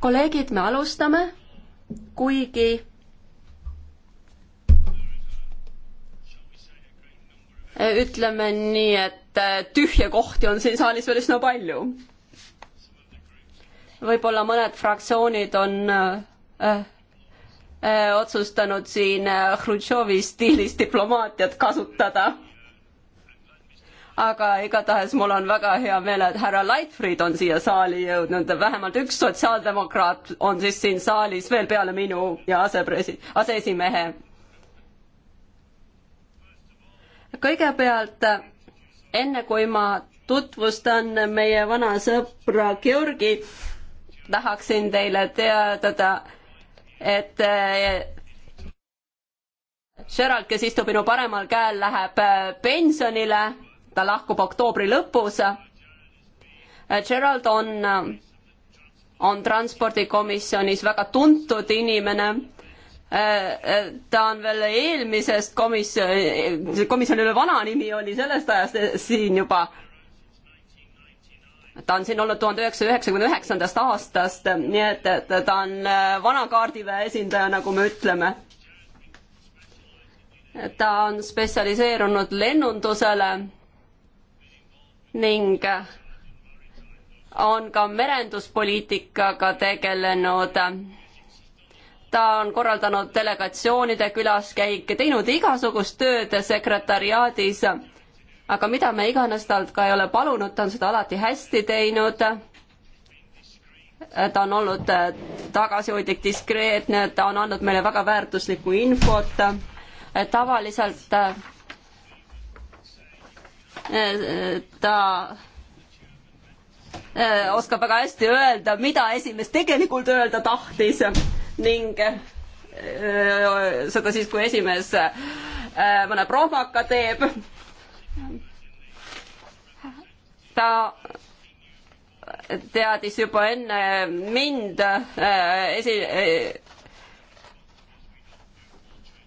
kolleegid, me alustame, kuigi ütleme nii, et äh, tühje kohti on siin saalis veel üsna palju. võib-olla mõned fraktsioonid on äh, äh, otsustanud siin Hhrutšovi äh, stiilis diplomaatiat kasutada aga igatahes mul on väga hea meel, et härra Leitfried on siia saali jõudnud, vähemalt üks sotsiaaldemokraat on siis siin saalis veel peale minu ja asepresi-, aseesimehe. kõigepealt enne kui ma tutvustan meie vana sõpra Georgi, tahaksin teile teatada, et Gerald, kes istub minu paremal käel, läheb pensionile ta lahkub oktoobri lõpus. Gerald on, on transpordikomisjonis väga tuntud inimene. ta on veel eelmisest komisjoni, komisjoni üle vana nimi oli sellest ajast siin juba. ta on siin olnud tuhande üheksasaja üheksakümne üheksandast aastast, nii et, et ta on äh, vana kaardiväe esindaja, nagu me ütleme ta on spetsialiseerunud lennundusele ning on ka merenduspoliitikaga tegelenud. ta on korraldanud delegatsioonide külaskäike, teinud igasugust tööd sekretariaadis, aga mida me iganes talt ka ei ole palunud, ta on seda alati hästi teinud ta on olnud tagasihoidlik, diskreetne, ta on andnud meile väga väärtuslikku infot. tavaliselt ta äh, oskab väga hästi öelda, mida esimees tegelikult öelda tahtis ning äh, seda siis, kui esimees äh, mõne prohmaka teeb. ta teadis juba enne mind esi-,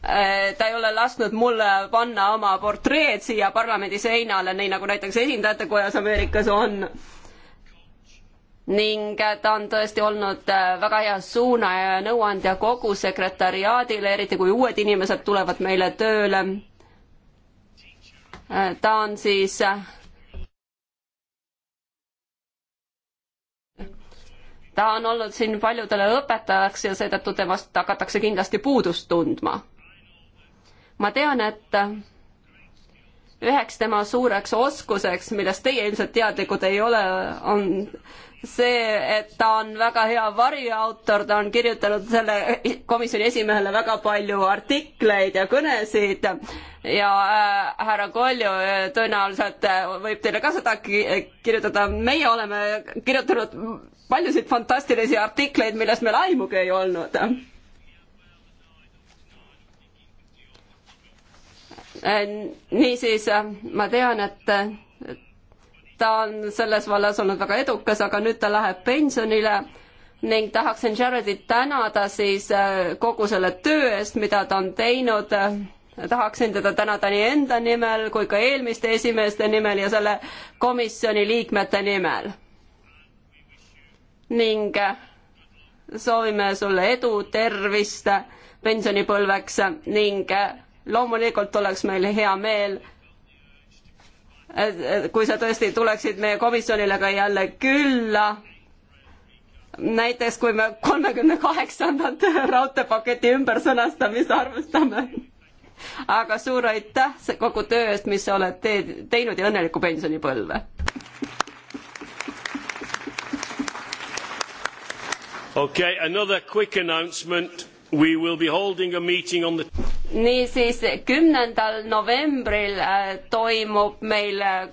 Äh, ta ei ole lasknud mulle panna oma portreed siia parlamendi seinale, nii nagu näiteks esindajatekojas Ameerikas on. ning äh, ta on tõesti olnud äh, väga hea suuna ja nõuandja kogu sekretariaadile, eriti kui uued inimesed tulevad meile tööle. ta on siis ta on olnud siin paljudele õpetajaks ja seetõttu temast hakatakse kindlasti puudust tundma ma tean, et üheks tema suureks oskuseks, millest teie ilmselt teadlikud ei ole, on see, et ta on väga hea variautor, ta on kirjutanud selle komisjoni esimehele väga palju artikleid ja kõnesid ja äh, härra Kolju äh, tõenäoliselt äh, võib teile ka seda ki kirjutada, meie oleme kirjutanud paljusid fantastilisi artikleid, millest meil aimugi ei olnud Äh, niisiis äh, ma tean, et äh, ta on selles vallas olnud väga edukas, aga nüüd ta läheb pensionile ning tahaksin Jaredit tänada siis kogu selle töö eest, mida ta on teinud. tahaksin teda tänada nii enda nimel kui ka eelmiste esimeeste nimel ja selle komisjoni liikmete nimel. ning soovime sulle edu, tervist pensionipõlveks ning loomulikult oleks meil hea meel, kui sa tõesti tuleksid meie komisjonile ka jälle külla näiteks kui me kolmekümne kaheksandat raudteepaketi ümbersõnastamist arvestame. aga suur aitäh kogu töö eest, mis sa oled te teinud ja õnnelikku pensionipõlve. okei okay,, another quick announcement We will be holding a meeting on the niisiis, kümnendal novembril äh, toimub meil äh,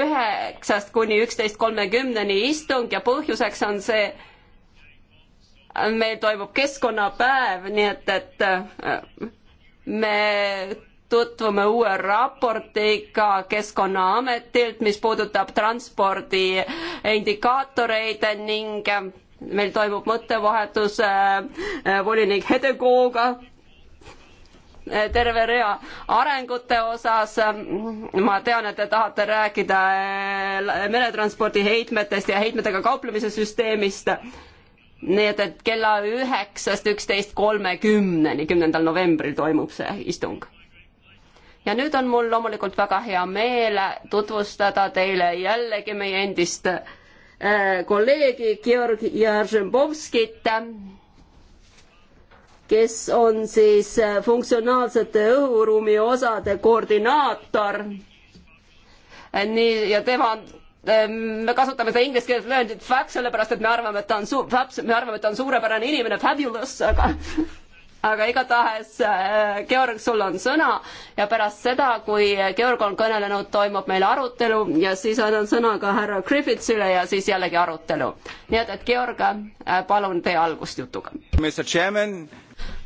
üheksast kuni üksteist kolmekümneni istung ja põhjuseks on see, äh, meil toimub keskkonnapäev, nii et, et me tutvume uue raportiga Keskkonnaametilt, mis puudutab transpordi indikaatoreid ning meil toimub mõttevahetus äh, äh, volinik Hedekooga äh, terve rea arengute osas. ma tean, et te tahate rääkida meretranspordi heitmetest ja heitmetega kauplemise süsteemist. nii et, et kella üheksast üksteist kolmekümneni, kümnendal novembril toimub see istung. ja nüüd on mul loomulikult väga hea meel tutvustada teile jällegi meie endist Äh, kolleegi Georg Jaržembovskit, kes on siis äh, funktsionaalsete õhuruumi osade koordinaator. Äh, nii, ja tema me kasutame seda inglise keeles lööndit fact, sellepärast et me arvame, et ta on su-, me arvame, et ta on suurepärane inimene, fabulous, aga aga igatahes, äh, Georg, sul on sõna ja pärast seda, kui Georg on kõnelenud, toimub meil arutelu ja siis annan sõna ka härra Griffithsile ja siis jällegi arutelu. nii et, et Georg, äh, palun tee algust jutuga.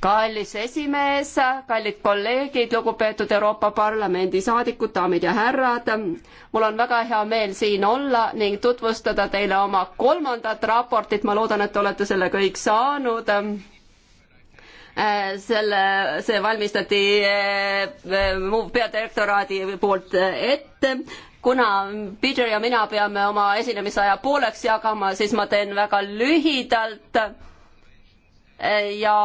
kallis esimees, kallid kolleegid, lugupeetud Euroopa Parlamendi saadikud, daamid ja härrad, mul on väga hea meel siin olla ning tutvustada teile oma kolmandat raportit, ma loodan, et te olete selle kõik saanud Äh, selle, see valmistati äh, äh, mu peadirektoraadi poolt ette kuna Peter ja mina peame oma esinemisaja pooleks jagama, siis ma teen väga lühidalt ja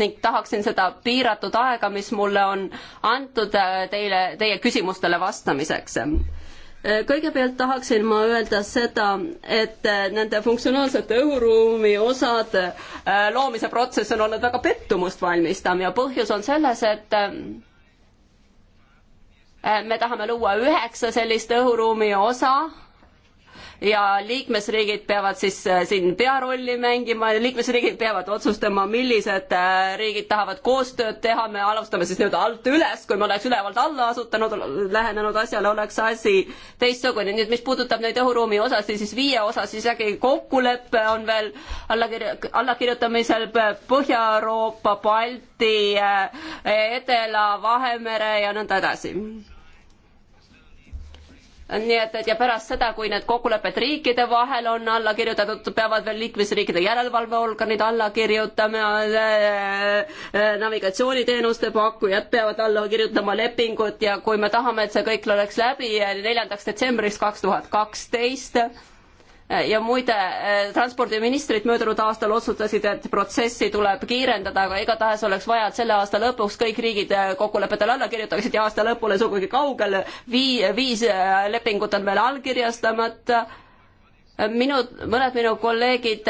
ning tahaksin seda piiratud aega, mis mulle on antud teile, teie küsimustele vastamiseks kõigepealt tahaksin ma öelda seda, et äh, nende funktsionaalsete õhuruumi osad äh, loomise protsess on olnud väga pettumust valmistav ja põhjus on selles, et äh, me tahame luua üheksa sellist õhuruumi osa ja liikmesriigid peavad siis äh, siin pearolli mängima ja liikmesriigid peavad otsustama, millised äh, riigid tahavad koostööd teha, me alustame siis nii-öelda alt üles, kui me oleks ülevalt alla asutanud, lähenenud asjale, oleks asi teistsugune. nii et mis puudutab neid õhuruumi osasid, siis viie osas isegi kokkulepe on veel allakirja, allakirjutamisel Põhja-Euroopa, Balti, äh, Edela, Vahemere ja nõnda edasi nii et, et ja pärast seda, kui need kokkulepped riikide vahel on alla kirjutatud, peavad veel liikmesriikide järelevalveorganid alla kirjutama äh,, äh, äh navigatsiooniteenuste pakkujad peavad alla kirjutama lepingut ja kui me tahame, et see kõik oleks läbi neljandaks detsembriks kaks tuhat kaksteist, ja muide, eh, transpordiministrid möödunud aastal otsustasid, et protsessi tuleb kiirendada, aga igatahes oleks vaja, et selle aasta lõpuks kõik riigid eh, kokkulepetele alla kirjutaksid ja aasta lõpule sugugi kaugel. Vii-, viis eh, lepingut on veel allkirjastamata. minu, mõned minu kolleegid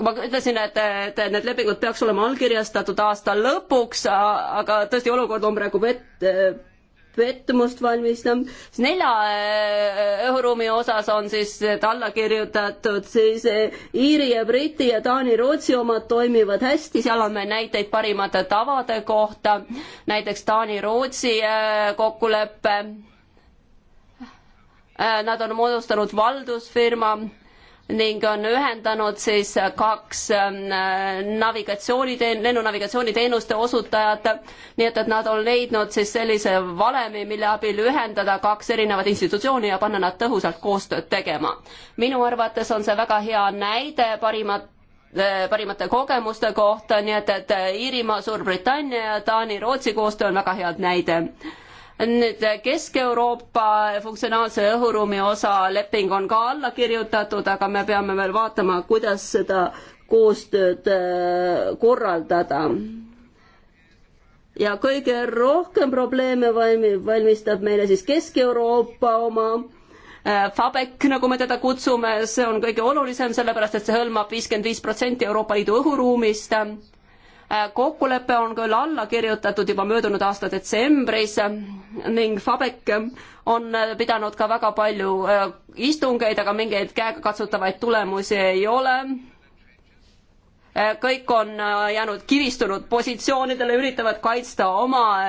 ma ütlesin, et, et need lepingud peaks olema allkirjastatud aasta lõpuks, aga tõesti, olukord on praegu vett, pettumust valmistab. nelja äh, õhurumi osas on siis alla kirjutatud siis äh, Iiri ja Briti ja Taani, Rootsi omad toimivad hästi, seal on meil näiteid parimate tavade kohta, näiteks Taani-Rootsi äh, kokkulepe. Nad on moodustanud valdusfirma ning on ühendanud siis kaks ähm, navigatsioonitee-, lennunavigatsiooniteenuste osutajat, nii et, et nad on leidnud siis sellise valemi, mille abil ühendada kaks erinevat institutsiooni ja panna nad tõhusalt koostööd tegema. minu arvates on see väga hea näide parimat äh, parimate kogemuste kohta, nii et, et Iirimaa, Suurbritannia ja Taani-Rootsi koostöö on väga hea näide nüüd eh, Kesk-Euroopa funktsionaalse õhuruumi osa leping on ka alla kirjutatud, aga me peame veel vaatama, kuidas seda koostööd eh, korraldada. ja kõige rohkem probleeme valmistab meile siis Kesk-Euroopa oma eh, FABEC, nagu me teda kutsume, see on kõige olulisem, sellepärast et see hõlmab viiskümmend viis protsenti Euroopa Liidu õhuruumist Äh, kokkulepe on küll alla kirjutatud juba möödunud aasta detsembris ning Fabek on äh, pidanud ka väga palju äh, istungeid, aga mingeid käegakatsutavaid tulemusi ei ole. kõik on jäänud kiristunud positsioonidele, üritavad kaitsta oma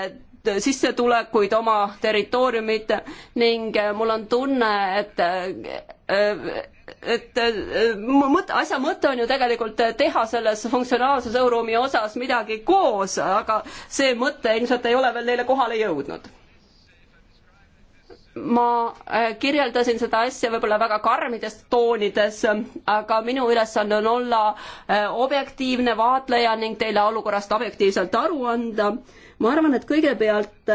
sissetulekuid, oma territooriumit ning mul on tunne, et et äh, mõte, asja mõte on ju tegelikult äh, teha selles funktsionaalses õhuruumi osas midagi koos, aga see mõte ilmselt ei ole veel neile kohale jõudnud. ma äh, kirjeldasin seda asja võib-olla väga karmides toonides, aga minu ülesanne on olla objektiivne vaatleja ning teile olukorrast objektiivselt aru anda. ma arvan, et kõigepealt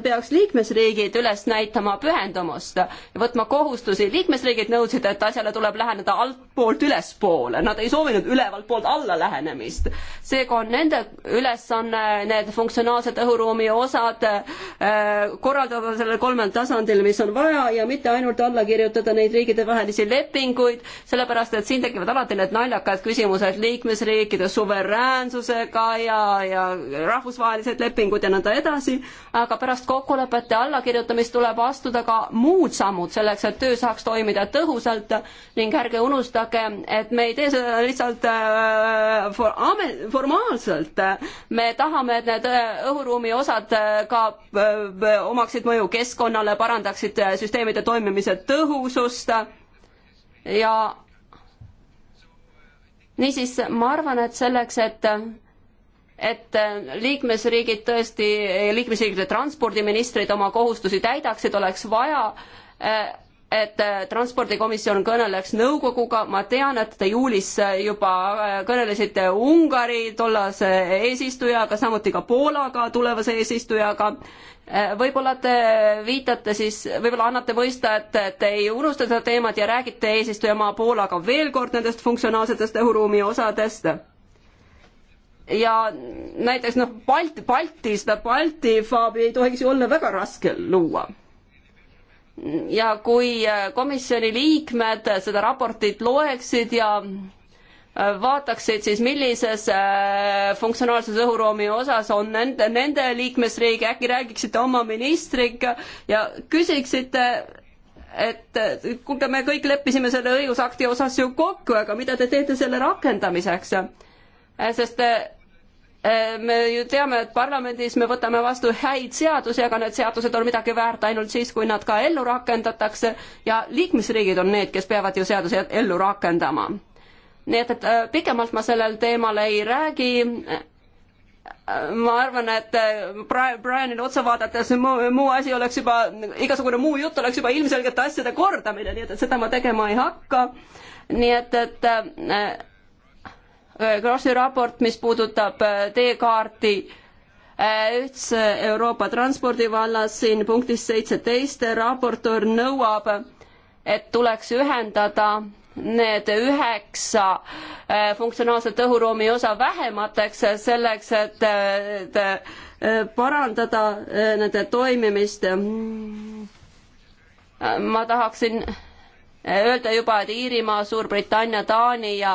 peaks liikmesriigid üles näitama pühendumust ja võtma kohustusi. liikmesriigid nõudsid, et asjale tuleb läheneda altpoolt ülespoole, nad ei soovinud ülevalt poolt alla lähenemist. seega on nende ülesanne need funktsionaalsed õhuruumi osad äh, korraldada sellel kolmel tasandil, mis on vaja ja mitte ainult alla kirjutada neid riikidevahelisi lepinguid, sellepärast et siin tekivad alati need naljakad küsimused liikmesriikide suveräänsusega ja, ja rahvusvahelised lepingud ja nõnda edasi, aga pärast pärast kokkulepete allakirjutamist tuleb astuda ka muud sammud selleks, et töö saaks toimida tõhusalt ning ärge unustage, et me ei tee seda lihtsalt äh, for-, formaalselt. me tahame, et need äh, õhuruumi osad äh, ka omaksid mõju keskkonnale, parandaksid süsteemide toimimise tõhusust ja niisiis ma arvan, et selleks, et et äh, liikmesriigid tõesti, liikmesriikide transpordiministrid oma kohustusi täidaksid, oleks vaja, äh, et äh, transpordikomisjon kõneleks nõukoguga, ma tean, et te juulis juba kõnelesite Ungari tollase eesistujaga, samuti ka Poolaga, tulevase eesistujaga võib-olla te viitate siis, võib-olla annate mõista, et te ei unusta seda teemat ja räägite eesistujamaa Poolaga veel kord nendest funktsionaalsetest õhuruumi osadest ja näiteks noh, Balti, Balti, seda Balti faabi ei tohiks ju olla väga raske luua. ja kui äh, komisjoni liikmed seda raportit loeksid ja äh, vaataksid siis, millises äh, funktsionaalses õhuruumi osas on nende, nende liikmesriik, äkki räägiksite oma ministriga ja küsiksite, et kuulge, me kõik leppisime selle õigusakti osas ju kokku, aga mida te teete selle rakendamiseks Äh, sest äh, äh, me ju teame, et parlamendis me võtame vastu häid seadusi, aga need seadused on midagi väärt ainult siis, kui nad ka ellu rakendatakse ja liikmesriigid on need, kes peavad ju seadusi ellu rakendama. nii et, et pikemalt ma sellel teemal ei räägi. ma arvan, et Brian, Brianile otsa vaadates muu, muu asi oleks juba, igasugune muu jutt oleks juba ilmselgete asjade kordamine, nii et, et seda ma tegema ei hakka. nii et, et Äh, Grossi raport, mis puudutab äh, teekaarti äh, üldse Euroopa transpordi vallas, siin punktis seitseteist raportöör nõuab, et tuleks ühendada need üheksa funktsionaalset õhuruumi osa vähemateks, selleks et, et parandada nende toimimist. ma tahaksin öelda juba, et Iirimaa, Suurbritannia, Taani ja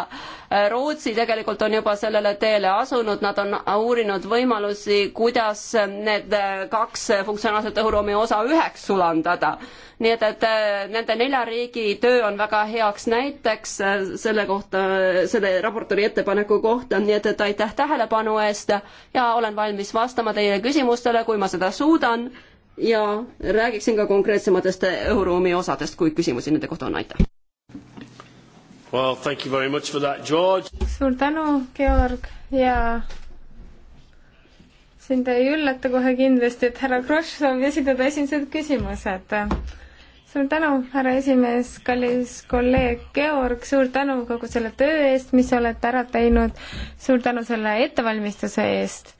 äh, Rootsi tegelikult on juba sellele teele asunud, nad on uurinud võimalusi, kuidas need äh, kaks funktsionaalset õhuruumi osa üheks sulandada. nii et, et äh, nende nelja riigi töö on väga heaks näiteks selle kohta, selle raportori ettepaneku kohta, nii et, et aitäh tähelepanu eest ja olen valmis vastama teie küsimustele, kui ma seda suudan ja räägiksin ka konkreetsematest Euroruumi osadest, kui küsimusi nende kohta on, aitäh. Well, thank you very much for that, George. suur tänu, Georg ja sind ei üllata kohe kindlasti, et härra Kross soovib esitada esimesed küsimused. suur tänu, härra esimees, kallis kolleeg Georg, suur tänu kogu selle töö eest, mis olete ära teinud. suur tänu selle ettevalmistuse eest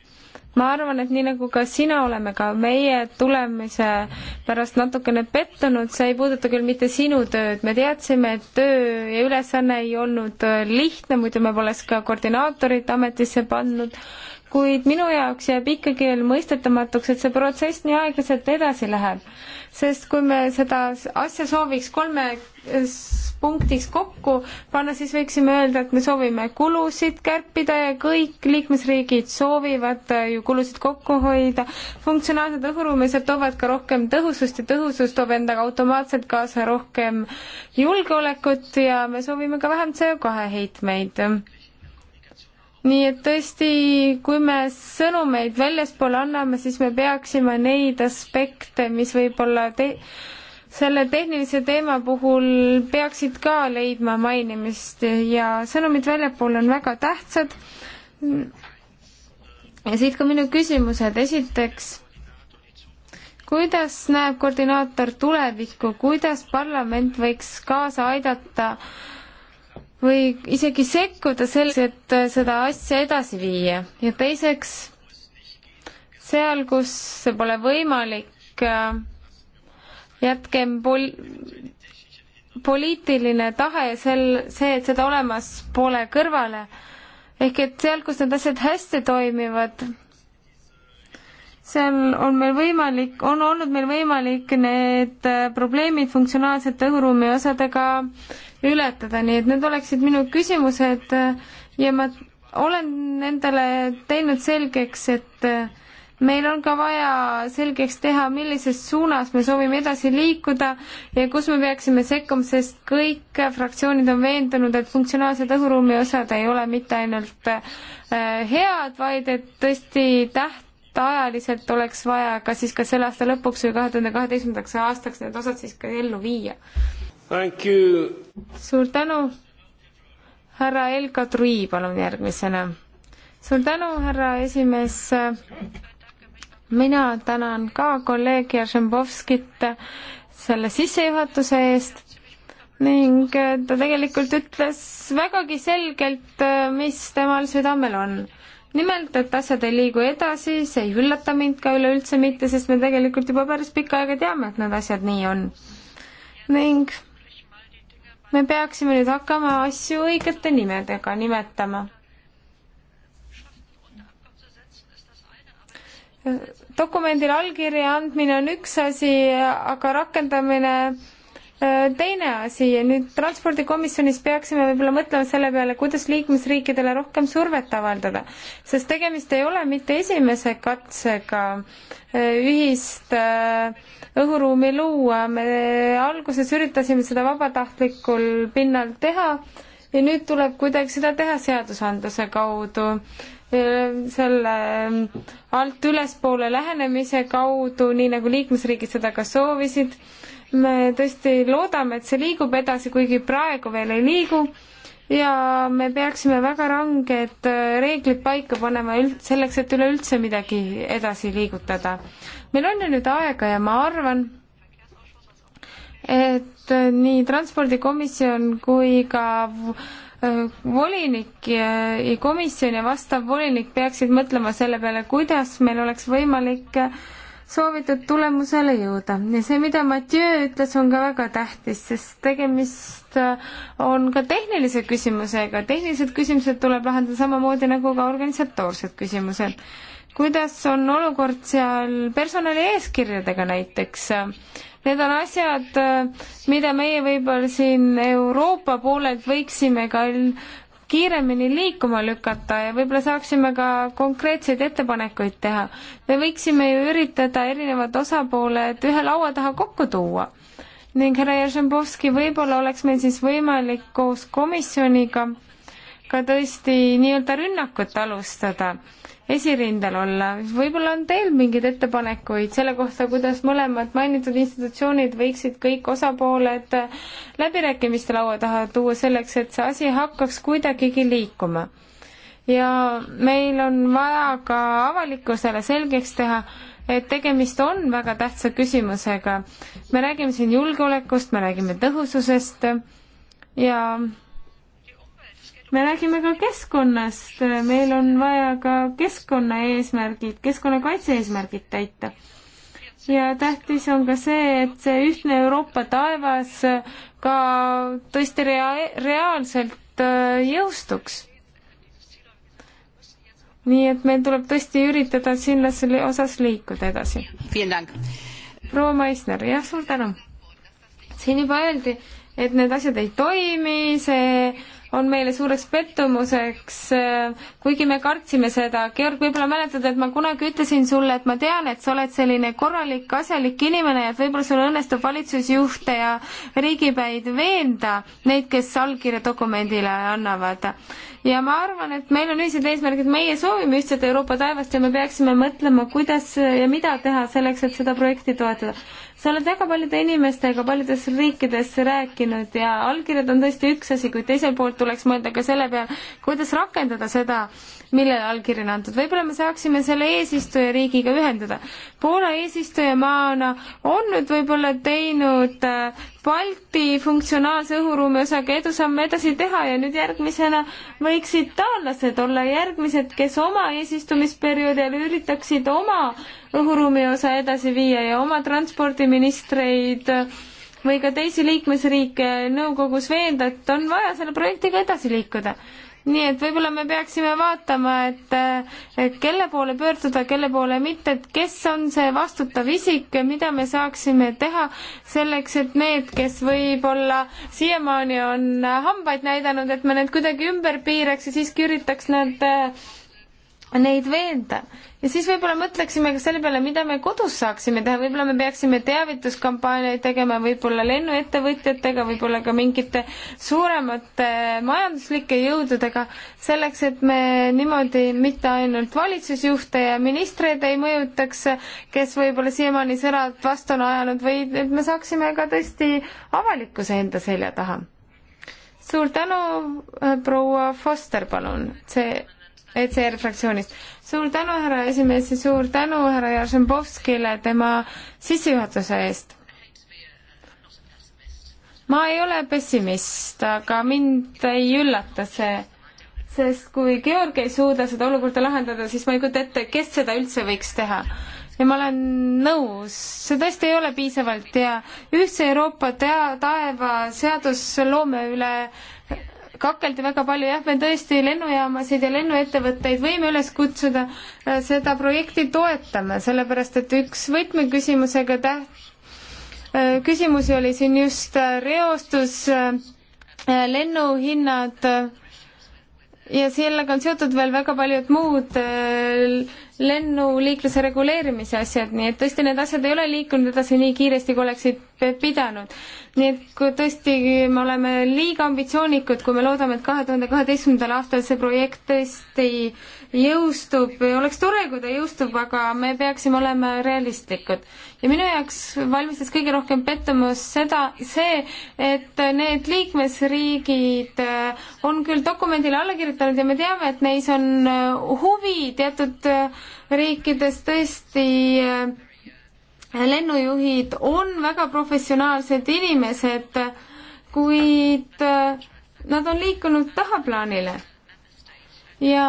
ma arvan, et nii nagu ka sina oleme ka meie tulemise pärast natukene pettunud, see ei puuduta küll mitte sinu tööd, me teadsime, et töö ja ülesanne ei olnud äh, lihtne, muidu me poleks ka koordinaatorit ametisse pannud, kuid minu jaoks jääb ikkagi veel mõistetamatuks, et see protsess nii aeglaselt edasi läheb. sest kui me seda asja sooviks kolmes punktiks kokku panna, siis võiksime öelda, et me soovime kulusid kärpida ja kõik liikmesriigid soovivad äh, ju kulusid kokku hoida. funktsionaalsed õhuruumised toovad ka rohkem tõhusust ja tõhusus toob endaga automaatselt kaasa rohkem julgeolekut ja me soovime ka vähem CO2 heitmeid nii et tõesti, kui me sõnumeid väljaspoole anname, siis me peaksime neid aspekte, mis võib-olla te-, selle tehnilise teema puhul peaksid ka leidma mainimist ja sõnumid väljapool on väga tähtsad. ja siit ka minu küsimused, esiteks kuidas näeb koordinaator tulevikku, kuidas parlament võiks kaasa aidata või isegi sekkuda selleks, et seda asja edasi viia ja teiseks seal, kus see pole võimalik, äh, jätkem pol-, poliitiline tahe sel, see, et seda olemas pole kõrvale. ehk et seal, kus need asjad hästi toimivad, seal on meil võimalik, on olnud meil võimalik need äh, probleemid funktsionaalsete õhuruumi osadega ületada, nii et need oleksid minu küsimused äh, ja ma olen endale teinud selgeks, et äh, meil on ka vaja selgeks teha, millises suunas me soovime edasi liikuda ja kus me peaksime sekkuma, sest kõik fraktsioonid on veendunud, et funktsionaalsed õhuruumi osad ei ole mitte ainult äh, head, vaid et tõesti tähtajaliselt oleks vaja ka siis kas selle aasta lõpuks või kahe tuhande kaheteistkümnendaks aastaks need osad siis ka ellu viia. suur tänu, härra Elka Trui, palun järgmisena suur tänu, härra esimees mina tänan ka kolleeg Jaržembovskit selle sissejuhatuse eest ning ta tegelikult ütles vägagi selgelt, mis temal südamel on. nimelt, et asjad ei liigu edasi, see ei üllata mind ka üleüldse mitte, sest me tegelikult juba päris pikka aega teame, et need asjad nii on. ning me peaksime nüüd hakkama asju õigete nimedega nimetama dokumendile allkirja andmine on üks asi, aga rakendamine äh, teine asi ja nüüd transpordikomisjonis peaksime võib-olla mõtlema selle peale, kuidas liikmesriikidele rohkem survet avaldada, sest tegemist ei ole mitte esimese katsega äh, ühist äh, õhuruumi luua, me alguses üritasime seda vabatahtlikul pinnal teha ja nüüd tuleb kuidagi seda teha seadusandluse kaudu selle alt ülespoole lähenemise kaudu, nii nagu liikmesriigid seda ka soovisid. me tõesti loodame, et see liigub edasi, kuigi praegu veel ei liigu ja me peaksime väga ranged reeglid paika panema üld-, selleks, et üleüldse midagi edasi liigutada. meil on ju nüüd aega ja ma arvan, et nii Transpordikomisjon kui ka Äh, volinik ja komisjon ja vastav volinik peaksid mõtlema selle peale, kuidas meil oleks võimalik äh, soovitud tulemusele jõuda ja see, mida Mathieu ütles, on ka väga tähtis, sest tegemist äh, on ka tehnilise küsimusega, tehnilised küsimused tuleb lahendada samamoodi nagu ka organisatoorsed küsimused. kuidas on olukord seal personali eeskirjadega näiteks äh, Need on asjad, äh, mida meie võib-olla siin Euroopa poolelt võiksime ka kiiremini liikuma lükata ja võib-olla saaksime ka konkreetseid ettepanekuid teha. me võiksime ju üritada erinevad osapooled ühe laua taha kokku tuua ning härra Jaržembovski, võib-olla oleks meil siis võimalik koos komisjoniga ka tõesti nii-öelda rünnakut alustada esirindel olla. võib-olla on teil mingeid ettepanekuid selle kohta, kuidas mõlemad mainitud institutsioonid võiksid kõik osapooled läbirääkimiste laua taha tuua selleks, et see asi hakkaks kuidagigi liikuma. ja meil on vaja ka avalikkusele selgeks teha, et tegemist on väga tähtsa küsimusega. me räägime siin julgeolekust, me räägime tõhususest ja me räägime ka keskkonnast, meil on vaja ka keskkonna eesmärgid, keskkonnakaitse eesmärgid täita. ja tähtis on ka see, et see ühtne Euroopa taevas ka tõesti rea-, reaalselt äh, jõustuks. nii et meil tuleb tõesti üritada sinna selle osas liikuda edasi. proua Maisner, jah, suur tänu. siin juba öeldi, et need asjad ei toimi, see on meile suureks pettumuseks, kuigi me kartsime seda. Georg, võib-olla mäletad, et ma kunagi ütlesin sulle, et ma tean, et sa oled selline korralik, asjalik inimene ja et võib-olla sul õnnestub valitsusjuhte ja riigipäid veenda, neid, kes allkirja dokumendile annavad. ja ma arvan, et meil on ühised eesmärgid, meie soovime ühtset Euroopa taevast ja me peaksime mõtlema, kuidas ja mida teha selleks, et seda projekti toetada sa oled väga paljude inimestega paljudes riikides rääkinud ja allkirjad on tõesti üks asi, kuid teiselt poolt tuleks mõelda ka selle peale, kuidas rakendada seda, millele allkiri on antud. võib-olla me saaksime selle eesistujariigiga ühendada. Poola eesistujamaana on nüüd võib-olla teinud äh, Balti funktsionaalse õhuruumi osaga edusamme edasi teha ja nüüd järgmisena võiksid taanlased olla järgmised, kes oma eesistumisperioodil üritaksid oma õhuruumi osa edasi viia ja oma transpordiministreid või ka teisi liikmesriike nõukogus veenda, et on vaja selle projektiga edasi liikuda nii et võib-olla me peaksime vaatama, et kelle poole pöörduda, kelle poole mitte, et kes on see vastutav isik, mida me saaksime teha selleks, et need, kes võib-olla siiamaani on hambaid näidanud, et me need kuidagi ümber piiraks ja siiski üritaks nad äh, neid veenda. ja siis võib-olla mõtleksime ka selle peale, mida me kodus saaksime teha, võib-olla me peaksime teavituskampaaniaid tegema, võib-olla lennuettevõtjatega, võib-olla ka mingite suuremate majanduslike jõududega, selleks et me niimoodi mitte ainult valitsusjuhte ja ministreid ei mõjutaks, kes võib-olla siiamaani sõnad vastu on ajanud, vaid et me saaksime ka tõesti avalikkuse enda selja taha. suur tänu, proua Foster, palun, see ECR fraktsioonist. suur tänu, härra esimees ja suur tänu härra Jaršenbovskile tema sissejuhatuse eest. ma ei ole pessimist, aga mind ei üllata see, sest kui Georg ei suuda seda olukorda lahendada, siis ma ei kujuta ette, kes seda üldse võiks teha ja ma olen nõus, see tõesti ei ole piisavalt ja ühtse Euroopa tea-, taeva seadusloome üle äh, kakeldi väga palju, jah, me tõesti lennujaamasid ja lennuettevõtteid võime üles kutsuda äh, seda projekti toetama, sellepärast et üks võtmeküsimusega täht-, äh, küsimusi oli siin just äh, reostus, lennuhinnad ja sellega on seotud veel väga paljud muud lennuliikluse reguleerimise asjad, nii et tõesti need asjad ei ole liikunud edasi nii kiiresti, kui oleksid pidanud. nii et kui tõesti me oleme liiga ambitsioonikud, kui me loodame, et kahe tuhande kaheteistkümnendal aastal see projekt tõesti jõustub, oleks tore, kui ta jõustub, aga me peaksime olema realistlikud. ja minu jaoks valmistas kõige rohkem pettumust seda, see, et need liikmesriigid äh, on küll dokumendile alla kirjutanud ja me teame, et neis on äh, huvi teatud äh, riikides tõesti äh, lennujuhid on väga professionaalsed inimesed, kuid äh, nad on liikunud tahaplaanile ja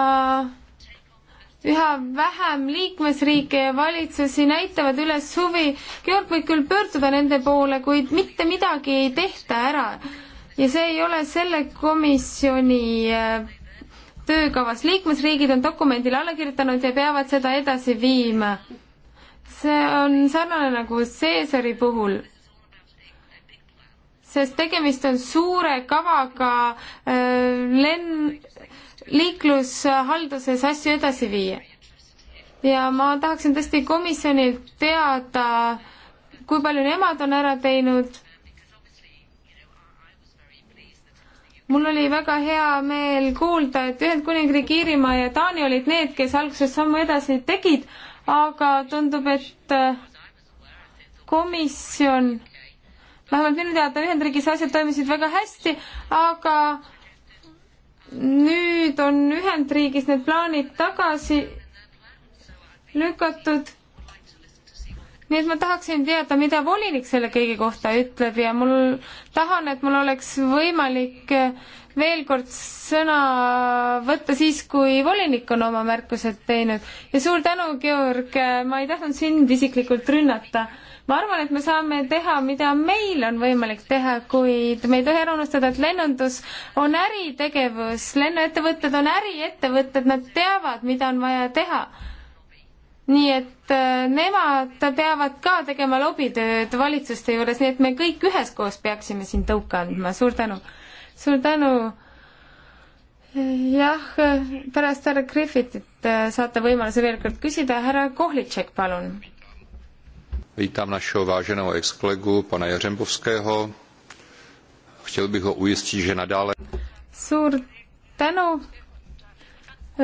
üha vähem liikmesriike ja valitsusi näitavad üles huvi. Georg võib küll pöörduda nende poole, kuid mitte midagi ei tehta ära. ja see ei ole selle komisjoni äh, töökavas. liikmesriigid on dokumendile alla kirjutanud ja peavad seda edasi viima. see on sarnane nagu Caesari puhul sest tegemist on suure kavaga äh, lenn, liiklushalduses asju edasi viia. ja ma tahaksin tõesti komisjonilt teada, kui palju nemad on ära teinud mul oli väga hea meel kuulda, et Ühendkuningriik, Iirimaa ja Taani olid need, kes alguses sammu edasi tegid, aga tundub, et äh, komisjon, vähemalt minu teada Ühendriigis asjad toimisid väga hästi, aga nüüd on Ühendriigis need plaanid tagasi lükatud nii et ma tahaksin teada, mida volinik selle kõige kohta ütleb ja mul, tahan, et mul oleks võimalik veel kord sõna võtta siis, kui volinik on oma märkused teinud. ja suur tänu, Georg, ma ei tahtnud sind isiklikult rünnata. ma arvan, et me saame teha, mida meil on võimalik teha, kuid me ei tohi ära unustada, et lennundus on äritegevus, lennuettevõtted on äriettevõtted, nad teavad, mida on vaja teha nii et äh, nemad peavad ka tegema lobitööd valitsuste juures, nii et me kõik üheskoos peaksime siin tõuke andma, suur tänu. suur tänu. jah, pärast härra Griffithit äh, saate võimaluse veel kord küsida, härra Kohlitšek, palun. Vítám našeho váženého ex-kolegu pana Jařembovského. Chtěl bych ho ujistit, že nadále. Suur tänu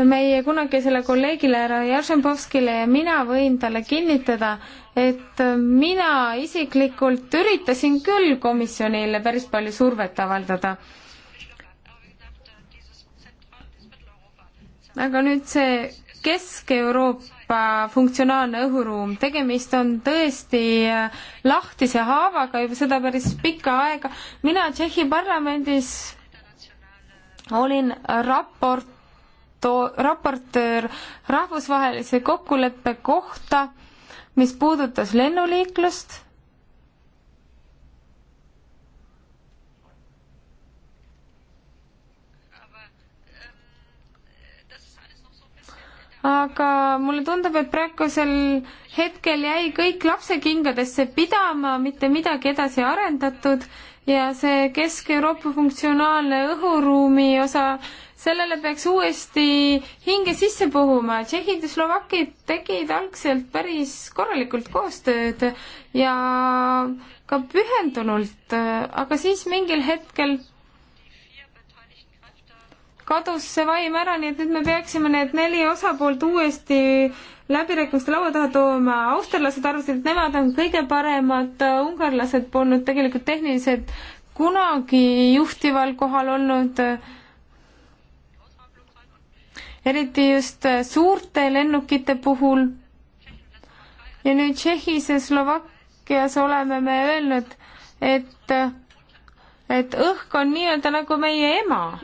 meie kunagisele kolleegile härra Jaržembovskile ja mina võin talle kinnitada, et mina isiklikult üritasin küll komisjonile päris palju survet avaldada. aga nüüd see Kesk-Euroopa funktsionaalne õhuruum, tegemist on tõesti äh, lahtise haavaga juba seda päris pikka aega. mina Tšehhi parlamendis olin raport to-, raportöör rahvusvahelise kokkuleppe kohta, mis puudutas lennuliiklust aga mulle tundub, et praegusel hetkel jäi kõik lapsekingadesse pidama, mitte midagi edasi arendatud ja see Kesk-Euroopa funktsionaalne õhuruumi osa sellele peaks uuesti hinge sisse puhuma. tšehhid ja Slovakid tegid algselt päris korralikult koostööd ja ka pühendunult, aga siis mingil hetkel kadus see vaim ära, nii et nüüd me peaksime need neli osapoolt uuesti läbirääkimiste laua taha tooma. austerlased arvasid, et nemad on kõige paremad, ungarlased polnud tegelikult tehniliselt kunagi juhtival kohal olnud äh, eriti just äh, suurte lennukite puhul. ja nüüd Tšehhis ja Slovakkias oleme me öelnud, et, äh, et õhk on nii-öelda nagu meie ema.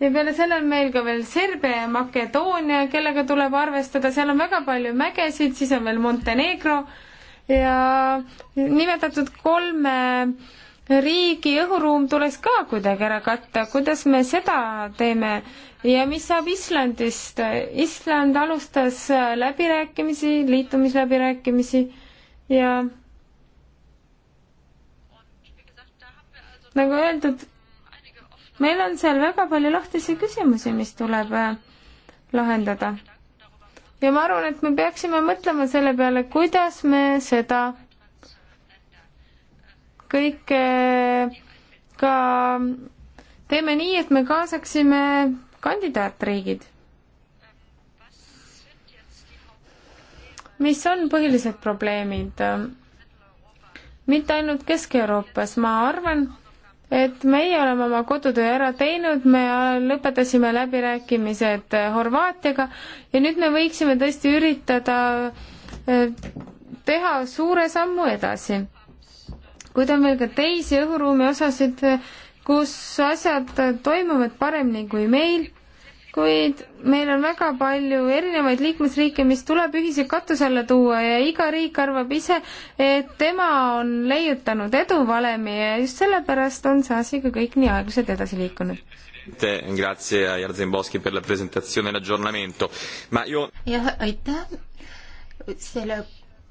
ja peale selle on meil ka veel Serbia ja Makedoonia, kellega tuleb arvestada, seal on väga palju mägesid, siis on veel Montenegro ja nimetatud kolme riigi õhuruum tuleks ka kuidagi ära katta, kuidas me seda teeme, ja mis saab Islandist? Island alustas läbirääkimisi, liitumisläbirääkimisi ja nagu öeldud, meil on seal väga palju lahtisi küsimusi, mis tuleb äh, lahendada. ja ma arvan, et me peaksime mõtlema selle peale, kuidas me seda kõike äh, ka teeme nii, et me kaasaksime kandidaatriigid. mis on põhilised probleemid? mitte ainult Kesk-Euroopas, ma arvan, et meie oleme oma kodutöö ära teinud, me lõpetasime läbirääkimised Horvaatiaga ja nüüd me võiksime tõesti üritada eh, teha suure sammu edasi. kuid on veel ka teisi õhuruumi osasid, kus asjad toimuvad paremini kui meil, kuid meil on väga palju erinevaid liikmesriike, mis tuleb ühise katuse alla tuua ja iga riik arvab ise, et tema on leiutanud eduvalemi ja just sellepärast on see asi ka kõik nii aeglaselt edasi liikunud grazie a Jarzembowski per la presentazione e l'aggiornamento. Ma io... Ja, aitäh selle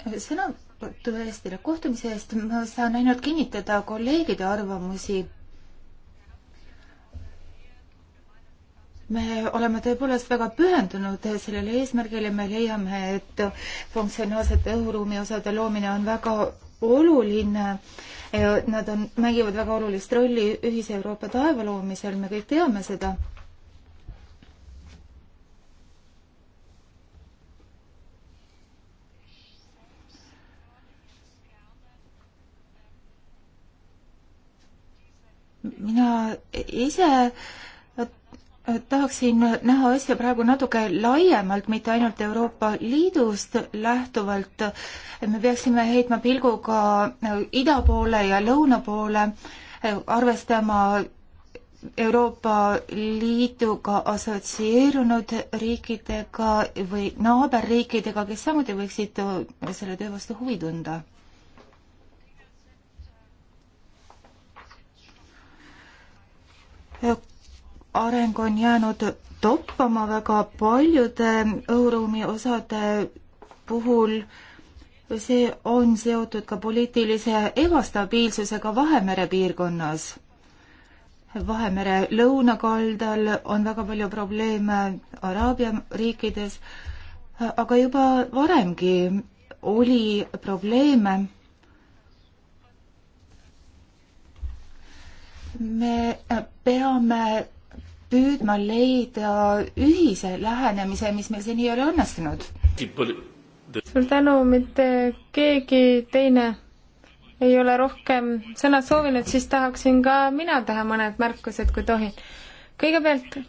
sõnavõtu eest, selle kohtumise eest, ma saan ainult kinnitada kolleegide arvamusi. me oleme tõepoolest väga pühendunud sellele eesmärgile, me leiame, et funktsionaalsete õhuruumi osade loomine on väga oluline. Nad on, mängivad väga olulist rolli ühise Euroopa taeva loomisel, me kõik teame seda. mina ise tahaksin näha asja praegu natuke laiemalt, mitte ainult Euroopa Liidust lähtuvalt. me peaksime heitma pilguga ida poole ja lõuna poole, arvestama Euroopa Liiduga assotsieerunud riikidega või naaberriikidega, kes samuti võiksid selle töö vastu huvi tunda areng on jäänud toppama väga paljude õhuruumi osade puhul. see on seotud ka poliitilise ebastabiilsusega Vahemere piirkonnas. Vahemere lõunakaldal on väga palju probleeme Araabia riikides, aga juba varemgi oli probleeme me peame püüdma leida ühise lähenemise, mis meil seni ei ole õnnestunud. suur tänu, mitte keegi teine ei ole rohkem sõna soovinud, siis tahaksin ka mina teha mõned märkused, kui tohin. kõigepealt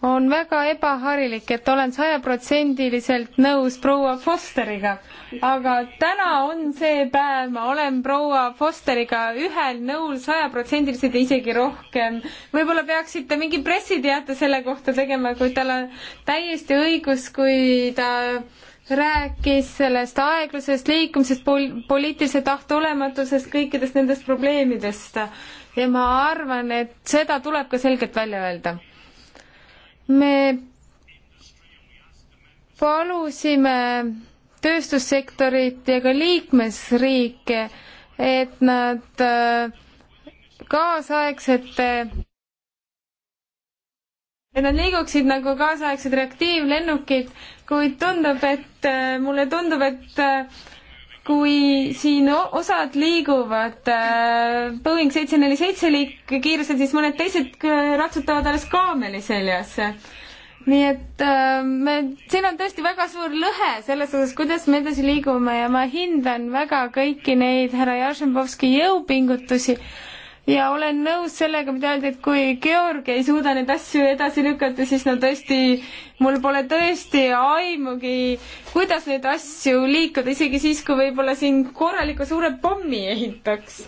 on väga ebaharilik, et olen sajaprotsendiliselt nõus proua Fosteriga, aga täna on see päev, ma olen proua Fosteriga ühel nõul sajaprotsendiliselt ja isegi rohkem. võib-olla peaksite mingi pressiteate selle kohta tegema, kui tal on täiesti õigus, kui ta rääkis sellest aeglusest liikumisest pol, poliitilise tahte olematusest, kõikidest nendest probleemidest. ja ma arvan, et seda tuleb ka selgelt välja öelda me palusime tööstussektorit ja ka liikmesriike, et nad äh, kaasaegsete, et nad liiguksid nagu kaasaegsed reaktiivlennukid, kuid tundub, et äh, mulle tundub, et äh, kui siin osad liiguvad äh, Boeing seitse neli seitse liik kiirusel, siis mõned teised ratsutavad alles kaameli seljas. nii et äh, me, siin on tõesti väga suur lõhe selles osas, kuidas me edasi liigume ja ma hindan väga kõiki neid härra Jaršenbovski jõupingutusi ja olen nõus sellega, mida öeldi, et kui Georg ei suuda neid asju edasi lükata, siis no tõesti, mul pole tõesti aimugi, kuidas neid asju liikuda, isegi siis, kui võib-olla siin korraliku suure pommi ehitaks.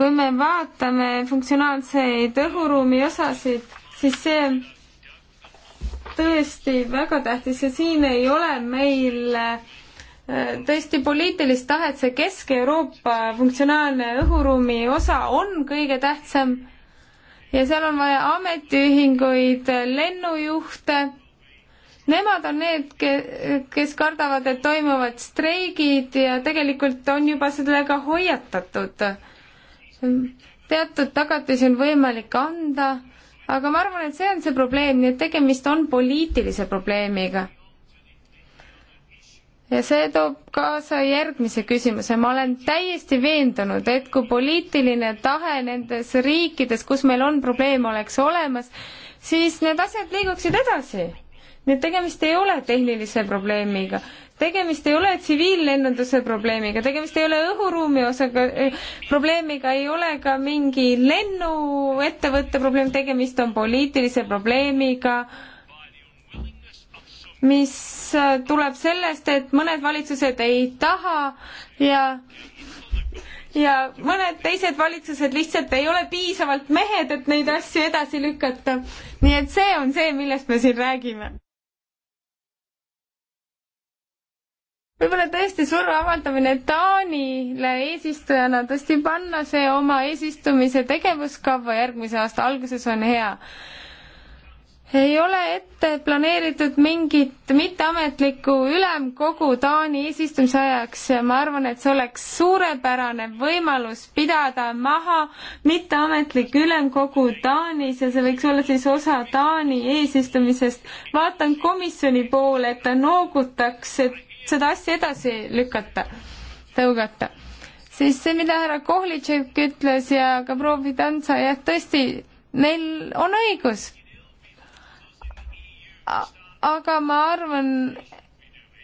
kui me vaatame funktsionaalseid õhuruumi osasid, siis see tõesti väga tähtis ja siin ei ole meil äh, tõesti poliitilist tahet, see Kesk-Euroopa funktsionaalne õhuruumi osa on kõige tähtsam ja seal on vaja ametiühinguid, lennujuhte, nemad on need, kes kardavad, et toimuvad streigid ja tegelikult on juba sellega hoiatatud. teatud tagatisi on võimalik anda, aga ma arvan, et see on see probleem, nii et tegemist on poliitilise probleemiga ja see toob kaasa järgmise küsimuse. ma olen täiesti veendunud, et kui poliitiline tahe nendes riikides, kus meil on probleem, oleks olemas, siis need asjad liiguksid edasi. nii et tegemist ei ole tehnilise probleemiga, tegemist ei ole tsiviillennunduse probleemiga, tegemist ei ole õhuruumi osaga eh,, probleemiga ei ole ka mingi lennuettevõtte probleem, tegemist on poliitilise probleemiga eh,, mis tuleb sellest, et mõned valitsused ei taha ja ja mõned teised valitsused lihtsalt ei ole piisavalt mehed, et neid asju edasi lükata. nii et see on see, millest me siin räägime. võib-olla tõesti surve avaldamine Taanile eesistujana tõesti panna see oma eesistumise tegevuskava järgmise aasta alguses on hea ei ole ette planeeritud mingit mitteametlikku ülemkogu Taani eesistumise ajaks. ma arvan, et see oleks suurepärane võimalus pidada maha mitteametlik ülemkogu Taanis ja see võiks olla siis osa Taani eesistumisest. vaatan komisjoni poole, et ta noogutaks, et seda asja edasi lükata, tõugata siis see, mida härra Kohlitšek ütles ja ka proua Fidanza, jah, tõesti, neil on õigus aga ma arvan,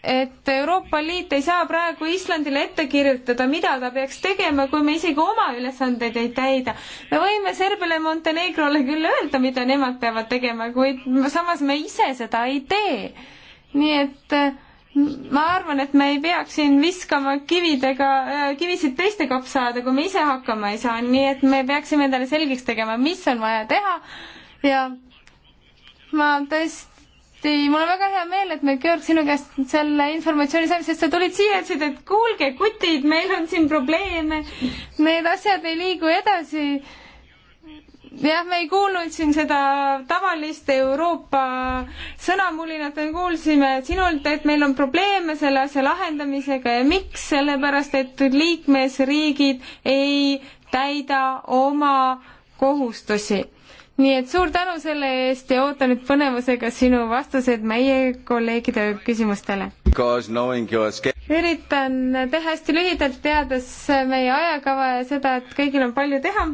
et Euroopa Liit ei saa praegu Islandile ette kirjutada, mida ta peaks tegema, kui me isegi oma ülesandeid ei täida. me võime Serbiale, Montenegrole küll öelda, mida nemad peavad tegema, kuid samas me ise seda ei tee. nii et äh, ma arvan, et me ei peaks siin viskama kividega, äh, kivisid teiste kapsaaeda, kui me ise hakkama ei saa, nii et me peaksime endale selgeks tegema, mis on vaja teha ja ma tõesti tõesti, mul on väga hea meel, et me, Georg, sinu käest selle informatsiooni saime, sest sa tulid siia, ütlesid, et kuulge, kutid, meil on siin probleeme, need asjad ei liigu edasi. jah, me ei kuulnud siin seda tavalist Euroopa sõnamulinat, me kuulsime sinult, et meil on probleeme selle asja lahendamisega ja miks, sellepärast et liikmesriigid ei täida oma kohustusi nii et suur tänu selle eest ja ootan nüüd põnevusega sinu vastused meie kolleegide küsimustele. üritan teha hästi lühidalt, teades meie ajakava ja seda, et kõigil on palju teha.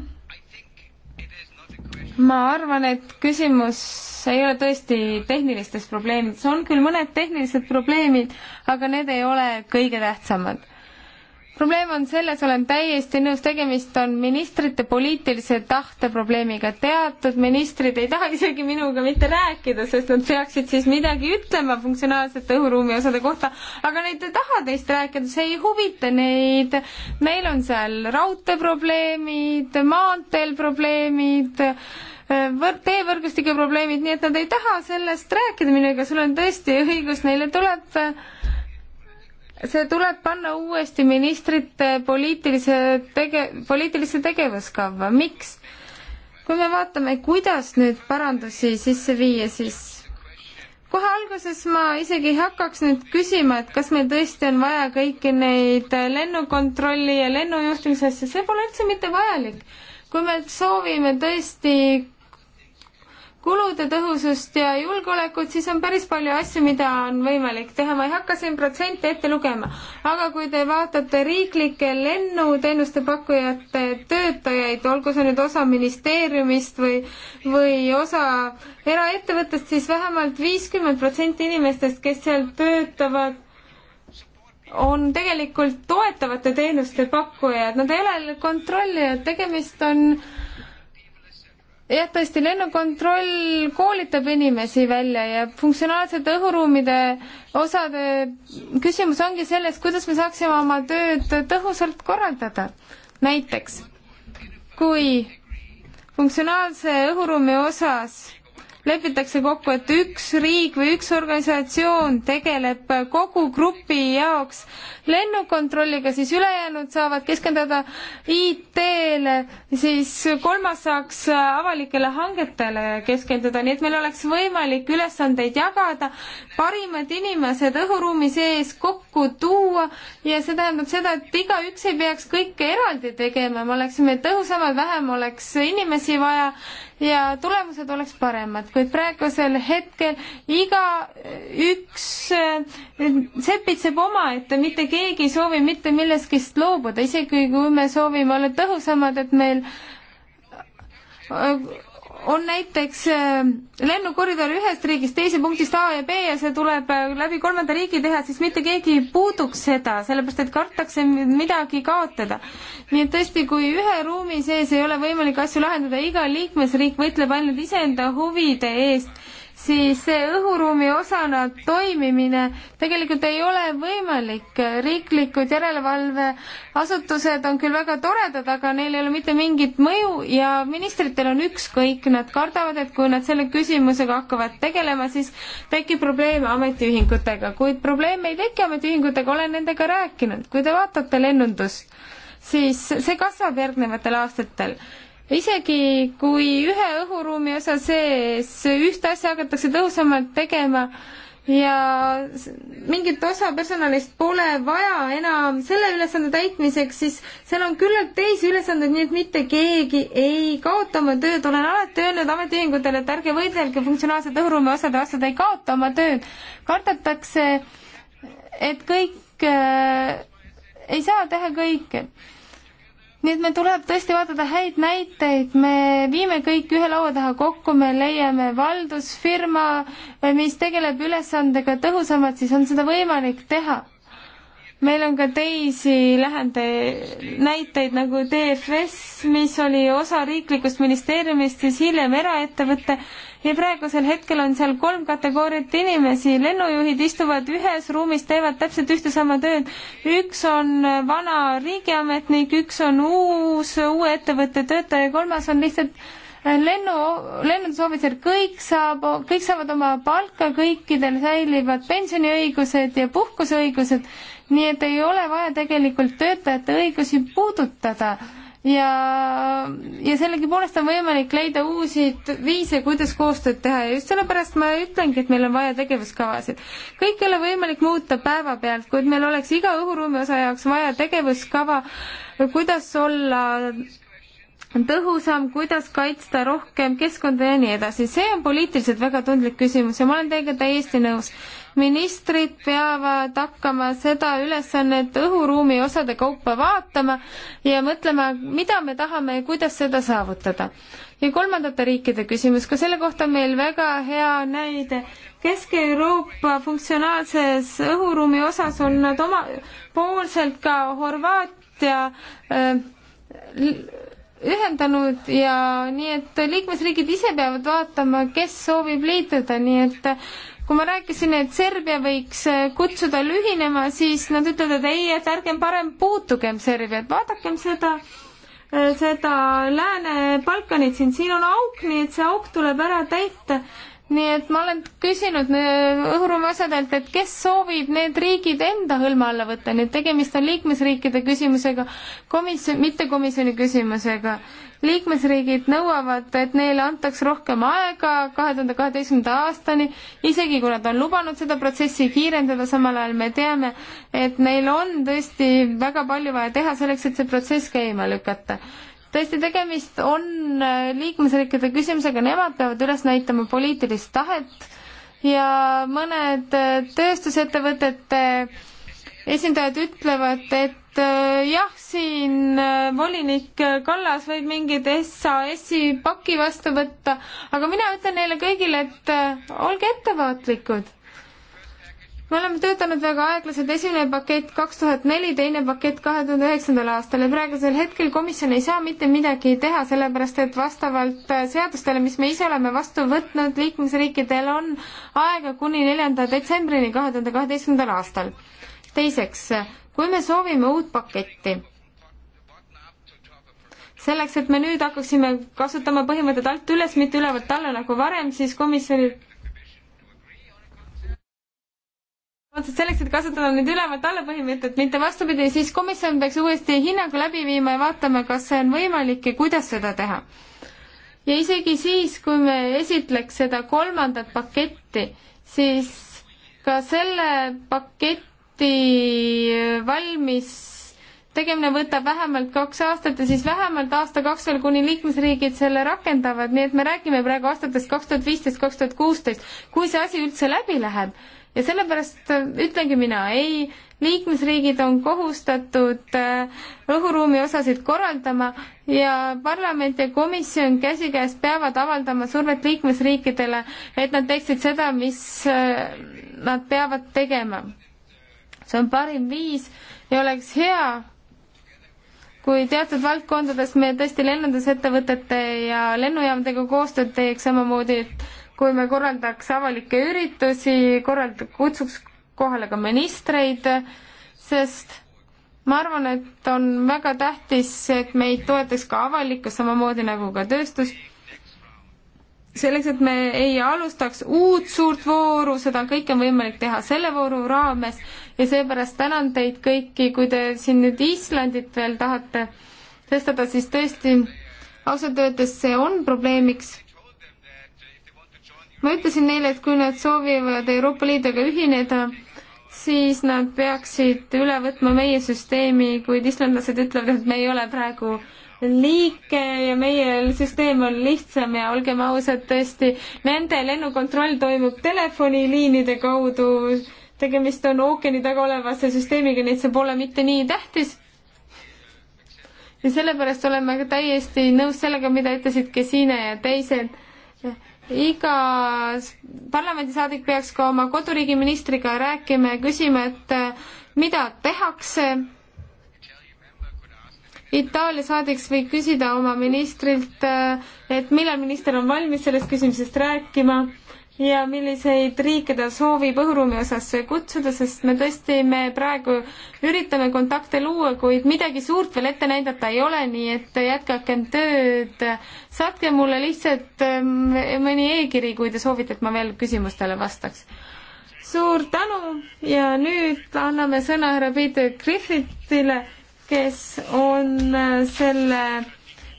ma arvan, et küsimus ei ole tõesti tehnilistes probleemides, on küll mõned tehnilised probleemid, aga need ei ole kõige tähtsamad probleem on selles, olen täiesti nõus, tegemist on ministrite poliitilise tahte probleemiga. teatud ministrid ei taha isegi minuga mitte rääkida, sest nad peaksid siis midagi ütlema funktsionaalsete õhuruumi osade kohta, aga neid ei taha teist rääkida, see ei huvita neid. Neil on seal raudteeprobleemid, maanteel probleemid võr-, teevõrgustike probleemid, nii et nad ei taha sellest rääkida minuga, sul on tõesti õigus, neile tuleb see tuleb panna uuesti ministrite poliitilise tege-, poliitilisse tegevuskavva, miks? kui me vaatame, kuidas nüüd parandusi sisse viia, siis kohe alguses ma isegi hakkaks nüüd küsima, et kas meil tõesti on vaja kõiki neid lennukontrolli ja lennujuhtimise asju, see pole üldse mitte vajalik. kui me soovime tõesti kulude tõhusust ja julgeolekut, siis on päris palju asju, mida on võimalik teha, ma ei hakka siin protsente ette lugema, aga kui te vaatate riiklike lennuteenuste pakkujate töötajaid, olgu see nüüd osa ministeeriumist või, või osa eraettevõttest, siis vähemalt viiskümmend protsenti inimestest, kes seal töötavad, on tegelikult toetavate teenuste pakkujad, nad ei ole kontrollijad, tegemist on äh, jah, tõesti, lennukontroll koolitab inimesi välja ja funktsionaalsete õhuruumide osade küsimus ongi selles, kuidas me saaksime oma tööd tõhusalt korraldada. näiteks, kui funktsionaalse õhuruumi osas lepitakse kokku, et üks riik või üks organisatsioon tegeleb kogu grupi jaoks lennukontrolliga, siis ülejäänud saavad keskenduda IT-le, siis kolmas saaks avalikele hangetele keskenduda, nii et meil oleks võimalik ülesandeid jagada, parimad inimesed õhuruumi sees kokku tuua ja see tähendab seda, et igaüks ei peaks kõike eraldi tegema, me oleksime tõhusamad, vähem oleks inimesi vaja ja tulemused oleks paremad, kuid praegusel hetkel igaüks eh, eh, sepitseb omaette, mitte keegi ei soovi mitte millestki loobuda, isegi kui me soovime olla tõhusamad, et meil on näiteks äh, lennukoridor ühest riigist teise punktist A ja B ja see tuleb äh, läbi kolmanda riigi teha, siis mitte keegi ei puuduks seda, sellepärast et kartakse midagi kaotada. nii et tõesti, kui ühe ruumi sees ei ole võimalik asju lahendada, iga liikmesriik võitleb ainult iseenda huvide eest siis see õhuruumi osana toimimine tegelikult ei ole võimalik. riiklikud järelevalveasutused on küll väga toredad, aga neil ei ole mitte mingit mõju ja ministritel on ükskõik, nad kardavad, et kui nad selle küsimusega hakkavad tegelema, siis tekib probleeme ametiühingutega, kuid probleeme ei teki ametiühingutega, olen nendega rääkinud. kui te vaatate lennundust, siis see kasvab järgnevatel aastatel isegi kui ühe õhuruumi osa sees ühte asja hakatakse tõhusamalt tegema ja mingit osa personalist pole vaja enam selle ülesande täitmiseks, siis seal on küllalt teisi ülesandeid, nii et mitte keegi ei kaota oma tööd. olen alati öelnud ametiühingutele, et ärge võidelge funktsionaalsete õhuruumi osade vastu, te ei kaota oma tööd. kardetakse, et kõik äh, ei saa teha kõike nii et meil tuleb tõesti vaadata häid näiteid, me viime kõik ühe laua taha kokku, me leiame valdusfirma, mis tegeleb ülesandega tõhusamalt, siis on seda võimalik teha meil on ka teisi lähende näiteid nagu DFS, mis oli osa riiklikust ministeeriumist, siis hiljem eraettevõte ja praegusel hetkel on seal kolm kategooriat inimesi, lennujuhid istuvad ühes ruumis, teevad täpselt ühte sama tööd. üks on vana riigiametnik, üks on uus uue ettevõtte töötaja, kolmas on lihtsalt äh, lennu, lennundusohvitser, kõik saab, kõik saavad oma palka, kõikidel säilivad pensioniõigused ja puhkuseõigused nii et ei ole vaja tegelikult töötajate õigusi puudutada ja, ja sellegipoolest on võimalik leida uusi viise, kuidas koostööd teha ja just sellepärast ma ütlengi, et meil on vaja tegevuskavasid. kõik ei ole võimalik muuta päevapealt, kuid meil oleks iga õhuruumi osa jaoks vaja tegevuskava, kuidas olla tõhusam, kuidas kaitsta rohkem keskkonda ja nii edasi. see on poliitiliselt väga tundlik küsimus ja ma olen teiega täiesti nõus ministrid peavad hakkama seda ülesannet õhuruumi osade kaupa vaatama ja mõtlema, mida me tahame ja kuidas seda saavutada. ja kolmandate riikide küsimus, ka selle kohta on meil väga hea näide. Kesk-Euroopa funktsionaalses õhuruumi osas on nad omapoolselt ka Horvaatia äh, ühendanud ja nii, et liikmesriigid ise peavad vaatama, kes soovib liituda, nii et kui ma rääkisin, et Serbia võiks äh, kutsuda üle ühinema, siis nad ütlevad, et ei, et ärgem parem puutugem Serbiat, vaadakem seda, äh, seda Lääne-Balkanit siin, siin on auk, nii et see auk tuleb ära täita. nii et ma olen küsinud äh, õhuruumi asjadelt, et kes soovib need riigid enda hõlma alla võtta, nii et tegemist on liikmesriikide küsimusega, komisjon, mitte komisjoni küsimusega liikmesriigid nõuavad, et neile antaks rohkem aega kahe tuhande kaheteistkümnenda aastani, isegi kui nad on lubanud seda protsessi kiirendada, samal ajal me teame, et neil on tõesti väga palju vaja teha selleks, et see protsess käima lükata tõesti, tegemist on äh, liikmesriikide küsimusega, nemad peavad üles näitama poliitilist tahet ja mõned äh, tööstusettevõtete esindajad ütlevad, et Äh, jah, siin äh, volinik Kallas võib mingid SAS-i paki vastu võtta, aga mina ütlen neile kõigile, et äh, olge ettevaatlikud. me oleme töötanud väga aeglaselt, esimene pakett kaks tuhat neli, teine pakett kahe tuhande üheksandal aastal ja praegusel hetkel komisjon ei saa mitte midagi teha, sellepärast et vastavalt seadustele, mis me ise oleme vastu võtnud, liikmesriikidel on aega kuni neljanda detsembrini kahe tuhande kaheteistkümnendal aastal. teiseks kui me soovime uut paketti, selleks, et me nüüd hakkaksime kasutama põhimõtet alt üles, mitte ülevalt alla nagu varem, siis komisjonil otseselt selleks, et kasutada nüüd ülevalt alla põhimõtet, mitte vastupidi, siis komisjon peaks uuesti hinnangu läbi viima ja vaatama, kas see on võimalik ja kuidas seda teha. ja isegi siis, kui me esitleks seda kolmandat paketti, siis ka selle paketi projekti valmis tegemine võtab vähemalt kaks aastat ja siis vähemalt aasta kaks veel, kuni liikmesriigid selle rakendavad, nii et me räägime praegu aastatest kaks tuhat viisteist, kaks tuhat kuusteist, kui see asi üldse läbi läheb. ja sellepärast ütlengi mina, ei, liikmesriigid on kohustatud äh, õhuruumi osasid korraldama ja parlament ja komisjon käsikäes peavad avaldama survet liikmesriikidele, et nad teeksid seda, mis äh, nad peavad tegema see on parim viis ja oleks hea, kui teatud valdkondades me tõesti lennundusettevõtete ja lennujaamadega koostööd teeks samamoodi, et kui me korraldaks avalikke üritusi, korrald-, kutsuks kohale ka ministreid, sest ma arvan, et on väga tähtis, et meid toetaks ka avalikkus, samamoodi nagu ka tööstus selleks, et me ei alustaks uut suurt vooru, seda kõike on võimalik teha selle vooru raames ja seepärast tänan teid kõiki, kui te siin nüüd Islandit veel tahate tõstada, siis tõesti ausalt öeldes see on probleemiks. ma ütlesin neile, et kui nad soovivad Euroopa Liiduga ühineda, siis nad peaksid üle võtma meie süsteemi, kuid islandlased ütlevad, et me ei ole praegu äh, liike ja meie süsteem on lihtsam ja olgem ausad, tõesti, nende lennukontroll toimub telefoniliinide kaudu, tegemist on ookeani taga olevasse süsteemiga, nii et see pole mitte nii tähtis ja sellepärast olen ma ka täiesti nõus sellega, mida ütlesid Kesine ja teised. iga parlamendisaadik peaks ka oma koduriigi ministriga rääkima ja küsima, et mida tehakse Itaalia saadiks võib küsida oma ministrilt, äh, et millal minister on valmis sellest küsimusest rääkima ja milliseid riike ta soovib õhuruumi osas kutsuda, sest me tõesti, me praegu üritame kontakte luua, kuid midagi suurt veel ette näidata ei ole, nii et jätkakem tööd. saatke mulle lihtsalt ähm, mõni e-kiri, kui te soovite, et ma veel küsimustele vastaks. suur tänu ja nüüd anname sõna härra Peeter Griffithile kes on äh, selle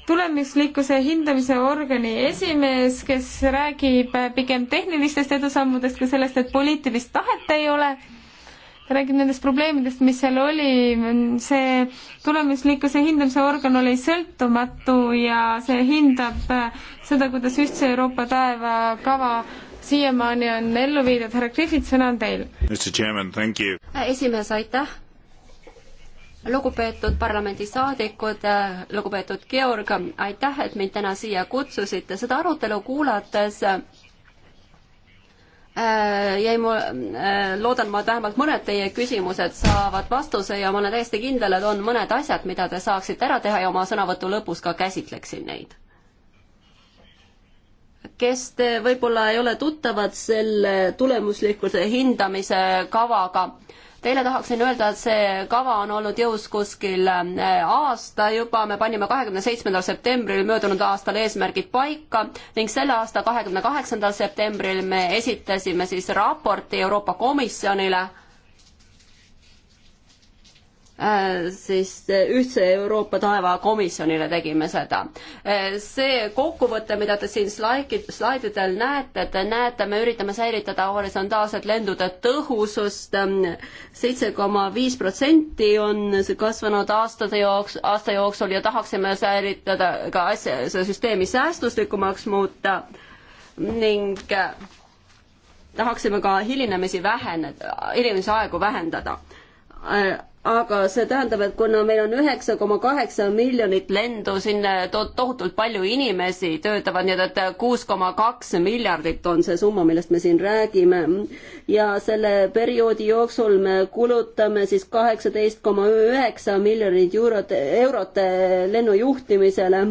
tulemuslikkuse hindamise organi esimees, kes räägib äh, pigem tehnilistest edusammudest kui sellest, et poliitilist tahet ei ole. ta räägib nendest probleemidest, mis seal oli, see tulemuslikkuse hindamise organ oli sõltumatu ja see hindab äh, seda, kuidas ühtse Euroopa taeva kava siiamaani on ellu viidud. härra Griffith, sõna on teil. esimees, aitäh lugupeetud parlamendisaadikud, lugupeetud Georg, aitäh, et mind täna siia kutsusite, seda arutelu kuulates äh, jäi mu, äh, loodan ma, et vähemalt mõned teie küsimused saavad vastuse ja ma olen täiesti kindel, et on mõned asjad, mida te saaksite ära teha ja oma sõnavõtu lõpus ka käsitleksin neid. kes te võib-olla ei ole tuttavad selle tulemuslikkuse hindamise kavaga, Teile tahaksin öelda, et see kava on olnud jõus kuskil äh, aasta juba, me panime kahekümne seitsmendal septembril möödunud aastal eesmärgid paika ning selle aasta kahekümne kaheksandal septembril me esitasime siis raporti Euroopa Komisjonile Äh, siis äh, Ühtse Euroopa Taeva komisjonile tegime seda. Äh, see kokkuvõte, mida te siin slaidid, slaididel näete, te näete, me üritame säilitada horisontaalset lendude tõhusust, ähm, seitse koma viis protsenti on see kasvanud aastate jooks-, aasta jooksul ja tahaksime säilitada ka asja, seda süsteemi säästluslikumaks muuta ning tahaksime ka hilinemisi väheneda, hilinemise aegu vähendada aga see tähendab, et kuna meil on üheksa koma kaheksa miljonit lendu, siin eh, to tohutult palju inimesi töötavad, nii et kuus koma kaks miljardit on see summa, millest me siin räägime. ja selle perioodi jooksul me kulutame siis kaheksateist koma üheksa miljonit eurot, eurot eh, lennu juhtimisele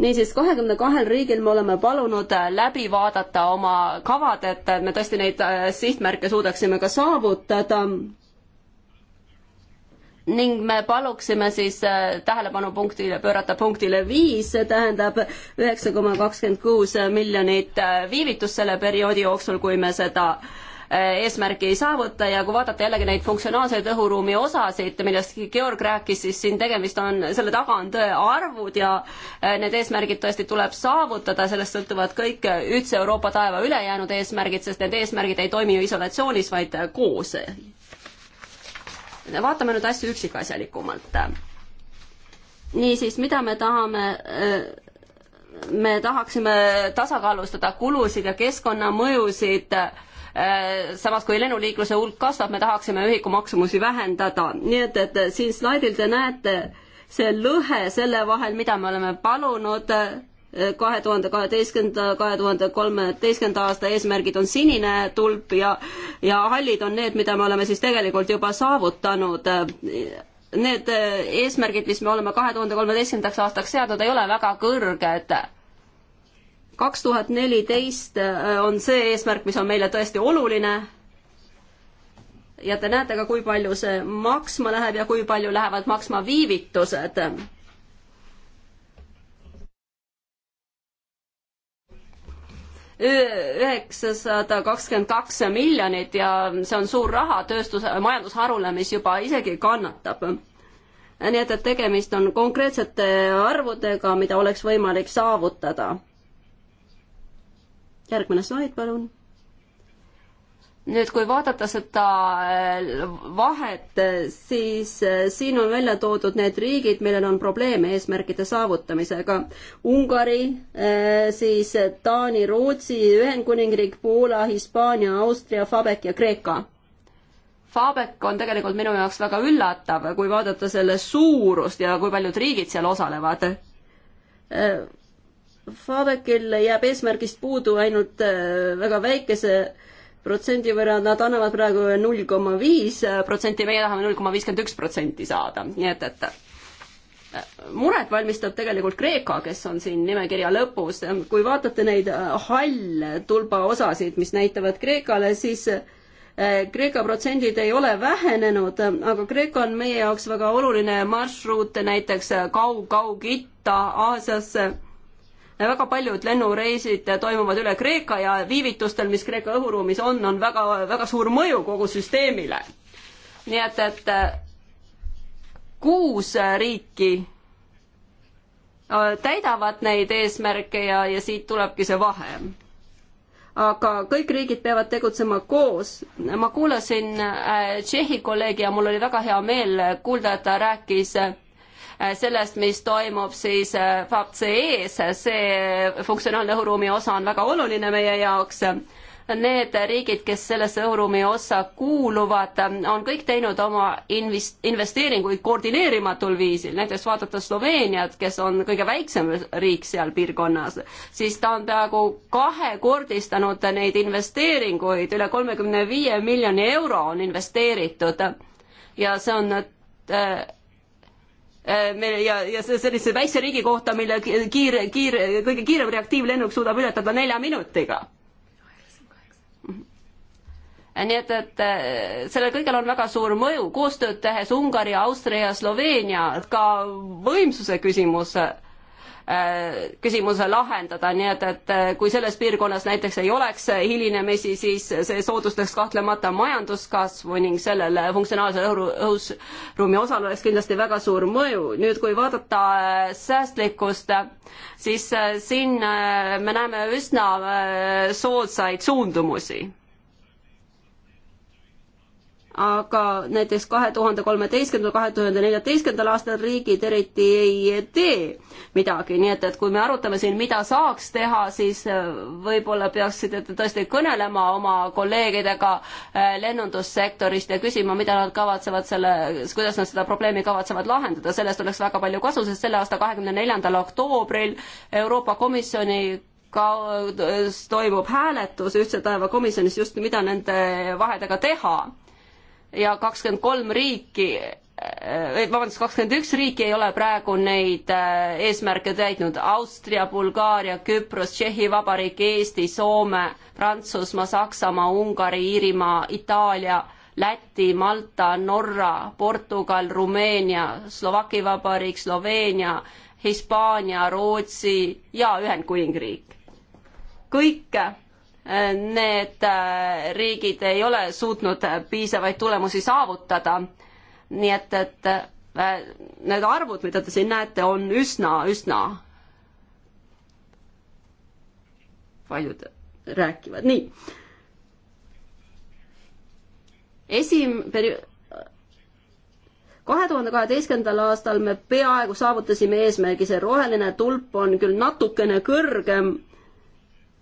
niisiis, kahekümne kahel riigil me oleme palunud äh, läbi vaadata oma kavad, et me tõesti neid äh, sihtmärke suudaksime ka saavutada. ning me paluksime siis äh, tähelepanu punktile, pöörata punktile viis, see tähendab üheksa koma kakskümmend kuus miljonit viivitust selle perioodi jooksul, kui me seda äh, Äh, eesmärki ei saavuta ja kui vaadata jällegi neid funktsionaalseid õhuruumi osasid, millest Georg rääkis, siis siin tegemist on, selle taga on tõe arvud ja äh, need eesmärgid tõesti tuleb saavutada, sellest sõltuvad kõik üldse Euroopa taeva ülejäänud eesmärgid, sest need eesmärgid ei toimi ju isolatsioonis, vaid koos. vaatame nüüd asju üksikasjalikumalt. niisiis, mida me tahame äh, me tahaksime tasakaalustada kulusid ja keskkonnamõjusid äh, Äh, samas kui lennuliikluse hulk kasvab, me tahaksime ühikumaksumusi vähendada, nii et, et siin slaidil te näete see lõhe selle vahel, mida me oleme palunud äh, kahe tuhande kaheteistkümnenda, kahe tuhande kolmeteistkümnenda aasta eesmärgid on sinine tulp ja, ja hallid on need, mida me oleme siis tegelikult juba saavutanud. Need äh, eesmärgid, mis me oleme kahe tuhande kolmeteistkümnendaks aastaks seadnud, ei ole väga kõrged kaks tuhat neliteist äh, on see eesmärk, mis on meile tõesti oluline. ja te näete ka, kui palju see maksma läheb ja kui palju lähevad maksma viivitused. üheksasada kakskümmend kaks miljonit ja see on suur raha tööstus, majandusharule, mis juba isegi kannatab nii et, et tegemist on konkreetsete arvudega, mida oleks võimalik saavutada järgmine slaid, palun. nüüd, kui vaadata seda äh, vahet, äh, siis äh, siin on välja toodud need riigid, millel on probleeme eesmärkide saavutamisega. Ungari, siis Taani, Rootsi, Ühendkuningriik, Poola, Hispaania, Austria, Fabek ja Kreeka Fabek on tegelikult minu jaoks väga üllatav, kui vaadata selle suurust ja kui paljud riigid seal osalevad. Fabekil jääb eesmärgist puudu ainult äh, väga väikese protsendi võrra, nad annavad praegu null koma viis protsenti, meie tahame null koma viiskümmend üks protsenti saada, nii et, et muret valmistab tegelikult Kreeka, kes on siin nimekirja lõpus. kui vaatate neid äh, halle tulbaosasid, mis näitavad Kreekale, siis äh, Kreeka protsendid ei ole vähenenud, aga Kreeka on meie jaoks väga oluline marsruut näiteks kaug-kaugitta Aasiasse väga paljud lennureisid toimuvad üle Kreeka ja viivitustel, mis Kreeka õhuruumis on, on väga, väga suur mõju kogu süsteemile. nii et, et äh, kuus riiki äh, täidavad neid eesmärke ja, ja siit tulebki see vahe aga kõik riigid peavad tegutsema koos. ma kuulasin äh, Tšehhi kolleegi ja mul oli väga hea meel kuulda, et ta rääkis Äh, sellest, mis toimub siis äh, FAPC-s, see funktsionaalne õhuruumi osa on väga oluline meie jaoks. Need riigid, kes sellesse õhuruumi ossa kuuluvad, on kõik teinud oma invest-, investeeringuid koordineerimatul viisil, näiteks vaadata Sloveeniat, kes on kõige väiksem riik seal piirkonnas, siis ta on peaaegu kahekordistanud neid investeeringuid, üle kolmekümne viie miljoni euro on investeeritud ja see on äh, Äh, meil ja, ja sellise väikse riigi kohta, mille kiire, kiire, kõige kiirem reaktiivlennuk suudab ületada nelja minutiga. Äh, nii et, et äh, sellel kõigel on väga suur mõju, koostööd tehes Ungari, Austria, Sloveenia, ka võimsuse küsimus äh, Äh, küsimuse lahendada, nii et, et äh, kui selles piirkonnas näiteks ei oleks hilinemisi, siis see soodustaks kahtlemata majanduskasvu ning sellel funktsionaalsel õhu, õhusruumi osal oleks kindlasti väga suur mõju. nüüd, kui vaadata äh, säästlikkust, siis siin me näeme üsna soodsaid suundumusi aga näiteks kahe tuhande kolmeteistkümnendal, kahe tuhande neljateistkümnendal aastal riigid eriti ei tee midagi, nii et, et kui me arutame siin, mida saaks teha, siis äh, võib-olla peaksite tõesti kõnelema oma kolleegidega äh, lennundussektorist ja küsima, mida nad kavatsevad selle, kuidas nad seda probleemi kavatsevad lahendada, sellest oleks väga palju kasu, sest selle aasta kahekümne neljandal oktoobril Euroopa Komisjoni ka äh, toimub hääletus Ühtse Taeva komisjonis just, mida nende vahedega teha ja kakskümmend kolm riiki eh, eh, vabandust, kakskümmend üks riiki ei ole praegu neid eh, eesmärke täitnud. Austria, Bulgaaria, Küpros, Tšehhi Vabariik, Eesti, Soome, Prantsusmaa, Saksamaa, Ungari, Iirimaa, Itaalia, Läti, Malta, Norra, Portugal, Rumeenia, Slovaki Vabariik, Sloveenia, Hispaania, Rootsi ja Ühendkuningriik. kõik need äh, riigid ei ole suutnud piisavaid tulemusi saavutada. nii et, et äh, need arvud, mida te siin näete, on üsna, üsna paljud rääkivad, nii. esim-, peri-, kahe tuhande kaheteistkümnendal aastal me peaaegu saavutasime eesmärgi, see roheline tulp on küll natukene kõrgem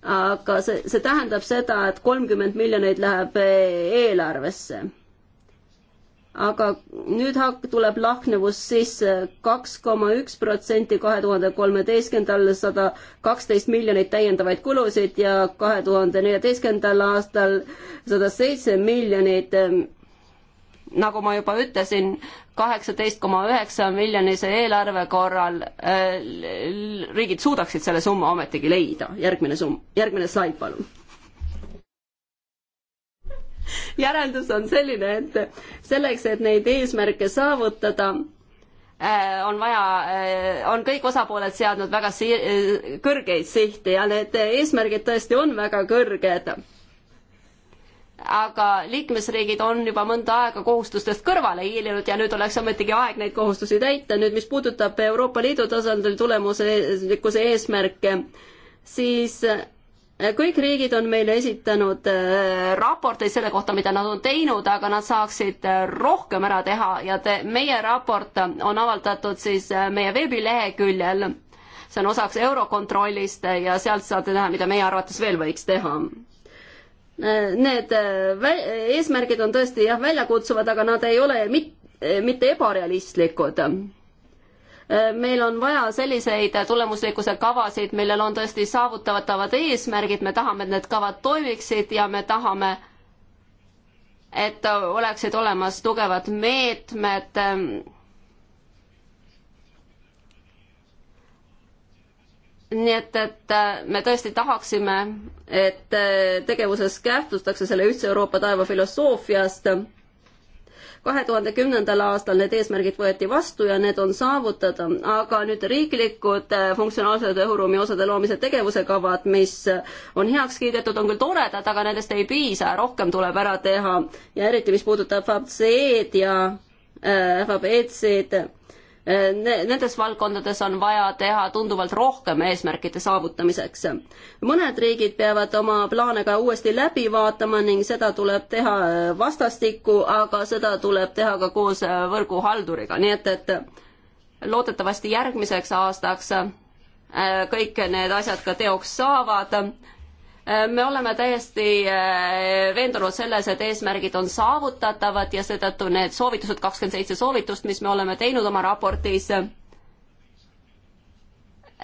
aga see, see tähendab seda, et kolmkümmend miljonit läheb eelarvesse. aga nüüd hak-, tuleb lahknevus sisse kaks koma üks protsenti kahe tuhande kolmeteistkümnendal sada kaksteist miljonit täiendavaid kulusid ja kahe tuhande neljateistkümnendal aastal sada seitse miljonit nagu ma juba ütlesin, kaheksateist koma üheksa miljonise eelarve korral äh, riigid suudaksid selle summa ometigi leida. järgmine sum-, järgmine slaid, palun. järeldus on selline, et selleks, et neid eesmärke saavutada, äh, on vaja, äh, on kõik osapooled seadnud väga si-, kõrgeid sihte ja need eesmärgid tõesti on väga kõrged aga liikmesriigid on juba mõnda aega kohustustest kõrvale hiilinud ja nüüd oleks ometigi aeg neid kohustusi täita. nüüd, mis puudutab Euroopa Liidu tasandil tulemuslikkuse eesmärke, siis eh, kõik riigid on meile esitanud eh, raporteid selle kohta, mida nad on teinud, aga nad saaksid eh, rohkem ära teha ja te, meie raport on avaldatud siis meie veebileheküljel. see on osaks Eurokontrollist ja sealt saate näha, mida meie arvates veel võiks teha Need äh, eesmärgid on tõesti jah, väljakutsuvad, aga nad ei ole mit-, mitte ebarealistlikud äh, meil on vaja selliseid tulemuslikkuse kavasid, millel on tõesti saavutatavad eesmärgid, me tahame, et need kavad toimiksid ja me tahame, et oleksid olemas tugevad meetmed ähm, nii et, et äh, me tõesti tahaksime, et äh, tegevuses kähtutakse selle ühtse Euroopa taeva filosoofiast. kahe tuhande kümnendal aastal need eesmärgid võeti vastu ja need on saavutada, aga nüüd riiklikud äh, funktsionaalsed õhuruumi osade loomise tegevuse kavad, mis on heaks kiidetud, on küll toredad, aga nendest ei piisa, rohkem tuleb ära teha ja eriti, mis puudutab FAB-C-d ja äh, FAB-EC-d nendes valdkondades on vaja teha tunduvalt rohkem eesmärkide saavutamiseks. mõned riigid peavad oma plaane ka uuesti läbi vaatama ning seda tuleb teha äh, vastastikku, aga seda tuleb teha ka koos äh, võrguhalduriga, nii et, et loodetavasti järgmiseks aastaks äh, kõik need asjad ka teoks saavad me oleme täiesti äh, veendunud selles, et eesmärgid on saavutatavad ja seetõttu need soovitused, kakskümmend seitse soovitust, mis me oleme teinud oma raportis,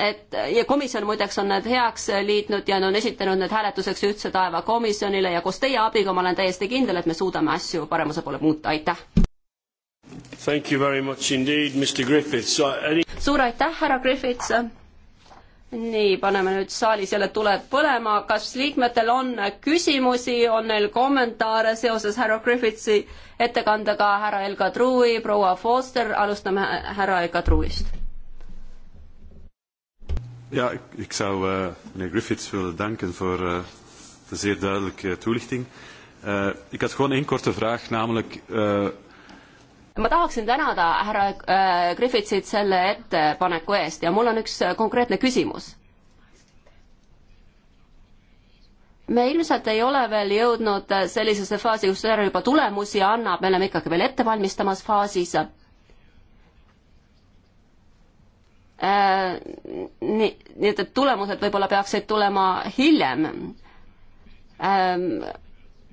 et ja komisjon muideks on need heaks liitnud ja on esitanud need hääletuseks Ühtse Taeva komisjonile ja koos teie abiga ma olen täiesti kindel, et me suudame asju paremuse poole muuta, aitäh! suur aitäh, härra Griffiths! nii, paneme nüüd saalis jälle tuled põlema, kas liikmetel on küsimusi, on neil kommentaare seoses härra Griffithsi ettekandega, härra Elga Trui, proua Foster, alustame härra Elga Truist. ja, ik zou uh, meneer Griffiths willen danken voor uh, de zeer duidelijke toelichting. Uh, ik had gewoon één korte vraag, namelijk uh, ma tahaksin tänada härra äh, Griffithsit selle ettepaneku eest ja mul on üks äh, konkreetne küsimus. me ilmselt ei ole veel jõudnud äh, sellisesse faasi, kus ERR juba tulemusi annab, me oleme ikkagi veel ettevalmistamas faasis äh,. nii, nii et, et tulemused võib-olla peaksid tulema hiljem äh,.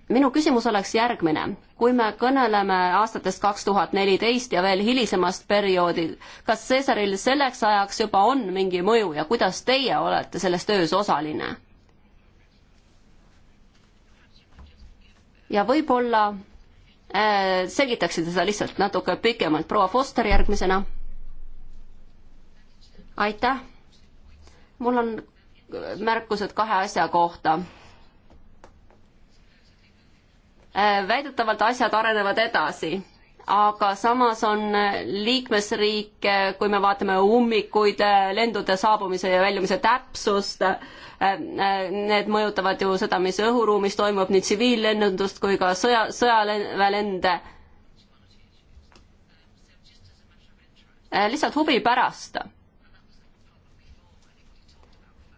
minu küsimus oleks järgmine kui me kõneleme aastatest kaks tuhat neliteist ja veel hilisemast perioodil, kas Cäsaril selleks ajaks juba on mingi mõju ja kuidas teie olete selles töös osaline? ja võib-olla äh, selgitaksite seda lihtsalt natuke pikemalt, proua Foster järgmisena. aitäh. mul on märkused kahe asja kohta Äh, väidetavalt asjad arenevad edasi, aga samas on äh, liikmesriike, äh, kui me vaatame ummikuid, lendude saabumise ja väljumise täpsust, need mõjutavad ju seda, mis õhuruumis toimub, nii tsiviillennundust kui ka sõja, sõjaväelende. lihtsalt huvi pärast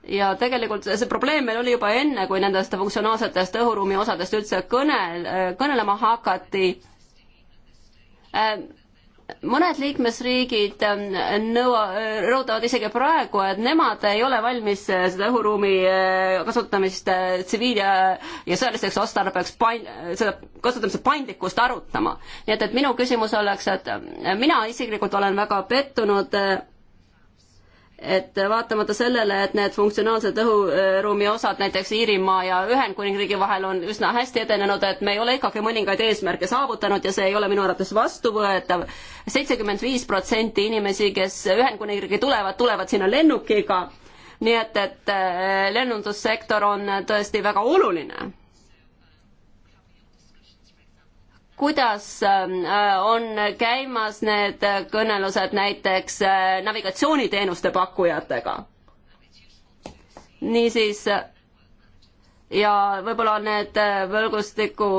ja tegelikult see probleem meil oli juba enne, kui nendest funktsionaalsetest õhuruumi osadest üldse kõnel, kõnelema hakati. Äh, mõned liikmesriigid ähm, nõua-, rõhutavad isegi praegu, et nemad ei ole valmis äh, seda õhuruumi äh, kasutamist tsiviil- ja, ja sõjalisteks otstarbeks pain-, seda kasutamise paindlikkust arutama. nii et, et minu küsimus oleks, et mina isiklikult olen väga pettunud et vaatamata sellele, et need funktsionaalsed õhuruumi osad näiteks Iirimaa ja Ühendkuningriigi vahel on üsna hästi edenenud, et me ei ole ikkagi mõningaid eesmärke saavutanud ja see ei ole minu arvates vastuvõetav. seitsekümmend viis protsenti inimesi, kes Ühendkuningriigi tulevad, tulevad sinna lennukiga. nii et, et äh, lennundussektor on tõesti väga oluline kuidas ähm, äh, on käimas need kõnelused näiteks äh, navigatsiooniteenuste pakkujatega? niisiis äh, ja võib-olla need võrgustiku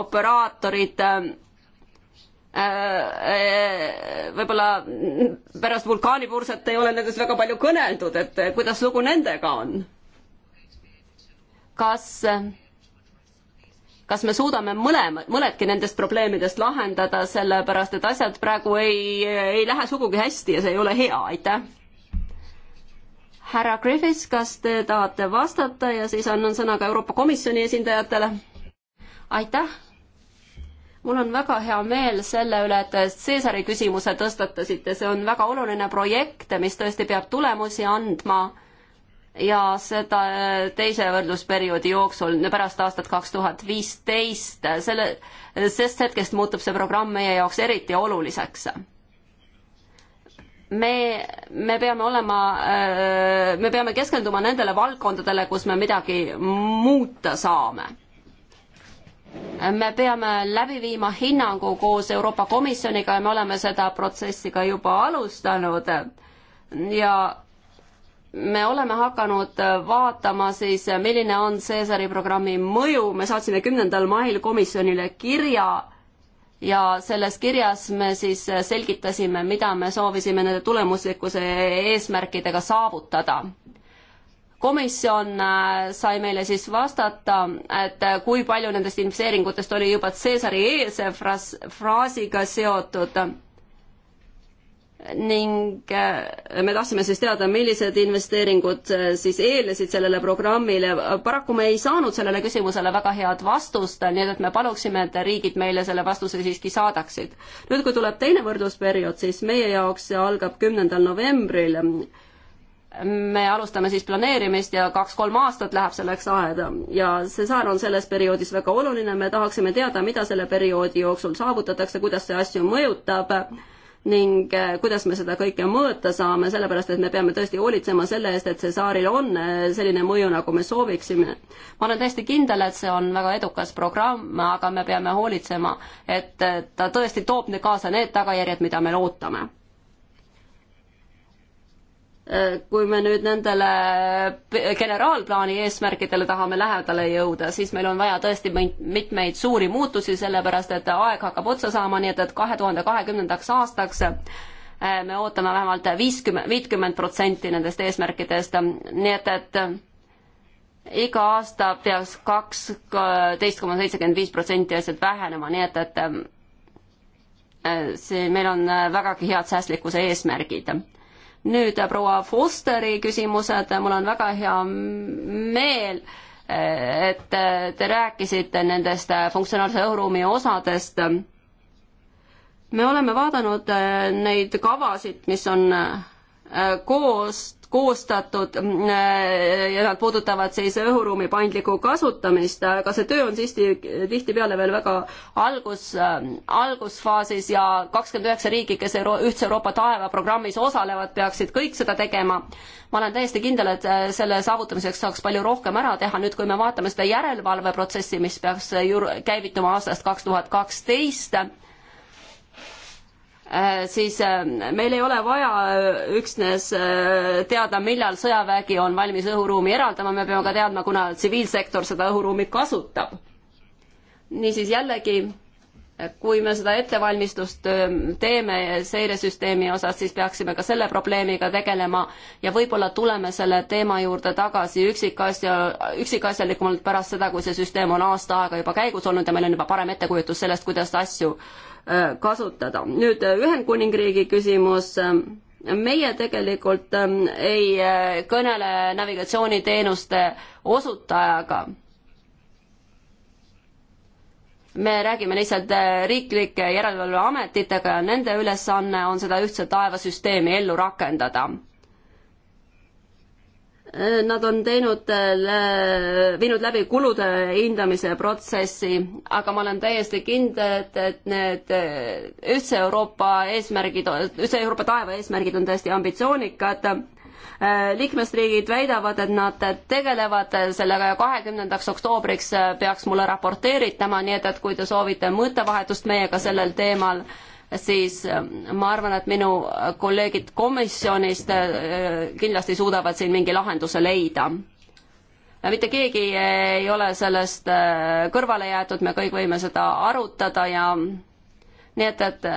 operaatorid ähm, võib-olla pärast vulkaanipurset ei ole nendest väga palju kõneldud, et kuidas lugu nendega on? kas kas me suudame mõlemad, mõledki nendest probleemidest lahendada, sellepärast et asjad praegu ei, ei lähe sugugi hästi ja see ei ole hea, aitäh. härra Griffiths, kas te tahate vastata ja siis annan sõna ka Euroopa Komisjoni esindajatele? aitäh mul on väga hea meel selle üle, et te Cäsari küsimuse tõstatasite, see on väga oluline projekt, mis tõesti peab tulemusi andma ja seda äh, teise võrdlusperioodi jooksul pärast aastat kaks tuhat viisteist, selle, sest hetkest muutub see programm meie jaoks eriti oluliseks. me, me peame olema, äh, me peame keskenduma nendele valdkondadele, kus me midagi muuta saame me peame läbi viima hinnangu koos Euroopa Komisjoniga ja me oleme seda protsessi ka juba alustanud ja me oleme hakanud äh, vaatama siis, äh, milline on Cäsari programmi mõju, me saatsime kümnendal mail komisjonile kirja ja selles kirjas me siis äh, selgitasime, mida me soovisime nende tulemuslikkuse eesmärkidega saavutada. komisjon sai meile siis vastata, et kui palju nendest investeeringutest oli juba Cäsari eelse fraas-, fraasiga seotud ning äh, me tahtsime siis teada, millised investeeringud äh, siis eelnesid sellele programmile. paraku me ei saanud sellele küsimusele väga head vastust, nii et me paluksime, et riigid meile selle vastuse siiski saadaksid. nüüd, kui tuleb teine võrdlusperiood, siis meie jaoks see algab kümnendal novembril. me alustame siis planeerimist ja kaks-kolm aastat läheb selleks aega ja see saar on selles perioodis väga oluline, me tahaksime teada, mida selle perioodi jooksul saavutatakse, kuidas see asju mõjutab ning äh, kuidas me seda kõike mõõta saame, sellepärast et me peame tõesti hoolitsema selle eest, et see saaril on äh, selline mõju, nagu me sooviksime. ma olen täiesti kindel, et see on väga edukas programm, aga me peame hoolitsema, et äh, ta tõesti toob kaasa need tagajärjed, mida me ootame Äh, kui me nüüd nendele generaalplaani eesmärkidele tahame lähedale jõuda, siis meil on vaja tõesti mitmeid suuri muutusi, sellepärast et aeg hakkab otsa saama, nii et, et kahe tuhande kahekümnendaks aastaks äh, me ootame vähemalt viiskümmend, viitkümmend protsenti nendest eesmärkidest, nii et, et iga aasta peaks kaksteist koma seitsekümmend viis protsenti asjad vähenema, nii et, et äh, see, meil on vägagi head säästlikkuse eesmärgid nüüd äh, proua Fosteri küsimused, mul on väga hea meel, äh, et äh, te rääkisite nendest funktsionaalse õhuruumi osadest. me oleme vaadanud neid kavasid, mis on koos koostatud mm, äh, ja nad puudutavad siis õhuruumi paindlikku kasutamist, aga see töö on siiski tihtipeale veel väga algus, äh, algusfaasis ja kakskümmend üheksa riiki, kes Euro-, Ühtse Euroopa taeva programmis osalevad, peaksid kõik seda tegema. ma olen täiesti kindel, et äh, selle saavutamiseks saaks palju rohkem ära teha, nüüd kui me vaatame seda järelevalveprotsessi, mis peaks ju käivituma aastast kaks tuhat kaksteist, Äh, siis äh, meil ei ole vaja äh, üksnes teada, millal sõjavägi on valmis õhuruumi eraldama, me peame ka teadma, kuna tsiviilsektor seda õhuruumi kasutab. niisiis jällegi, kui me seda ettevalmistust teeme seiresüsteemi osas, siis peaksime ka selle probleemiga tegelema ja võib-olla tuleme selle teema juurde tagasi üksikasja, üksikasjalikumalt pärast seda, kui see süsteem on aasta aega juba käigus olnud ja meil on juba parem ettekujutus sellest, kuidas asju äh, Äh, kasutada. nüüd äh, Ühendkuningriigi küsimus meie tegelikult ähm, ei äh, kõnele navigatsiooniteenuste osutajaga. me räägime lihtsalt riiklike järelevalveametitega ja nende ülesanne on seda ühtse taevasüsteemi ellu rakendada Äh, nad on teinud, äh, viinud läbi kulude hindamise protsessi, aga ma olen täiesti kindel, et, et need äh, ühtse Euroopa eesmärgid, ühtse Euroopa taeva eesmärgid on tõesti ambitsioonikad. liikmesriigid väidavad, et nad tegelevad sellega ja kahekümnendaks oktoobriks peaks mulle raporteeritama, nii et, et kui te soovite mõttevahetust meiega sellel teemal, siis ähm, ma arvan, et minu kolleegid komisjonist äh, kindlasti suudavad siin mingi lahenduse leida mitte keegi ei ole sellest äh, kõrvale jäetud, me kõik võime seda arutada ja nii et, et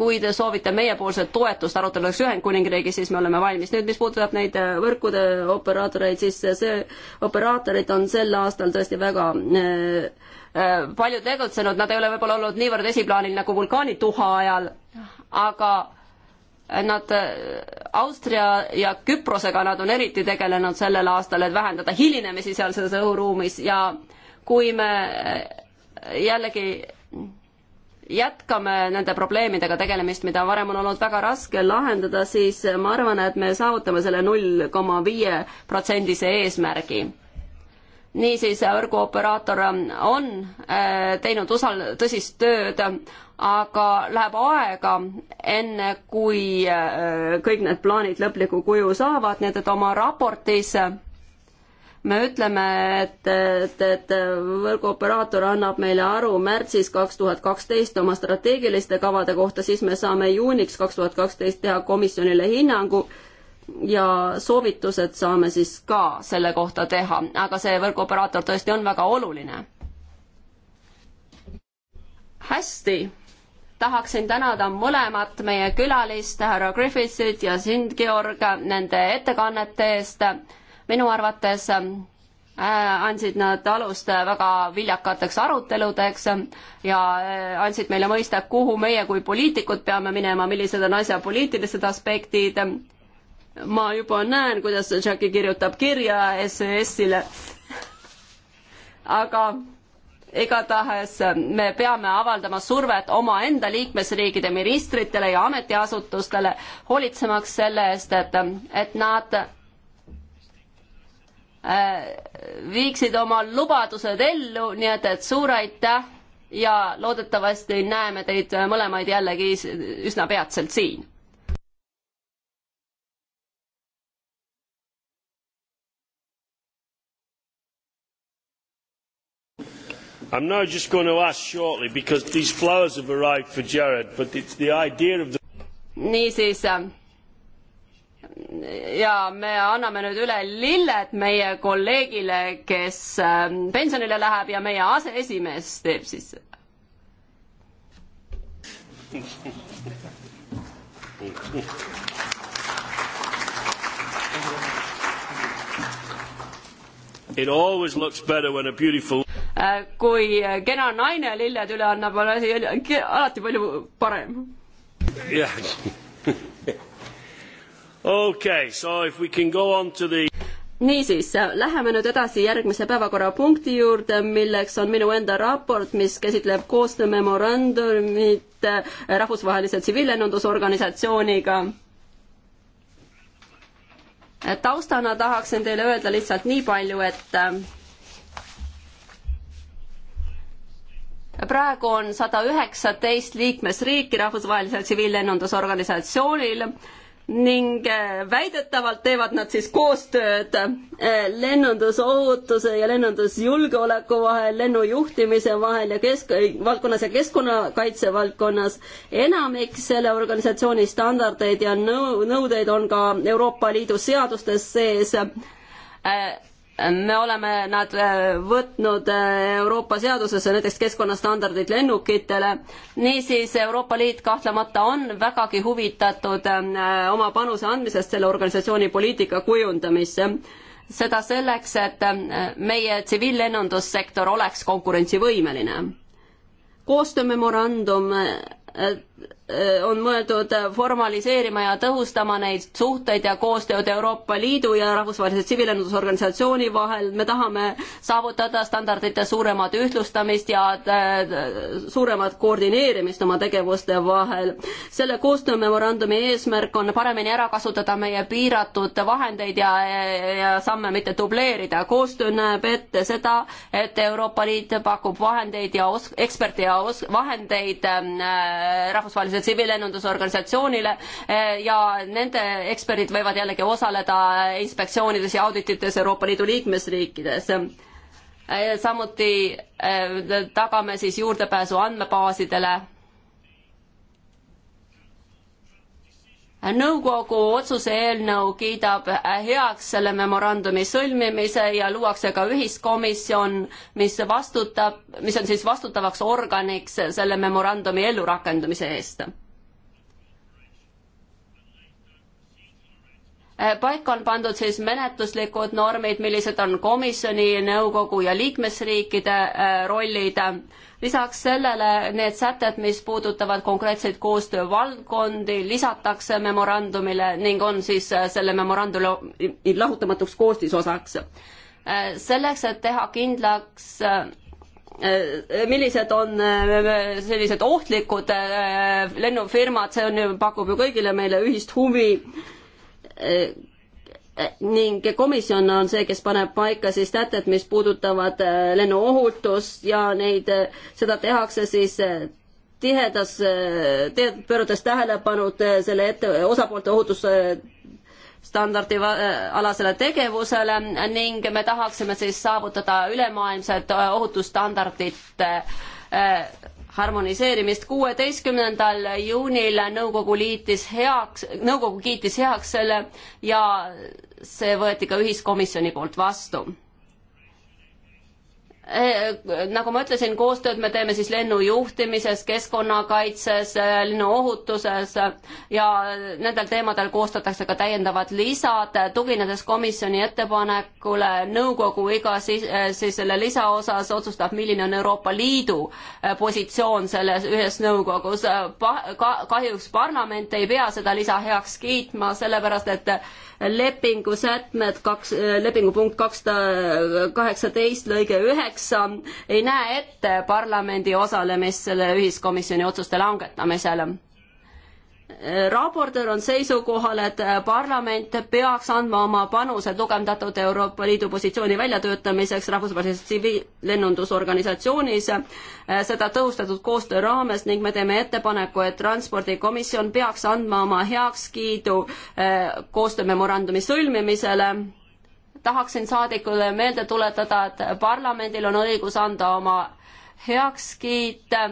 kui te soovite meiepoolset toetust aruteluks Ühendkuningriigis, siis me oleme valmis. nüüd, mis puudutab neid äh, võrkude operaatoreid, siis see, operaatorid on sel aastal tõesti väga äh, Äh, palju tegutsenud, nad ei ole võib-olla olnud niivõrd esiplaanil nagu vulkaanituha ajal, aga nad äh, Austria ja Küprosega nad on eriti tegelenud sellel aastal, et vähendada hilinemisi sealses õhuruumis ja kui me äh, jällegi jätkame nende probleemidega tegelemist, mida varem on olnud väga raske lahendada, siis ma arvan, et me saavutame selle null koma viie protsendise eesmärgi niisiis, võrguoperaator on äh, teinud osal tõsist tööd, aga läheb aega, enne kui äh, kõik need plaanid lõpliku kuju saavad, nii et, et oma raportis me ütleme, et, et, et võrguoperaator annab meile aru märtsis kaks tuhat kaksteist oma strateegiliste kavade kohta, siis me saame juuniks kaks tuhat kaksteist teha komisjonile hinnangu ja soovitused saame siis ka selle kohta teha, aga see võrguoperaator tõesti on väga oluline. hästi, tahaksin tänada mõlemat meie külalist, härra Griffithsit ja sind, Georg, nende ettekannete eest. minu arvates äh, andsid nad alust väga viljakateks aruteludeks ja äh, andsid meile mõista, kuhu meie kui poliitikud peame minema, millised on asja poliitilised aspektid ma juba näen, kuidas Jackie kirjutab kirja SES-ile. aga igatahes me peame avaldama survet omaenda liikmesriikide ministritele ja ametiasutustele, hoolitsemaks selle eest, et, et nad äh, viiksid oma lubadused ellu, nii et, et suur aitäh ja loodetavasti näeme teid mõlemaid jällegi üsna peatselt siin I'm now just going to ask shortly because these flowers have arrived for Jared, but it's the idea of the niisiis um, ja me anname nüüd üle lilled meie kolleegile, kes um, pensionile läheb ja meie aseesimees teeb siis It always looks better when a beautiful Äh, kui kena naine lilled üle annab, on asi alati palju parem. jah. okei, so if we can go on to the niisiis, läheme nüüd edasi järgmise päevakorrapunkti juurde, milleks on minu enda raport, mis käsitleb koostöömemorandumit äh, rahvusvahelise tsiviillennundusorganisatsiooniga. Äh, taustana tahaksin teile öelda lihtsalt nii palju, et praegu on sada üheksateist liikmesriiki rahvusvahelisel tsiviillennundusorganisatsioonil ning äh, väidetavalt teevad nad siis koostööd äh, lennundusohutuse ja lennundusjulgeoleku vahel, lennujuhtimise vahel ja kesk-, äh, valdkonnas ja keskkonnakaitse valdkonnas. enamik selle organisatsiooni standardeid ja nõu-, nõudeid on ka Euroopa Liidu seadustes sees me oleme nad äh, võtnud äh, Euroopa seadusesse näiteks keskkonnastandardid lennukitele, niisiis Euroopa Liit kahtlemata on vägagi huvitatud äh, oma panuse andmisest selle organisatsiooni poliitika kujundamisse. seda selleks, et meie tsiviillennundussektor oleks konkurentsivõimeline. koostöömemorandum Äh, on mõeldud formaliseerima ja tõhustama neid suhteid ja koostööd Euroopa Liidu ja Rahvusvahelise Tsiviilennundusorganisatsiooni vahel. me tahame saavutada standardite suuremat ühtlustamist ja äh, suuremat koordineerimist oma tegevuste vahel. selle koostöömemorandumi eesmärk on paremini ära kasutada meie piiratud vahendeid ja, ja, ja samme mitte dubleerida. koostöö näeb ette seda, et Euroopa Liit pakub vahendeid ja os-, eksperte ja os-, vahendeid äh, rahvusvahelise tsiviillennundusorganisatsioonile eh, ja nende eksperdid võivad jällegi osaleda inspektsioonides ja auditites Euroopa Liidu liikmesriikides eh, samuti eh, tagame siis juurdepääsu andmebaasidele nõukogu otsuse eelnõu kiidab heaks selle memorandumi sõlmimise ja luuakse ka ühiskomisjon, mis vastutab, mis on siis vastutavaks organiks selle memorandumi ellurakendamise eest. paika on pandud siis menetluslikud normid, millised on komisjoni, nõukogu ja liikmesriikide äh, rollid lisaks sellele need sätted, mis puudutavad konkreetseid koostöövaldkondi, lisatakse memorandumile ning on siis äh, selle memorandumi lahutamatuks koostisosaks. Äh, selleks, et teha kindlaks äh, millised on sellised ohtlikud lennufirmad, see on ju, pakub ju kõigile meile ühist huvi ning komisjon on see, kes paneb paika siis sätted, mis puudutavad äh, lennuohutust ja neid, äh, seda tehakse siis äh, tihedas, tihedat pöörades tähelepanu selle ette, osapoolte ohutusstandardi alasele tegevusele ning me tahaksime siis saavutada ülemaailmsed ohutusstandardite harmoniseerimist. kuueteistkümnendal juunil nõukogu liitis heaks, nõukogu kiitis heaks selle ja see võeti ka ühiskomisjoni poolt vastu e, nagu ma ütlesin, koostööd me teeme siis lennujuhtimises, keskkonnakaitses, lennuohutuses ja nendel teemadel koostatakse ka täiendavad lisad, tuginedes komisjoni ettepanekule, nõukogu iga siis, siis selle lisa osas otsustab, milline on Euroopa Liidu positsioon selles ühes nõukogus pa,. Ka, kahjuks parlament ei pea seda lisa heaks kiitma, sellepärast et lepingu sätmed kaks, lepingu punkt kakssada kaheksateist lõige üheksa ei näe ette parlamendi osalemist selle ühiskomisjoni otsuste langetamisel raportöör on seisukohal, et parlament peaks andma oma panuse tugevdatud Euroopa Liidu positsiooni väljatöötamiseks rahvusvahelises tsiviillennundusorganisatsioonis, eh, seda tõhustatud koostöö raames ning me teeme ettepaneku, et Transpordikomisjon peaks andma oma heakskiidu eh, koostöömemorandumi sõlmimisele tahaksin saadikule meelde tuletada, et parlamendil on õigus anda oma heaks kiita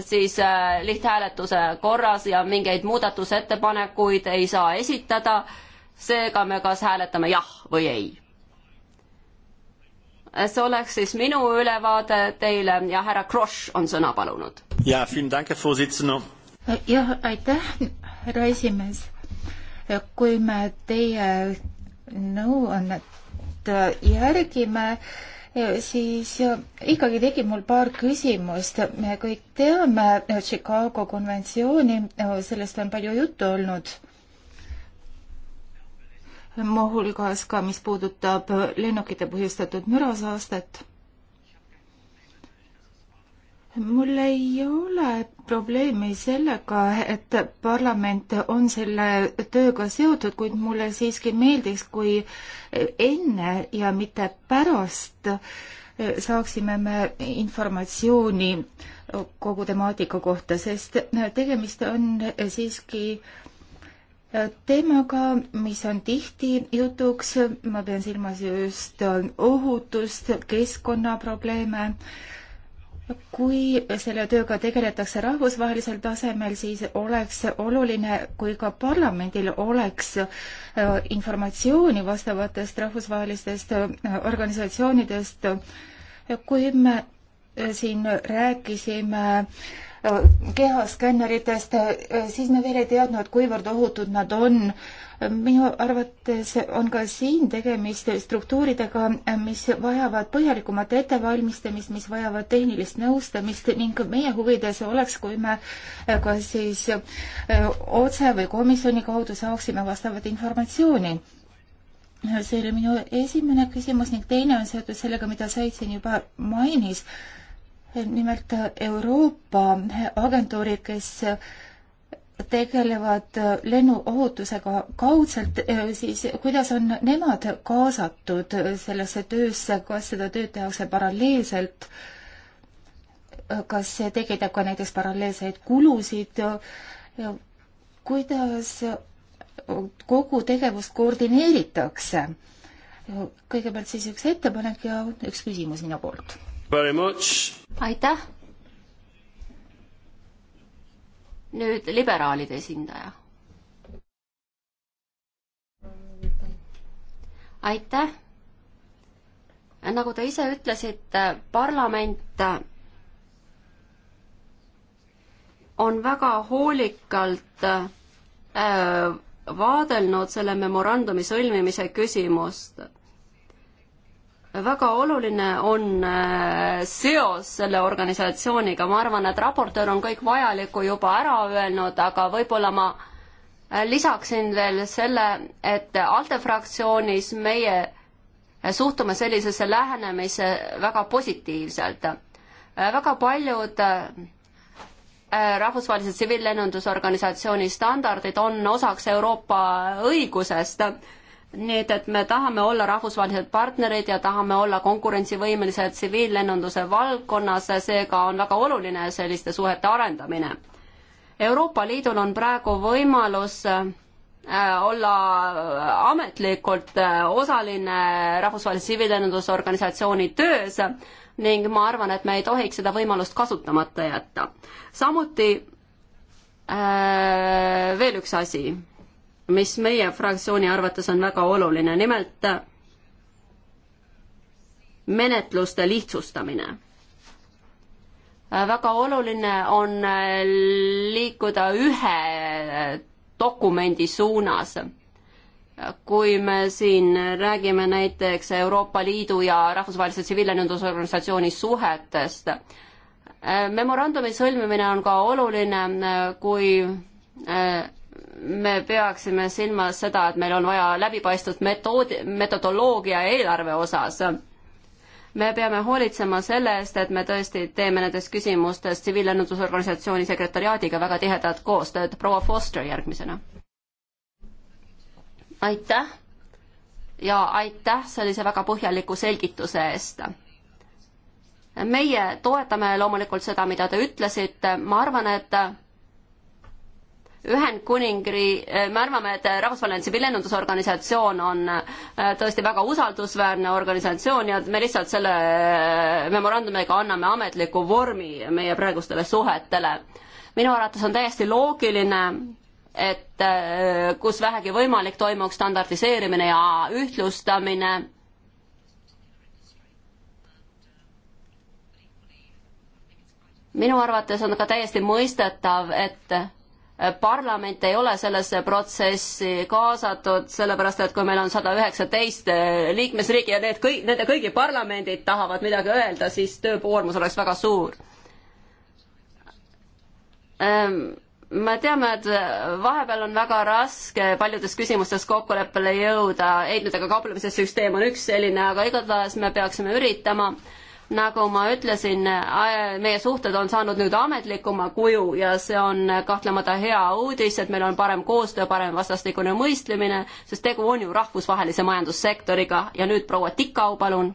siis äh, lihthääletuse korras ja mingeid muudatusettepanekuid ei saa esitada, seega me kas hääletame jah või ei see oleks siis minu ülevaade teile ja härra Kross on sõna palunud. ja, jah, aitäh, härra esimees. kui me teie nõuannet järgime, siis äh, ikkagi tekib mul paar küsimust. me kõik teame äh, Chicago konventsiooni, äh, sellest on palju juttu olnud. muuhulgas ka, mis puudutab lennukite põhjustatud mürasaastet mul ei ole probleemi sellega, et parlament on selle tööga seotud, kuid mulle siiski meeldiks, kui enne ja mitte pärast saaksime me informatsiooni kogu temaatika kohta, sest tegemist on siiski teemaga, mis on tihti jutuks, ma pean silmas just ohutust, keskkonnaprobleeme kui selle tööga tegeletakse rahvusvahelisel tasemel, siis oleks oluline, kui ka parlamendil oleks äh, informatsiooni vastavatest rahvusvahelistest äh, organisatsioonidest. kui me äh, siin rääkisime kehaskänneritest, eh, siis me veel ei teadnud, kuivõrd ohutud nad on. minu arvates on ka siin tegemist struktuuridega, mis vajavad põhjalikumat ettevalmistamist, mis vajavad tehnilist nõustamist ning meie huvides oleks, kui me eh, kas siis eh, otse või komisjoni kaudu saaksime vastavat informatsiooni see oli minu esimene küsimus ning teine on seotud sellega, mida Said siin juba mainis nimelt äh, Euroopa äh, agentuurid, kes äh, tegelevad lennuohutusega kaudselt, siis kuidas on nemad kaasatud sellesse töösse, kas seda tööd tehakse paralleelselt? kas see tekitab ka näiteks paralleelseid kulusid? kuidas kogu tegevust koordineeritakse? kõigepealt siis üks ettepanek ja üks küsimus minu poolt aitäh. nüüd liberaalide esindaja. aitäh. nagu te ise ütlesite, parlament on väga hoolikalt äh, vaadelnud selle memorandumi sõlmimise küsimust väga oluline on äh, seos selle organisatsiooniga, ma arvan, et raportöör on kõik vajaliku juba ära öelnud, aga võib-olla ma äh, lisaksin veel selle, et ALDE fraktsioonis meie äh, suhtume sellisesse lähenemisse väga positiivselt. väga paljud rahvusvahelise tsiviillennundusorganisatsiooni standardid on osaks Euroopa õigusest nii et, et me tahame olla rahvusvahelised partnerid ja tahame olla konkurentsivõimelised tsiviillennunduse valdkonnas, seega on väga oluline selliste suhete arendamine. Euroopa Liidul on praegu võimalus äh, olla ametlikult äh, osaline rahvusvahelise tsiviillennundusorganisatsiooni töös ning ma arvan, et me ei tohiks seda võimalust kasutamata jätta. samuti äh, veel üks asi mis meie fraktsiooni arvates on väga oluline, nimelt menetluste lihtsustamine. väga oluline on liikuda ühe dokumendi suunas. kui me siin räägime näiteks Euroopa Liidu ja Rahvusvahelise Tsiviillennundusorganisatsiooni suhetest, memorandumi sõlmimine on ka oluline, kui me peaksime silmas seda, et meil on vaja läbipaistvat metoodi, metodoloogia eelarve osas. me peame hoolitsema selle eest, et me tõesti teeme nendes küsimustes tsiviillennundusorganisatsiooni sekretariaadiga väga tihedat koostööd. proua Foster järgmisena. aitäh ja aitäh sellise väga põhjaliku selgituse eest meie toetame loomulikult seda, mida te ütlesite, ma arvan, et Ühendkuningri, eh, me arvame, et Rahvusvaheline Tsiviillennundusorganisatsioon on eh, tõesti väga usaldusväärne organisatsioon ja me lihtsalt selle eh, memorandumiga anname ametliku vormi meie praegustele suhetele. minu arvates on täiesti loogiline, et kus vähegi võimalik, toimuks standardiseerimine ja ühtlustamine minu arvates on ka täiesti mõistetav, et parlament ei ole sellesse protsessi kaasatud, sellepärast et kui meil on sada üheksateist liikmesriigi ja need kõik, nende kõigi parlamendid tahavad midagi öelda, siis töökoormus oleks väga suur. Ehm, me teame, et vahepeal on väga raske paljudes küsimustes kokkuleppele jõuda, heitmetega kauplemise süsteem on üks selline, aga igatahes me peaksime üritama äh, nagu ma ütlesin, äh, meie suhted on saanud nüüd ametlikuma kuju ja see on kahtlemata hea uudis, et meil on parem koostöö, parem vastastikune mõistlemine, sest tegu on ju rahvusvahelise majandussektoriga ja nüüd proua Tikau, palun.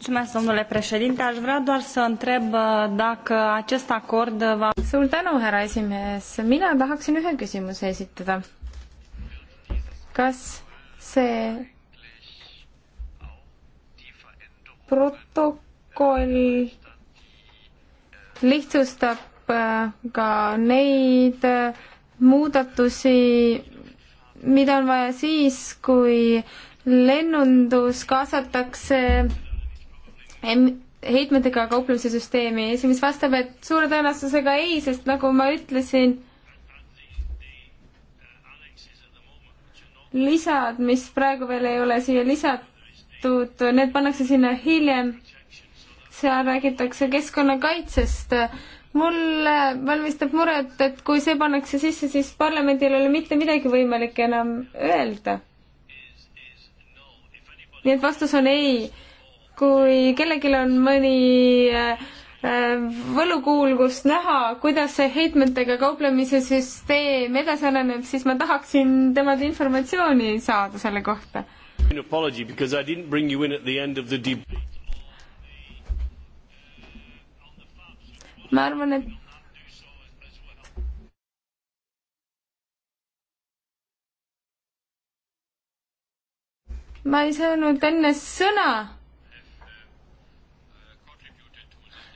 Mulțumesc, domnule președinte. Aș vrea doar să întreb uh, dacă acest acord uh, va... Suur tänu, härra esimees. Mina tahaksin ühe küsimuse esitada. Kas see protokoll protokoll lihtsustab äh, ka neid äh, muudatusi, mida on vaja siis, kui lennundus kaasatakse heitmetega kauplemise süsteemi, esimees vastab, et suure tõenäosusega ei, sest nagu ma ütlesin, lisad, mis praegu veel ei ole siia lisatud, need pannakse sinna hiljem seal räägitakse keskkonnakaitsest. mulle valmistab muret, et kui see pannakse sisse, siis parlamendil ei ole mitte midagi võimalik enam öelda. nii et vastus on ei. kui kellelgi on mõni äh, äh, võlukuul, kus näha, kuidas see heitmetega kauplemise süsteem edasi areneb, siis ma tahaksin temalt informatsiooni saada selle kohta. ma arvan, et ma ei saanud enne sõna.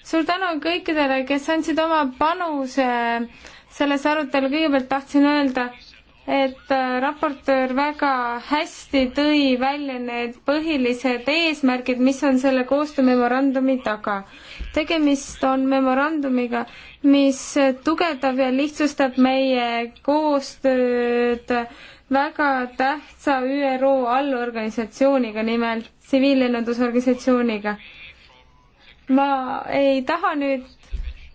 suur tänu kõikidele, kes andsid oma panuse sellesse arutelu, kõigepealt tahtsin öelda, et äh, raportöör väga hästi tõi välja need põhilised eesmärgid, mis on selle koostöömemorandumi taga. tegemist on memorandumiga, mis tugevdab ja lihtsustab meie koostööd väga tähtsa ÜRO allorganisatsiooniga, nimelt tsiviillennundusorganisatsiooniga. ma ei taha nüüd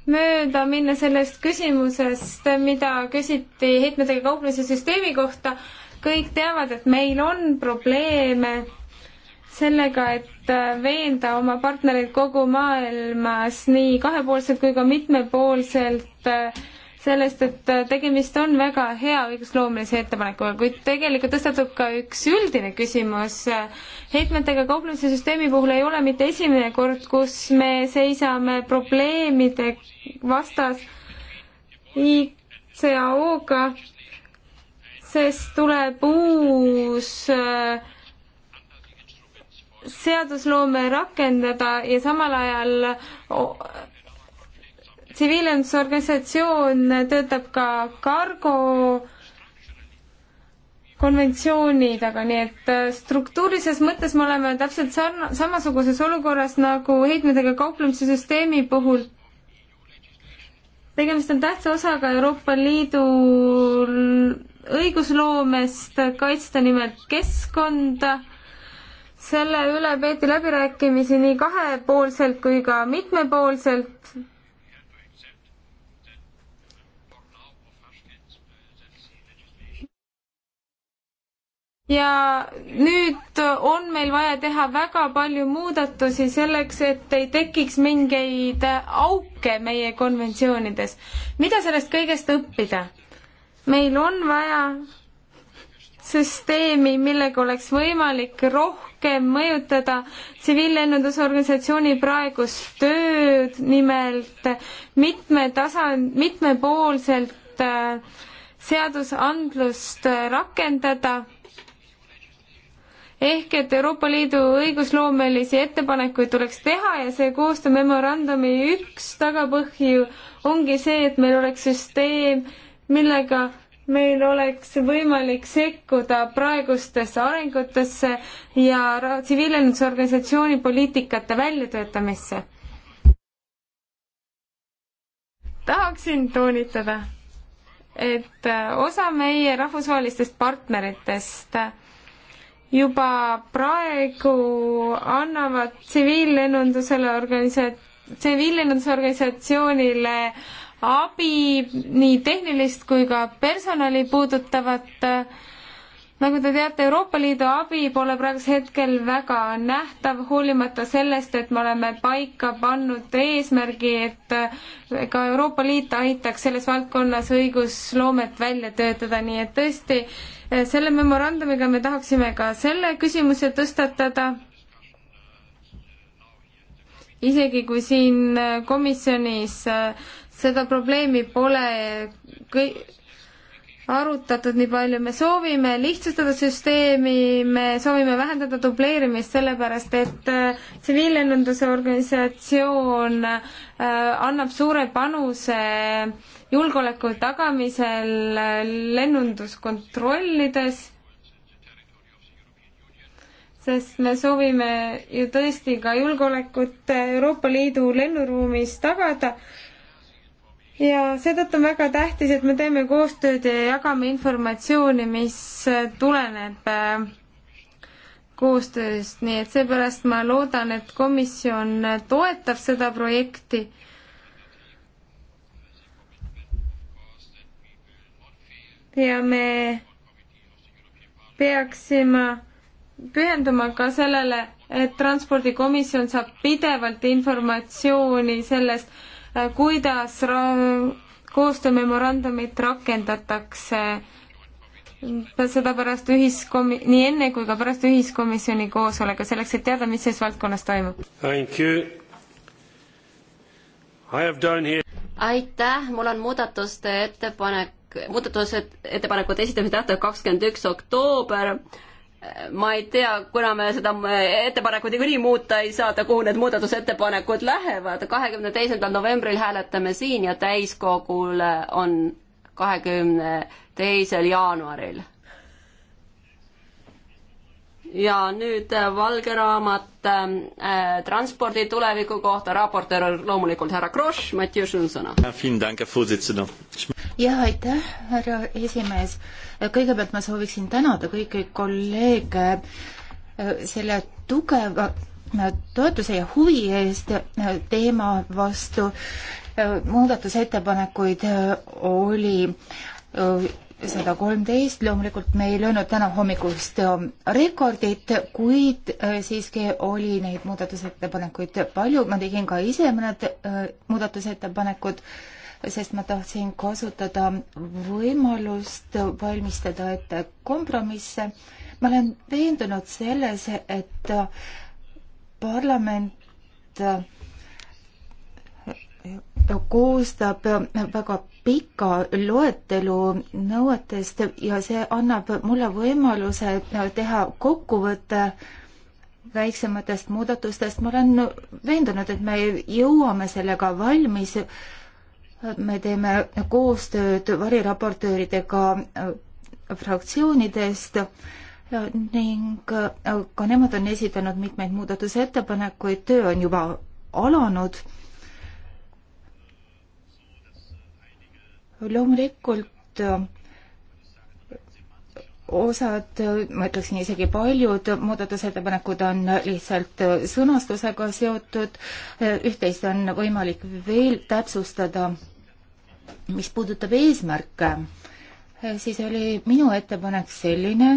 mööda minna sellest küsimusest, mida küsiti heitmetega kauplemise süsteemi kohta. kõik teavad, et meil on probleeme sellega, et äh, veenda oma partnereid kogu maailmas nii kahepoolselt kui ka mitmepoolselt äh, sellest, et tegemist on väga hea õigusloomelise ettepanekuga, kuid tegelikult tõstatub ka üks üldine küsimus. heitmetega kauplemise süsteemi puhul ei ole mitte esimene kord, kus me seisame probleemide vastas ICAO-ga, sest tuleb uus äh, seadusloome rakendada ja samal ajal tsiviilendusorganisatsioon töötab ka kargo konventsiooni taga, nii et äh, struktuurilises mõttes me oleme täpselt sarna-, samasuguses olukorras nagu heitmetega kauplemise süsteemi puhul. tegemist on tähtsa osaga Euroopa Liidu õigusloomest, kaitsta nimelt keskkonda, selle üle peeti läbirääkimisi nii kahepoolselt kui ka mitmepoolselt ja nüüd on meil vaja teha väga palju muudatusi selleks, et ei tekiks mingeid auke meie konventsioonides. mida sellest kõigest õppida? meil on vaja süsteemi, millega oleks võimalik rohkem mõjutada tsiviillennundusorganisatsiooni praegust tööd, nimelt mitme tasand, mitmepoolselt äh, seadusandlust rakendada ehk et Euroopa Liidu õigusloomelisi ettepanekuid tuleks teha ja see koostöömemorandumi üks tagapõhju ongi see, et meil oleks süsteem, millega meil oleks võimalik sekkuda praegustesse arengutesse ja tsiviilennundusorganisatsiooni poliitikate väljatöötamisse. tahaksin toonitada, et äh, osa meie rahvusvahelistest partneritest äh, juba praegu annavad tsiviillennundusele organisa-, tsiviillennundusorganisatsioonile abi nii tehnilist kui ka personali puudutavat äh, nagu te teate, Euroopa Liidu abi pole praegusel hetkel väga nähtav, hoolimata sellest, et me oleme paika pannud eesmärgi, et ka Euroopa Liit aitaks selles valdkonnas õigusloomet välja töötada, nii et tõesti, selle memorandumiga me tahaksime ka selle küsimuse tõstatada isegi kui siin komisjonis äh, seda probleemi pole kõik arutatud nii palju, me soovime lihtsustada süsteemi, me soovime vähendada dubleerimist, sellepärast et äh, tsiviillennunduse organisatsioon äh, annab suure panuse julgeoleku tagamisel äh, lennunduskontrollides, sest me soovime ju tõesti ka julgeolekut Euroopa Liidu lennuruumis tagada ja seetõttu on väga tähtis, et me teeme koostööd ja jagame informatsiooni, mis tuleneb äh, koostööst, nii et seepärast ma loodan, et komisjon toetab seda projekti. ja me peaksime pühenduma ka sellele, et transpordikomisjon saab pidevalt informatsiooni sellest, kuidas ra-, koostöömemorandumit rakendatakse sedapärast ühiskomi-, nii enne kui ka pärast ühiskomisjoni koosoleku, selleks et teada, mis selles valdkonnas toimub. aitäh, mul on muudatuste ettepanek, muudatused, ettepanekute esitamise tähtaeg kakskümmend üks oktoober ma ei tea, kuna me seda eh, ettepanekut niikuinii muuta ei saa, kuhu need muudatusettepanekud lähevad. kahekümne teisendal novembril hääletame siin ja täiskogul on kahekümne teisel jaanuaril ja nüüd äh, valge raamat ähm, äh, transpordi tuleviku kohta, raportöör on loomulikult härra Kross, Mattias, sul on sõna. jah, aitäh, härra esimees. kõigepealt ma sooviksin tänada kõiki kolleege äh, selle tugeva äh, toetuse ja huvi eest teema vastu. muudatusettepanekuid oli sada kolmteist, loomulikult me ei löönud täna hommikust äh, rekordit, kuid äh, siiski oli neid muudatusettepanekuid palju, ma tegin ka ise mõned äh, muudatusettepanekud, sest ma tahtsin kasutada võimalust valmistada ette kompromisse. ma olen veendunud selles, et parlament koostab väga pika loetelu nõuetest ja see annab mulle võimaluse teha kokkuvõte väiksematest muudatustest. ma olen veendunud, et me jõuame sellega valmis. me teeme koostööd variraportööridega fraktsioonidest ning ka nemad on esitanud mitmeid muudatusettepanekuid, töö on juba alanud loomulikult osad, ma ütleksin isegi paljud muudatusettepanekud on lihtsalt sõnastusega seotud, üht-teist on võimalik veel täpsustada. mis puudutab eesmärke, siis oli minu ettepanek selline,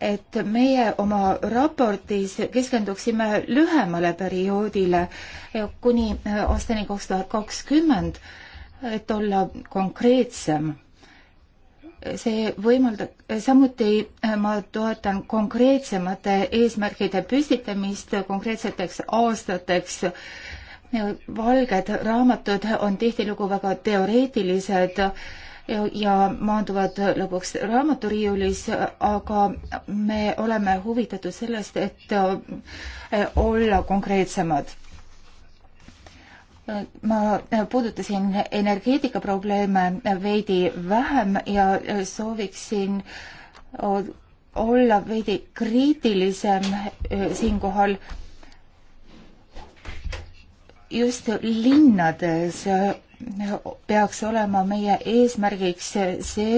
et meie oma raportis keskenduksime lühemale perioodile kuni aastani kaks tuhat kakskümmend et olla konkreetsem. see võimaldab, samuti ma toetan konkreetsemate eesmärkide püstitamist konkreetseteks aastateks. valged raamatud on tihtilugu väga teoreetilised ja maanduvad lõpuks raamaturiiulis, aga me oleme huvitatud sellest, et olla konkreetsemad ma puudutasin energeetikaprobleeme veidi vähem ja sooviksin olla veidi kriitilisem äh, siinkohal just linnades äh, peaks olema meie eesmärgiks see,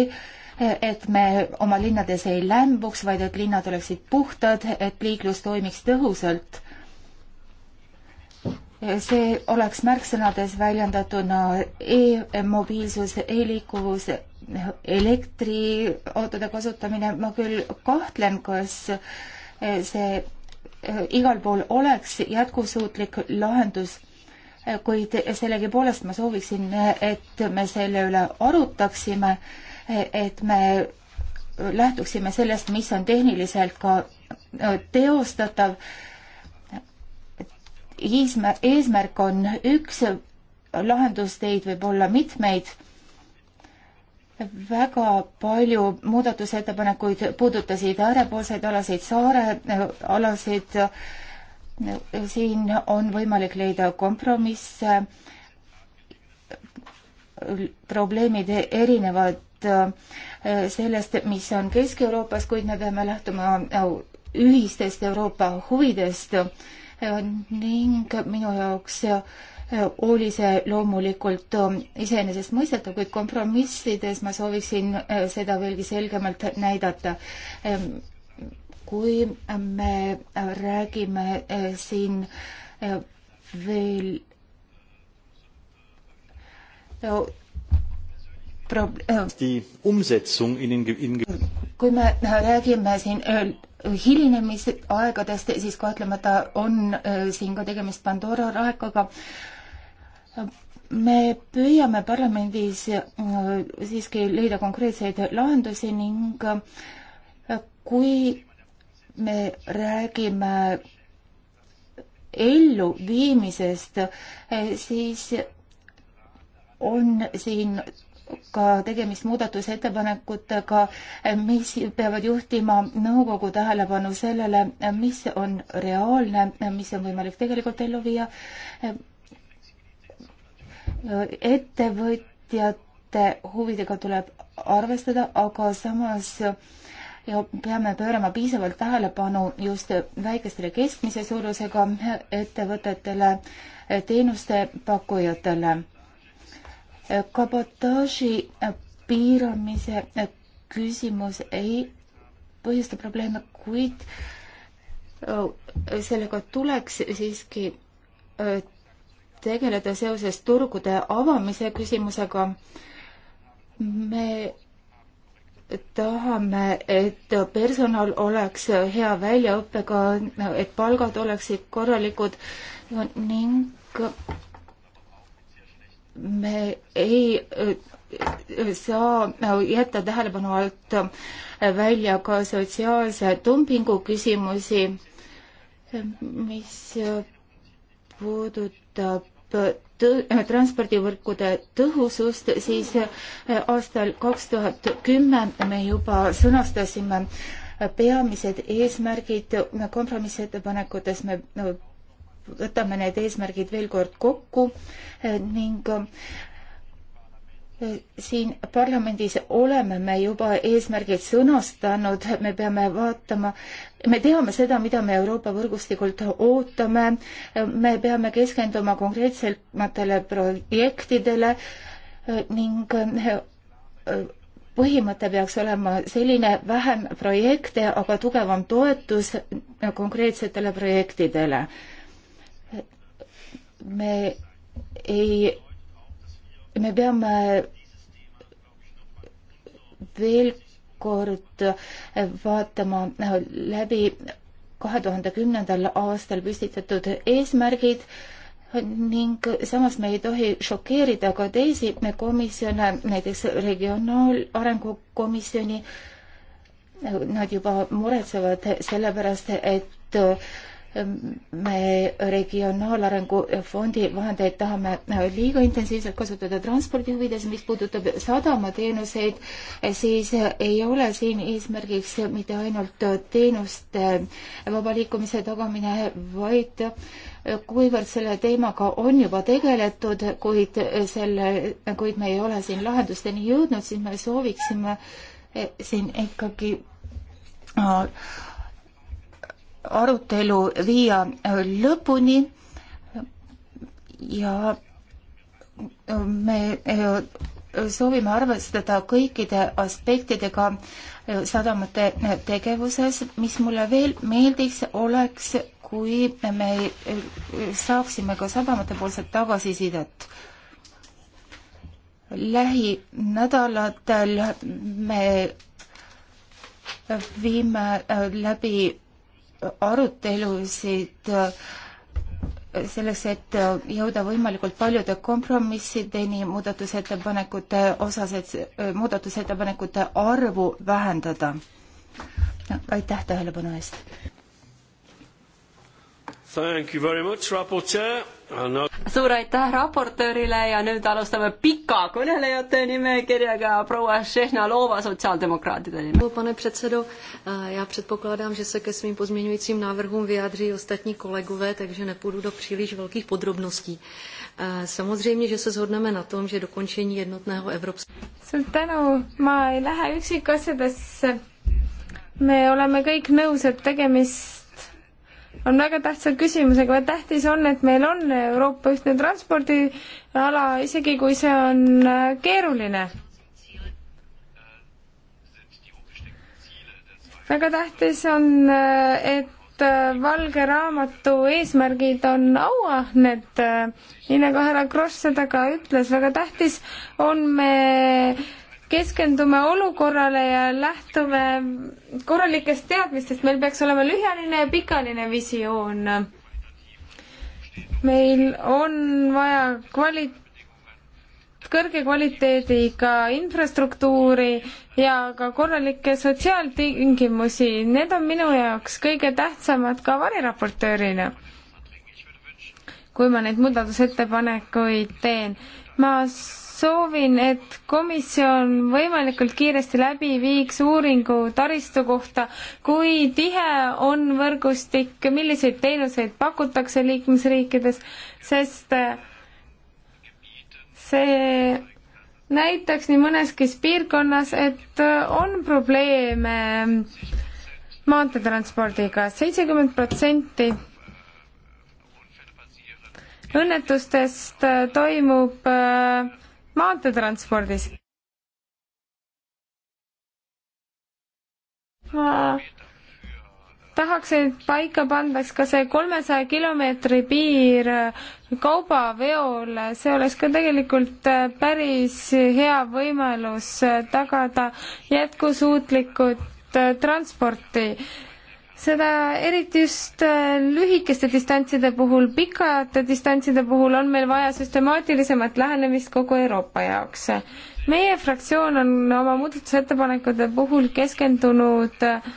et me oma linnades ei lämbuks, vaid et linnad oleksid puhtad, et liiklus toimiks tõhusalt see oleks märksõnades väljendatuna e-mobiilsus e, e-liikuvus, elektriautode kasutamine, ma küll kahtlen, kas see eh, igal pool oleks jätkusuutlik lahendus, eh, kuid sellegipoolest ma sooviksin, eh, et me selle üle arutaksime, et me lähtuksime sellest, mis on tehniliselt ka teostatav eesmärk on üks, lahendusteid võib olla mitmeid. väga palju muudatusettepanekuid puudutasid äärepoolseid alasid, saarealasid. Äh, siin on võimalik leida kompromisse. probleemid erinevad äh, sellest, mis on Kesk-Euroopas, kuid me peame lähtuma ühistest Euroopa huvidest ning minu jaoks äh, oli see loomulikult äh, iseenesestmõistetav, kuid kompromissides ma sooviksin äh, seda veelgi selgemalt näidata. Ähm, kui me räägime siin veel Die Umsetzung in den, in kui me räägime siin hilinemisaegadest, siis kahtlemata on äh, siin ka tegemist Pandora raekaga. me püüame parlamendis äh, siiski leida konkreetseid lahendusi ning äh, kui me räägime elluviimisest, siis on siin ka tegemist muudatusettepanekutega, mis peavad juhtima nõukogu tähelepanu sellele, mis on reaalne, mis on võimalik tegelikult ellu viia. ettevõtjate huvidega tuleb arvestada, aga samas ja peame pöörama piisavalt tähelepanu just väikestele keskmise suurusega ettevõtetele, teenuste pakkujatele kabotaaži äh, piiramise äh, küsimus ei põhjusta probleeme, kuid äh, sellega tuleks siiski tegeleda seoses turgude avamise küsimusega. me tahame, et personal oleks hea väljaõppega, et palgad oleksid korralikud ning me ei äh, saa äh, jätta tähelepanu alt äh, välja ka sotsiaalse dumpingu küsimusi, mis puudutab transpordivõrkude tõhusust, siis aastal kaks tuhat kümme me juba sõnastasime peamised eesmärgid, kompromissettepanekutes me no, võtame need eesmärgid veel kord kokku eh, ning eh, siin parlamendis oleme me juba eesmärgid sõnastanud, me peame vaatama, me teame seda, mida me Euroopa võrgustikult ootame, eh, me peame keskenduma konkreetsematele projektidele ning põhimõte peaks olema selline vähem projekte, aga tugevam toetus konkreetsetele projektidele me ei, me peame veel kord vaatama läbi kahe tuhande kümnendal aastal püstitatud eesmärgid ning samas me ei tohi šokeerida ka teisi komisjone, näiteks Regionaalarengu komisjoni. Nad juba muretsevad selle pärast, et me Regionaalarengu Fondi vahendeid tahame liiga intensiivselt kasutada transpordi huvides, mis puudutab sadamateenuseid, siis ei ole siin eesmärgiks mitte ainult teenuste vaba liikumise tagamine, vaid kuivõrd selle teemaga on juba tegeletud, kuid selle, kuid me ei ole siin lahendusteni jõudnud, siis me sooviksime siin ikkagi arutelu viia äh, lõpuni ja äh, me äh, soovime arvestada kõikide aspektidega sadamate tegevuses, mis mulle veel meeldiks, oleks, kui me saaksime ka sadamate poolset tagasisidet. lähinädalatel me viime läbi arutelusid äh, selleks, et äh, jõuda võimalikult paljude kompromissideni muudatusettepanekute osas, et äh, muudatusettepanekute arvu vähendada. aitäh tähelepanu eest! Thank you very much, raportöör! Ah, no.. suur aitäh raportöörile ja nüüd alustame pika kõnelejate nimekirjaga proua Šehnalova sotsiaaldemokraatide nimel. pane predsedo, ja predpokladam, že se ke svým pozměňujícím návrhům vyjádří ostatní kolegové, takže nepůjdu do příliš velkých podrobností. Samozřejmě, že se shodneme na tom, že dokončení jednotného evropského. suur tänu, ma ei lähe üksikasjadesse. me oleme kõik nõus, et tegemist on väga tähtsa küsimusega, tähtis on, et meil on Euroopa ühtne transpordiala, isegi kui see on äh, keeruline. väga tähtis on, äh, et äh, valge raamatu eesmärgid on auahned, nii nagu härra Kross seda ka ütles, väga tähtis on me keskendume olukorrale ja lähtume korralikest teadmistest, meil peaks olema lühiajaline ja pikaline visioon. meil on vaja kvali-, kõrge kvaliteediga infrastruktuuri ja ka korralikke sotsiaaltingimusi, need on minu jaoks kõige tähtsamad ka variraportöörina, kui ma neid muudatusettepanekuid teen. ma soovin, et komisjon võimalikult kiiresti läbi viiks uuringu taristu kohta, kui tihe on võrgustik, milliseid teenuseid pakutakse liikmesriikides, sest eh, see näitaks nii mõneski piirkonnas, et on probleeme maanteetranspordiga, seitsekümmend protsenti õnnetustest toimub eh, maanteetranspordis. ma tahaks, et paika pandaks ka see kolmesaja kilomeetri piir kaubaveol, see oleks ka tegelikult päris hea võimalus tagada jätkusuutlikud transporti seda eriti just äh, lühikeste distantside puhul, pikade distantside puhul on meil vaja süstemaatilisemat lähenemist kogu Euroopa jaoks. meie fraktsioon on oma muudatusettepanekute puhul keskendunud äh,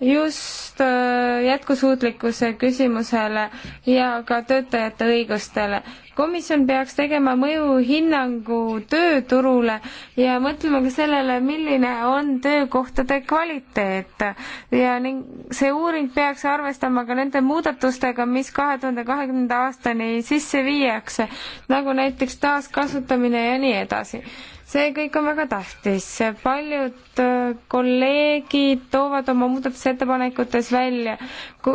just äh, jätkusuutlikkuse küsimusele ja ka töötajate õigustele. komisjon peaks tegema mõjuhinnangu tööturule ja mõtlema ka sellele, milline on töökohtade kvaliteet ja ning see uuring peaks arvestama ka nende muudatustega, mis kahe tuhande kahekümnenda aastani sisse viiakse, nagu näiteks taaskasutamine ja nii edasi see kõik on väga tähtis. paljud äh, kolleegid toovad oma muudatusettepanekutes välja,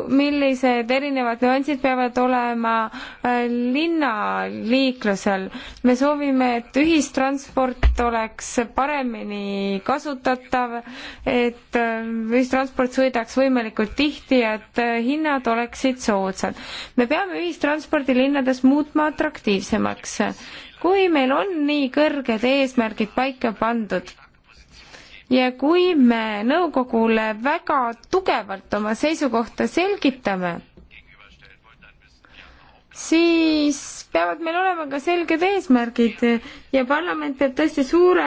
millised erinevad nüansid peavad olema äh, linnaliiklusel. me soovime, et ühistransport oleks paremini kasutatav, et äh, ühistransport sõidaks võimalikult tihti ja et hinnad oleksid soodsad. me peame ühistranspordi linnades muutma atraktiivsemaks kui meil on nii kõrged eesmärgid paika pandud ja kui me nõukogule väga tugevalt oma seisukohta selgitame, siis peavad meil olema ka selged eesmärgid ja parlament peab tõesti suure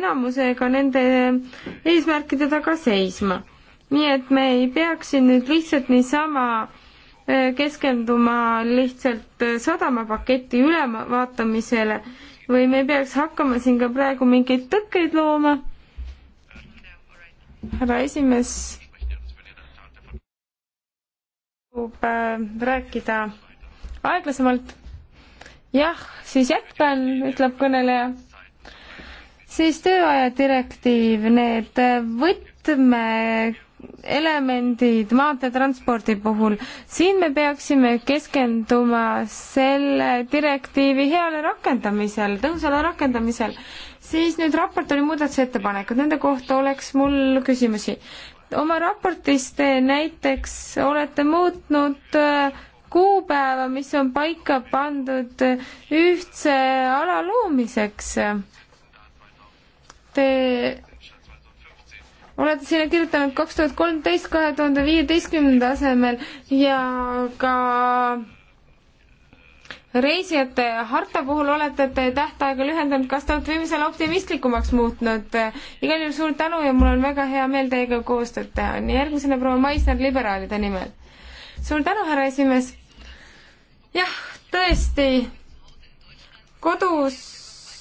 enamusega nende eesmärkide taga seisma. nii et me ei peaks siin nüüd lihtsalt niisama keskenduma lihtsalt sadamapaketi ülevaatamisele või me peaks hakkama siin ka praegu mingeid tõkkeid looma? härra esimees soovib äh, rääkida aeglasemalt. jah, siis jätkan, ütleb kõneleja. siis tööaja direktiiv, need võtme elemendid maanteetranspordi puhul. siin me peaksime keskenduma selle direktiivi heale rakendamisel, tõhusale rakendamisel. siis nüüd raport oli muudatusettepanekud, nende kohta oleks mul küsimusi. oma raportis te näiteks olete muutnud äh, kuupäeva, mis on paika pandud ühtse ala loomiseks. Te olete sinna kirjutanud kaks tuhat kolmteist, kahe tuhande viieteistkümnenda asemel ja ka reisijate harta puhul olete te tähtaega lühendanud, kas te olete viimasel optimistlikumaks muutnud? igal juhul suur tänu ja mul on väga hea meel teiega koostööd teha. nii, järgmisena proua Maisner liberaalide nimel. suur tänu, härra esimees. jah, tõesti, kodus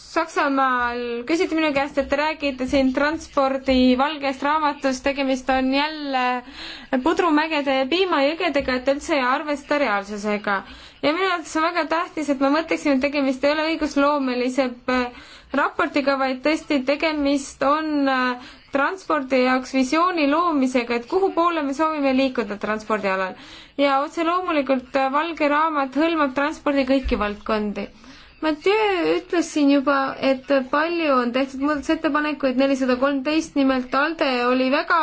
Saksamaal küsiti minu käest, et te räägite siin transpordi valgest raamatust, tegemist on jälle pudrumägede ja piimajõgedega, et üldse ei arvesta reaalsusega. ja minu arvates on väga tähtis, et me mõtleksime, et tegemist ei ole õigusloomelise raportiga, vaid tõesti tegemist on äh, transpordi jaoks visiooni loomisega, et kuhu poole me soovime liikuda transpordi alal. ja otse loomulikult äh, valge raamat hõlmab transpordi kõiki valdkondi Mathieu ütles siin juba, et palju on tehtud muudatusettepanekuid, nelisada kolmteist nimelt, Alde oli väga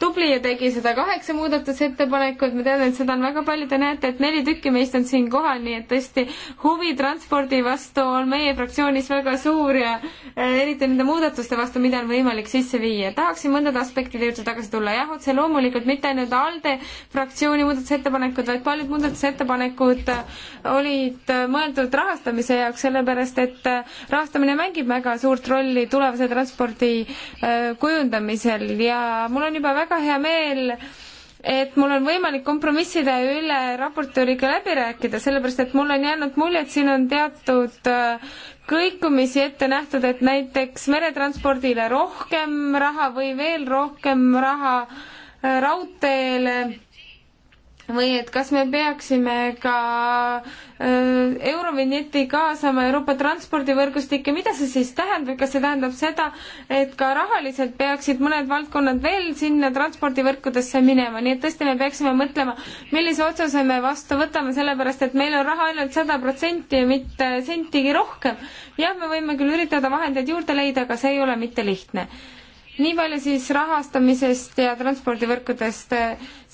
tubli ja tegi sada kaheksa muudatusettepanekut, ma tean, et seda on väga palju, te näete, et neli tükki meist on siin kohal, nii et tõesti huvi transpordi vastu on meie fraktsioonis väga suur ja äh, eriti nende muudatuste vastu, mida on võimalik sisse viia. tahaksin mõndade aspektide juurde tagasi tulla, jah, otse loomulikult mitte ainult Alde fraktsiooni muudatusettepanekud, vaid paljud muudatusettepanekud äh, olid äh, mõeldud rahastamise jaoks, jaoks, sellepärast et äh, rahastamine mängib väga suurt rolli tulevase transpordi äh, kujundamisel ja mul on juba väga hea meel et mul on võimalik kompromisside üle raportööriga läbi rääkida, sellepärast et mul on jäänud mulje, et siin on teatud äh, kõikumisi ette nähtud, et näiteks meretranspordile rohkem raha või veel rohkem raha raudteele või et kas me peaksime ka Äh, Eurovinjeti kaasama Euroopa transpordivõrgustikke, mida see siis tähendab, kas see tähendab seda, et ka rahaliselt peaksid mõned valdkonnad veel sinna transpordivõrkudesse minema, nii et tõesti me peaksime mõtlema, millise otsuse me vastu võtame, sellepärast et meil on raha ainult sada protsenti ja mitte sentigi rohkem. jah, me võime küll üritada vahendeid juurde leida, aga see ei ole mitte lihtne nii palju siis rahastamisest ja transpordivõrkudest.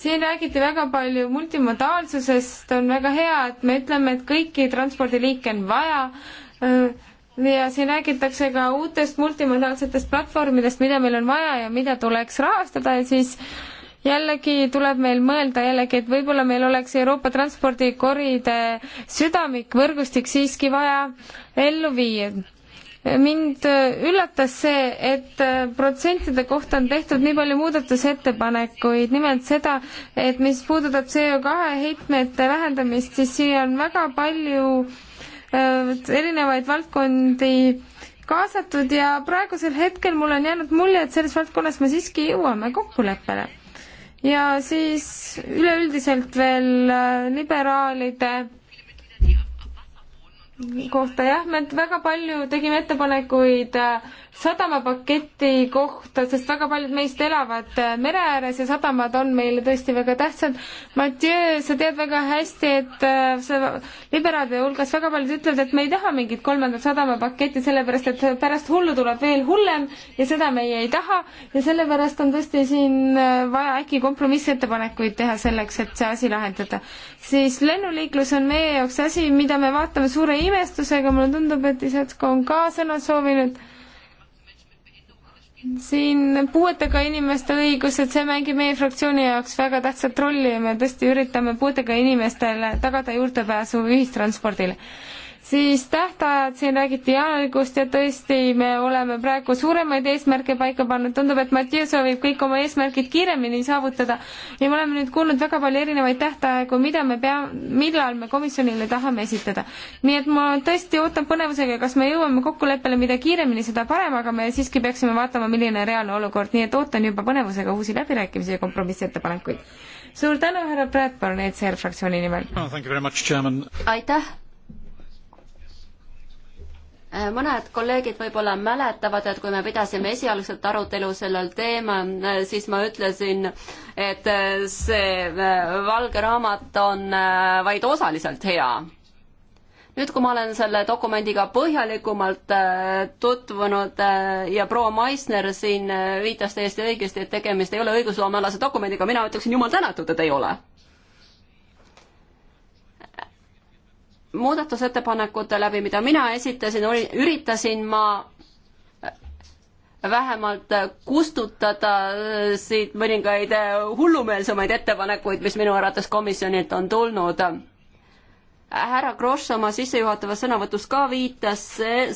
siin räägiti väga palju multimodaalsusest, on väga hea, et me ütleme, et kõiki transpordiliike on vaja äh, ja siin räägitakse ka uutest multimodaalsetest platvormidest, mida meil on vaja ja mida tuleks rahastada ja siis jällegi tuleb meil mõelda jällegi, et võib-olla meil oleks Euroopa transpordikoride südamikvõrgustik siiski vaja ellu viia mind äh, üllatas see, et äh, protsentide kohta on tehtud nii palju muudatusettepanekuid, nimelt seda, et mis puudutab CO2 heitmete vähendamist, siis siia on väga palju äh, erinevaid valdkondi kaasatud ja praegusel hetkel mul on jäänud mulje, et selles valdkonnas me siiski jõuame kokkuleppele. ja siis üleüldiselt veel liberaalide kohta jah, me väga palju tegime ettepanekuid äh, sadamapaketi kohta, sest väga paljud meist elavad äh, mere ääres ja sadamad on meile tõesti väga tähtsad. Mathieu, sa tead väga hästi, et äh, see liberaalide hulgas väga paljud ütlevad, et me ei taha mingit kolmandat sadamapaketti, sellepärast et pärast hullu tuleb veel hullem ja seda meie ei taha ja sellepärast on tõesti siin vaja äkki kompromissettepanekuid teha selleks, et see asi lahendada. siis lennuliiklus on meie jaoks asi, mida me vaatame suure imestusega, mulle tundub, et Isetsko on ka sõna soovinud. siin puuetega inimeste õigused, see mängib meie fraktsiooni jaoks väga tähtsat rolli ja me tõesti üritame puuetega inimestele tagada juurdepääsu ühistranspordile siis tähtajad, siin räägiti jaanuarikuust ja tõesti, me oleme praegu suuremaid eesmärke paika pannud, tundub, et Mathieu soovib kõik oma eesmärgid kiiremini saavutada ja me oleme nüüd kuulnud väga palju erinevaid tähtaegu, mida me pea, millal me komisjonile tahame esitada. nii et ma tõesti ootan põnevusega, kas me jõuame kokkuleppele, mida kiiremini, seda parem, aga me siiski peaksime vaatama, milline reaalne olukord, nii et ootan juba põnevusega uusi läbirääkimisi ja kompromissettepanekuid. suur tänu, härra Bradburn, ECR fraktsiooni nimel no,. aitäh Äh, mõned kolleegid võib-olla mäletavad, et kui me pidasime esialgset arutelu sellel teemal, äh, siis ma ütlesin, et äh, see valge raamat on vaid osaliselt hea. nüüd, kui ma olen selle dokumendiga põhjalikumalt tutvunud ja proua Meissner siin viitas täiesti õigesti, et tegemist ei ole õigusloomealase dokumendiga, mina ütleksin jumal tänatud, et ei ole muudatusettepanekute läbi, mida mina esitasin, oli, üritasin ma äh, vähemalt äh, kustutada äh, siit mõningaid hullumeelsemaid ettepanekuid, mis minu arvates komisjonilt on tulnud. härra Grosch oma sissejuhatavas sõnavõtus ka viitas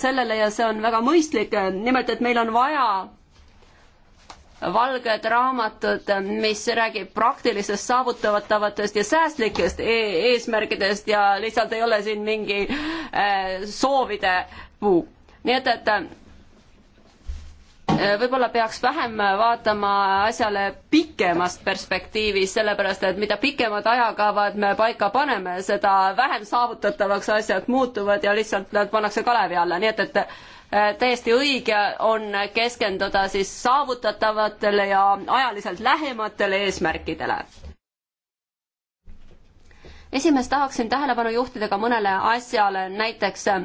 sellele ja see on väga mõistlik, nimelt et meil on vaja valged raamatud, mis räägib praktilisest saavutatavatest ja säästlikest e eesmärkidest ja lihtsalt ei ole siin mingi äh, soovide puu. nii et, et äh, võib-olla peaks vähem vaatama asjale pikemast perspektiivist, sellepärast et mida pikemad ajakavad me paika paneme, seda vähem saavutatavaks asjad muutuvad ja lihtsalt nad pannakse kalevi alla, nii et, et Äh, täiesti õige on keskenduda siis saavutatavatele ja ajaliselt lähematele eesmärkidele esimest tahaksin tähelepanu juhtida ka mõnele asjale, näiteks äh,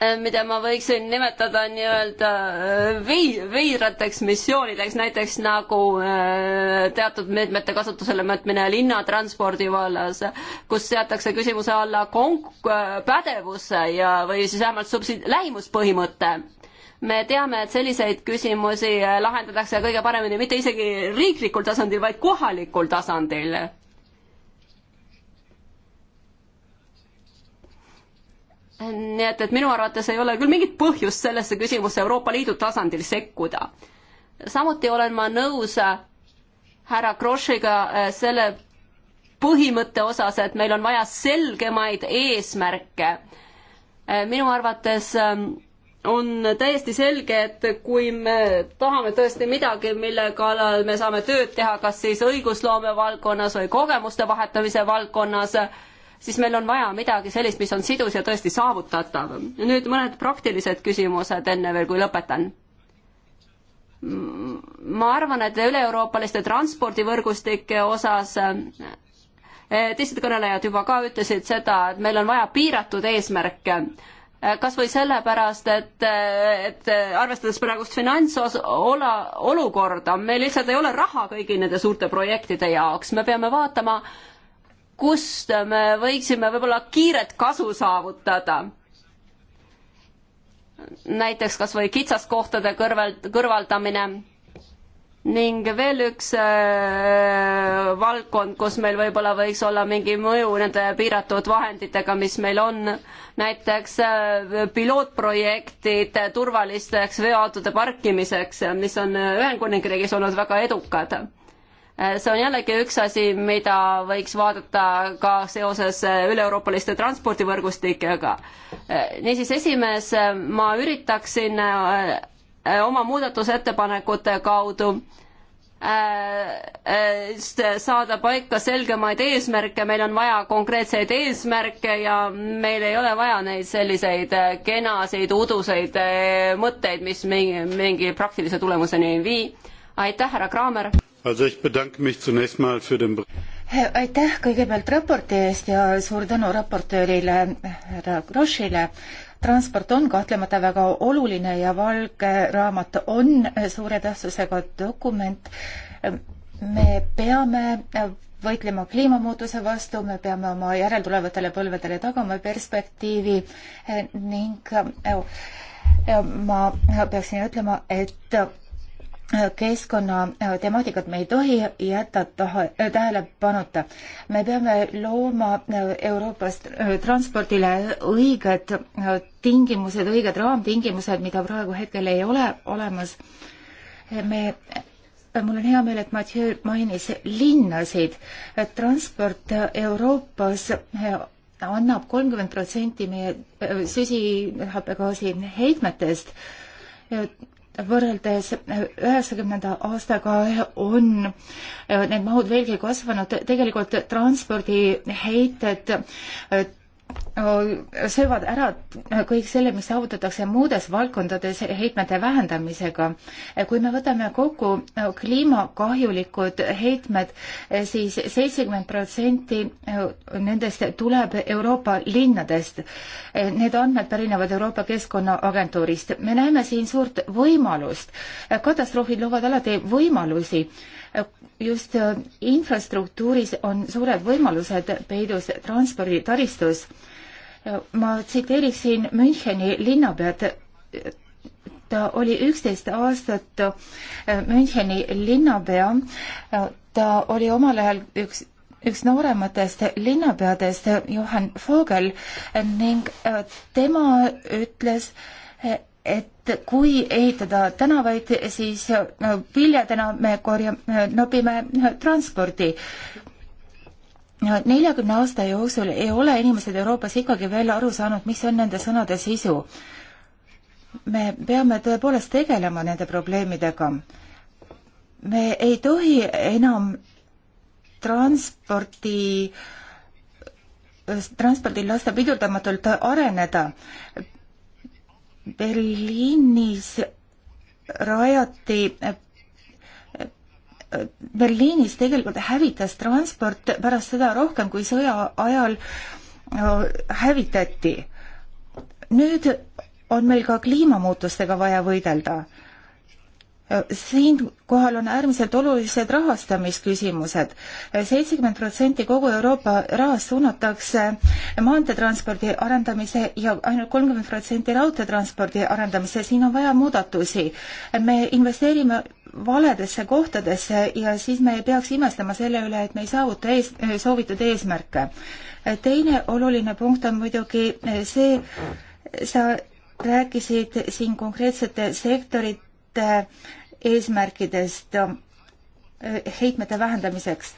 Äh, mida ma võiksin nimetada nii-öelda äh, vei-, veidrateks missioonideks, näiteks nagu äh, teatud meetmete kasutusele võtmine linnatranspordi vallas, kus seatakse küsimuse alla konk-, pädevuse ja, või siis vähemalt subsid-, lähimuspõhimõte. me teame, et selliseid küsimusi lahendatakse kõige paremini mitte isegi riiklikul tasandil, vaid kohalikul tasandil nii et, et minu arvates ei ole küll mingit põhjust sellesse küsimusse Euroopa Liidu tasandil sekkuda. samuti olen ma nõus äh, härra Krossiga äh, selle põhimõtte osas, et meil on vaja selgemaid eesmärke. Äh, minu arvates ähm, on täiesti selge, et kui me tahame tõesti midagi, mille kallal me saame tööd teha, kas siis õigusloome valdkonnas või kogemuste vahetamise valdkonnas, siis meil on vaja midagi sellist, mis on sidus ja tõesti saavutatav. nüüd mõned praktilised küsimused enne veel, kui lõpetan. ma arvan, et üle-euroopaliste transpordivõrgustike osas eh, teised kõnelejad juba ka ütlesid seda, et meil on vaja piiratud eesmärke eh, kas või sellepärast, et, eh, et arvestades praegust finantsola, olukorda, meil lihtsalt ei ole raha kõigi nende suurte projektide jaoks, me peame vaatama äh, kust me võiksime võib-olla kiiret kasu saavutada. näiteks kas või kitsaskohtade kõrval, kõrvaldamine ning veel üks äh, valdkond, kus meil võib-olla võiks olla mingi mõju nende piiratud vahenditega, mis meil on, näiteks äh, pilootprojektid turvalisteks veoautode parkimiseks, mis on äh, Ühendkuningriigis olnud väga edukad Äh, see on jällegi üks asi, mida võiks vaadata ka seoses äh, üle-euroopaliste transpordivõrgustikega. Äh, niisiis, esimees, ma üritaksin oma muudatusettepanekute kaudu saada paika selgemaid eesmärke, meil on vaja konkreetseid eesmärke ja meil ei ole vaja neid selliseid kenasid, uduseid mõtteid, mis mingi, mingi praktilise tulemuseni ei vii. aitäh, härra Kraamer! aitäh kõigepealt raporti eest ja suur tänu raportöörile härra Grossile transport on kahtlemata väga oluline ja valge raamat on suure tähtsusega dokument. me peame võitlema kliimamuutuse vastu, me peame oma järeltulevatele põlvedele tagama perspektiivi ning ma peaksin ütlema, et keskkonna äh, temaatikat me ei tohi jätta taha, äh, tähelepanuta. me peame looma äh, Euroopas transpordile õiged tingimused, õiged raamtingimused, mida praegu hetkel ei ole olemas. me, mul on hea meel, et Mathieu mainis linnasid. transport Euroopas annab kolmkümmend protsenti meie süsihappegaasi heitmetest võrreldes üheksakümnenda aastaga on äh, need mahud veelgi kasvanud, tegelikult transpordiheited söövad ära kõik selle, mis saavutatakse muudes valdkondades heitmete vähendamisega. kui me võtame kokku kliimakahjulikud heitmed siis, siis seitsekümmend protsenti nendest tuleb Euroopa linnadest. Need andmed pärinevad Euroopa Keskkonnaagentuurist. me näeme siin suurt võimalust. katastroofid loovad alati võimalusi just äh, infrastruktuuris on suured võimalused peidus transporditaristus. Äh, ma tsiteeriksin Müncheni linnapead. ta oli üksteist aastat äh, Müncheni linnapea. ta oli omal ajal üks üks noorematest linnapeadest, Johann Vogel ning tema ütles, et kui ehitada tänavaid, siis viljadena me korjame, nopime transpordi. neljakümne aasta jooksul ei ole inimesed Euroopas ikkagi veel aru saanud, mis on nende sõnade sisu. me peame tõepoolest tegelema nende probleemidega. me ei tohi enam transporti, transpordil lasta pidurdamatult areneda Berliinis rajati Berliinis tegelikult hävitas transport pärast seda rohkem kui sõja ajal hävitati. nüüd on meil ka kliimamuutustega vaja võidelda siinkohal on äärmiselt olulised rahastamisküsimused. seitsekümmend protsenti kogu Euroopa rahast suunatakse maanteetranspordi arendamise ja ainult kolmkümmend protsenti raudteetranspordi arendamise, siin on vaja muudatusi. me investeerime valedesse kohtadesse ja siis me ei peaks imestama selle üle, et me ei saavuta ees, soovitud eesmärke. teine oluline punkt on muidugi see, sa rääkisid siin konkreetsete sektorite eesmärkidest eh, heitmete vähendamiseks.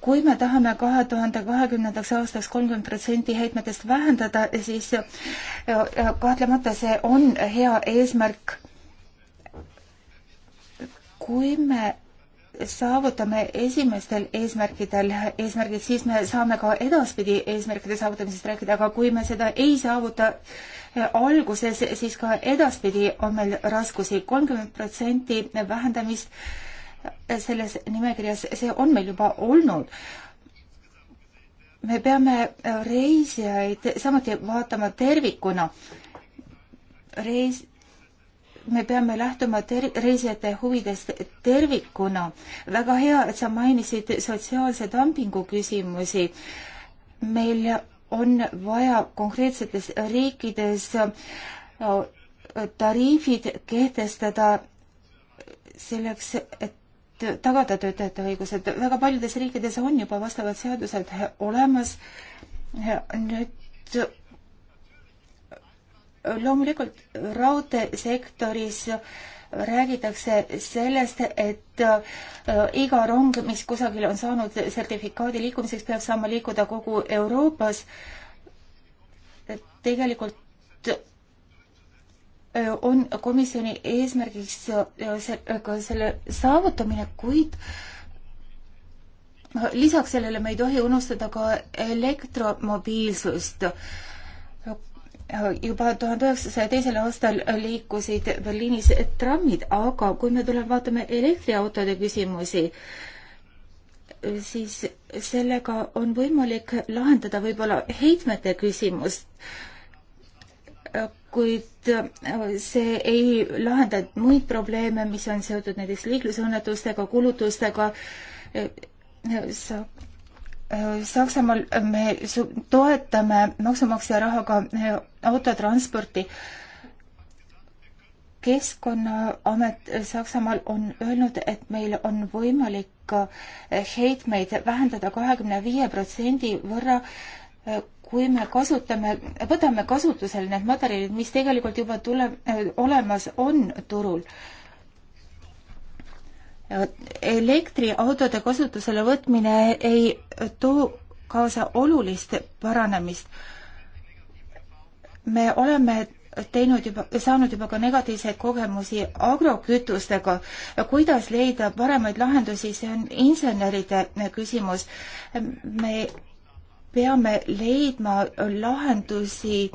kui me tahame kahe tuhande kahekümnendaks aastaks kolmkümmend protsenti heitmetest vähendada, siis eh, kahtlemata see on hea eesmärk. kui me saavutame esimestel eesmärkidel eesmärgid, siis me saame ka edaspidi eesmärkide saavutamisest rääkida, aga kui me seda ei saavuta, alguses, siis ka edaspidi on meil raskusi. kolmkümmend protsenti vähendamist selles nimekirjas, see on meil juba olnud. me peame reisijaid samuti vaatama tervikuna. reis, me peame lähtuma ter-, reisijate huvidest tervikuna. väga hea, et sa mainisid sotsiaalse dumpingu küsimusi. meil on vaja konkreetsetes riikides äh, tariifid kehtestada selleks, et tagada töötajate õigused. väga paljudes riikides on juba vastavad seadused olemas. nüüd äh, loomulikult raudteesektoris äh, räägitakse sellest, et äh, iga rong, mis kusagil on saanud sertifikaadi liikumiseks, peab saama liikuda kogu Euroopas. tegelikult äh, on komisjoni eesmärgiks äh, ka selle saavutamine, kuid lisaks sellele me ei tohi unustada ka elektromobiilsust juba tuhande üheksasaja teisel aastal liikusid Berliinis trammid, aga kui me tuleme vaatame elektriautode küsimusi, siis sellega on võimalik lahendada võib-olla heitmete küsimust, kuid see ei lahenda muid probleeme, mis on seotud näiteks liiklusõnnetustega, kulutustega, saab Saksamaal me toetame maksumaksja rahaga eh, autotransporti. keskkonnaamet Saksamaal on öelnud, et meil on võimalik eh, heitmeid vähendada kahekümne viie protsendi võrra, eh, kui me kasutame, võtame kasutusele need materjalid, mis tegelikult juba tule, olemas on turul elektriautode kasutusele võtmine ei too kaasa olulist paranemist. me oleme teinud juba, saanud juba ka negatiivseid kogemusi agrokütustega. kuidas leida paremaid lahendusi, see on inseneride küsimus. me peame leidma lahendusi,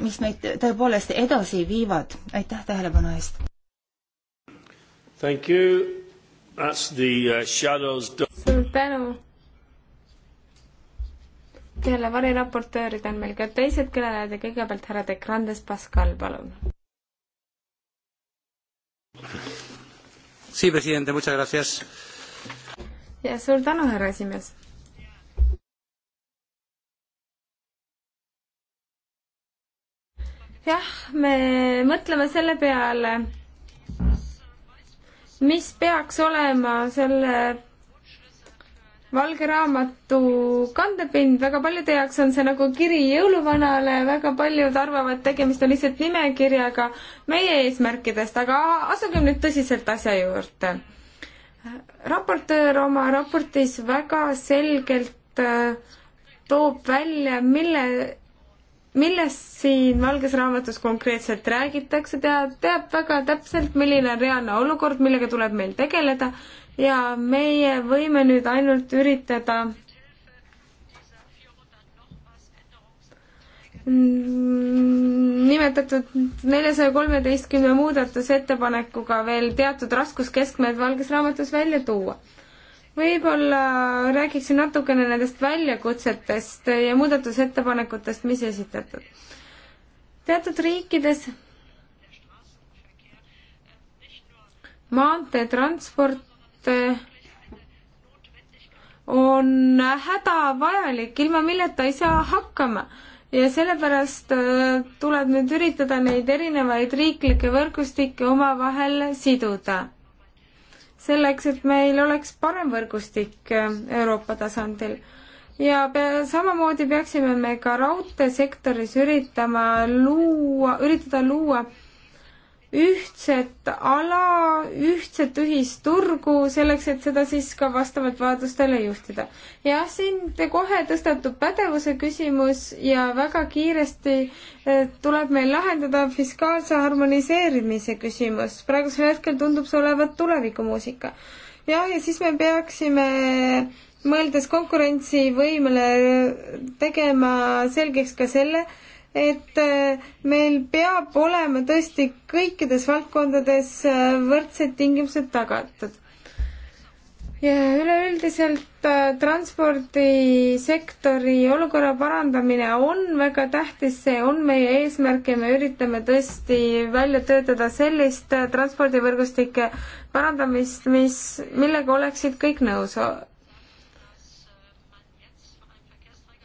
mis meid tõepoolest edasi viivad. aitäh tähelepanu eest! Thank you. Uh, suur tänu! jälle variraportöörid on meil ka teised kõnelejad ja kõigepealt härra De Grandes Pascal, palun. ja suur tänu, härra esimees. jah, me mõtleme selle peale mis peaks olema selle valge raamatu kandepind, väga paljude jaoks on see nagu kiri jõuluvanale, väga paljud arvavad, tegemist on lihtsalt nimekirjaga meie eesmärkidest, aga asugem nüüd tõsiselt asja juurde. raportöör oma raportis väga selgelt äh, toob välja, mille millest siin Valges Raamatus konkreetselt räägitakse, teab, teab väga täpselt, milline on reaalne olukord, millega tuleb meil tegeleda ja meie võime nüüd ainult üritada nimetatud neljasaja kolmeteistkümne muudatusettepanekuga veel teatud raskuskeskmed Valges Raamatus välja tuua võib-olla räägiksin natukene nendest väljakutsetest ja muudatusettepanekutest, mis esitatud. teatud riikides maanteetransport eh, on hädavajalik, ilma milleta ei saa hakkama. ja sellepärast eh, tuleb nüüd üritada neid erinevaid riiklikke võrgustikke omavahel siduda selleks, et meil oleks parem võrgustik äh, Euroopa tasandil. ja pe-, samamoodi peaksime me ka raudteesektoris üritama luua, üritada luua ühtset ala, ühtset ühisturgu, selleks et seda siis ka vastavalt vajadustele juhtida. jah, siin kohe tõstatub pädevuse küsimus ja väga kiiresti eh, tuleb meil lahendada fiskaalse harmoniseerimise küsimus. praegusel hetkel tundub see olevat tulevikumuusika. jah, ja siis me peaksime mõeldes konkurentsivõimele tegema selgeks ka selle, et äh, meil peab olema tõesti kõikides valdkondades äh, võrdsed tingimused tagatud. ja üleüldiselt äh, transpordisektori olukorra parandamine on väga tähtis, see on meie eesmärk ja me üritame tõesti välja töötada sellist transpordivõrgustike parandamist, mis, millega oleksid kõik nõus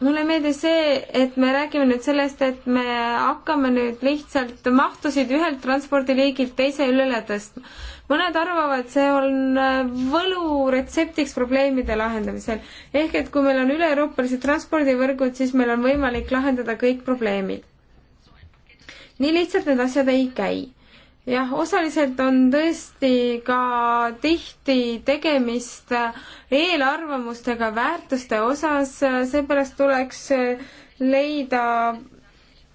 mulle meeldis see, et me räägime nüüd sellest, et me hakkame nüüd lihtsalt mahtusid ühelt transpordiliigilt teise üle tõstma. mõned arvavad, see on äh, võluretseptiks probleemide lahendamisel. ehk et kui meil on üle-euroopalised transpordivõrgud, siis meil on võimalik lahendada kõik probleemid. nii lihtsalt need asjad ei käi jah, osaliselt on tõesti ka tihti tegemist eelarvamustega väärtuste osas, seepärast tuleks leida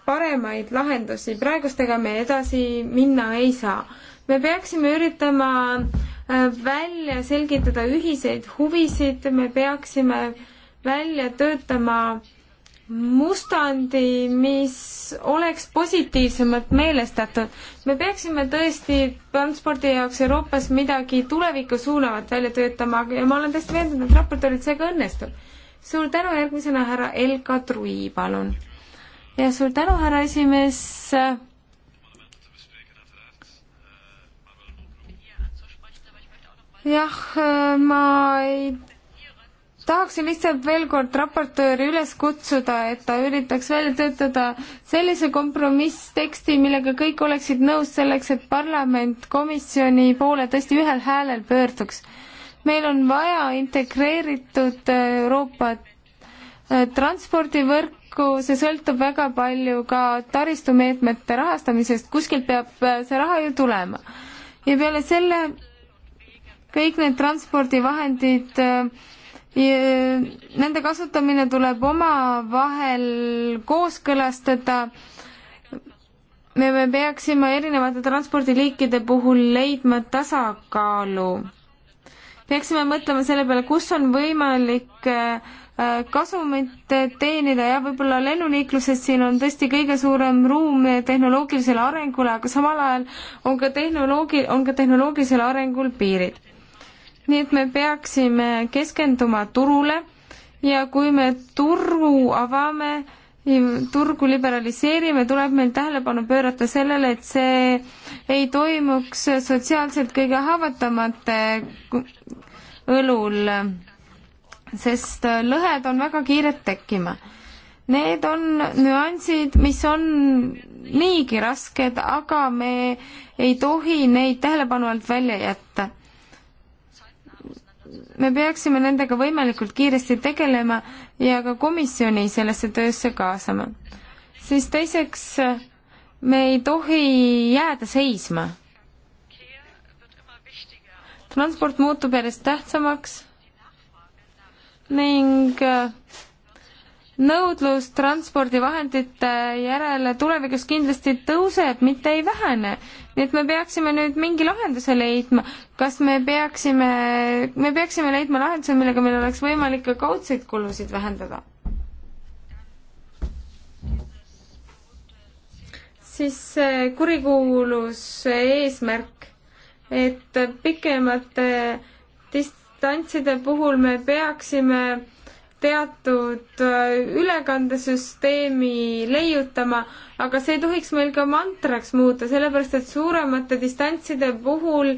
paremaid lahendusi, praegustega me edasi minna ei saa. me peaksime üritama äh, välja selgitada ühiseid huvisid, me peaksime välja töötama mustandi, mis oleks positiivsemalt meelestatud. me peaksime tõesti transpordi jaoks Euroopas midagi tulevikku suunavat välja töötama ja ma olen täiesti veendunud, et raportööril see ka õnnestub. suur tänu, järgmisena härra Elka Trui, palun. ja suur tänu, härra esimees. jah, ma ei tahaksin lihtsalt veel kord raportööri üles kutsuda, et ta üritaks välja töötada sellise kompromissteksti, millega kõik oleksid nõus selleks, et parlament komisjoni poole tõesti ühel häälel pöörduks. meil on vaja integreeritud äh, Euroopa äh, transpordivõrku, see sõltub väga palju ka taristumeetmete rahastamisest, kuskilt peab äh, see raha ju tulema. ja peale selle kõik need transpordivahendid äh, Nende kasutamine tuleb omavahel kooskõlastada. me, me peaksime erinevate transpordiliikide puhul leidma tasakaalu. peaksime mõtlema selle peale, kus on võimalik äh, kasumit teenida ja võib-olla lennuliikluses siin on tõesti kõige suurem ruum tehnoloogilisele arengule, aga samal ajal on ka tehnoloogi-, on ka tehnoloogilisel arengul piirid nii et me peaksime keskenduma turule ja kui me turu avame, turgu liberaliseerime, tuleb meil tähelepanu pöörata sellele, et see ei toimuks sotsiaalselt kõige haavatavamate õlul, sest lõhed on väga kiired tekkima. Need on nüansid, mis on niigi rasked, aga me ei tohi neid tähelepanu alt välja jätta me peaksime nendega võimalikult kiiresti tegelema ja ka komisjoni sellesse töösse kaasama. siis teiseks, me ei tohi jääda seisma. transport muutub järjest tähtsamaks ning äh, nõudlus transpordivahendite järele tulevikus kindlasti tõuseb, mitte ei vähene nii et me peaksime nüüd mingi lahenduse leidma, kas me peaksime, me peaksime leidma lahenduse, millega meil oleks võimalik ka kaudseid kulusid vähendada. siis eh, kurikuulus eesmärk, et pikemate distantside puhul me peaksime teatud äh, ülekandesüsteemi leiutama, aga see ei tohiks meil ka mantraks muuta, sellepärast et suuremate distantside puhul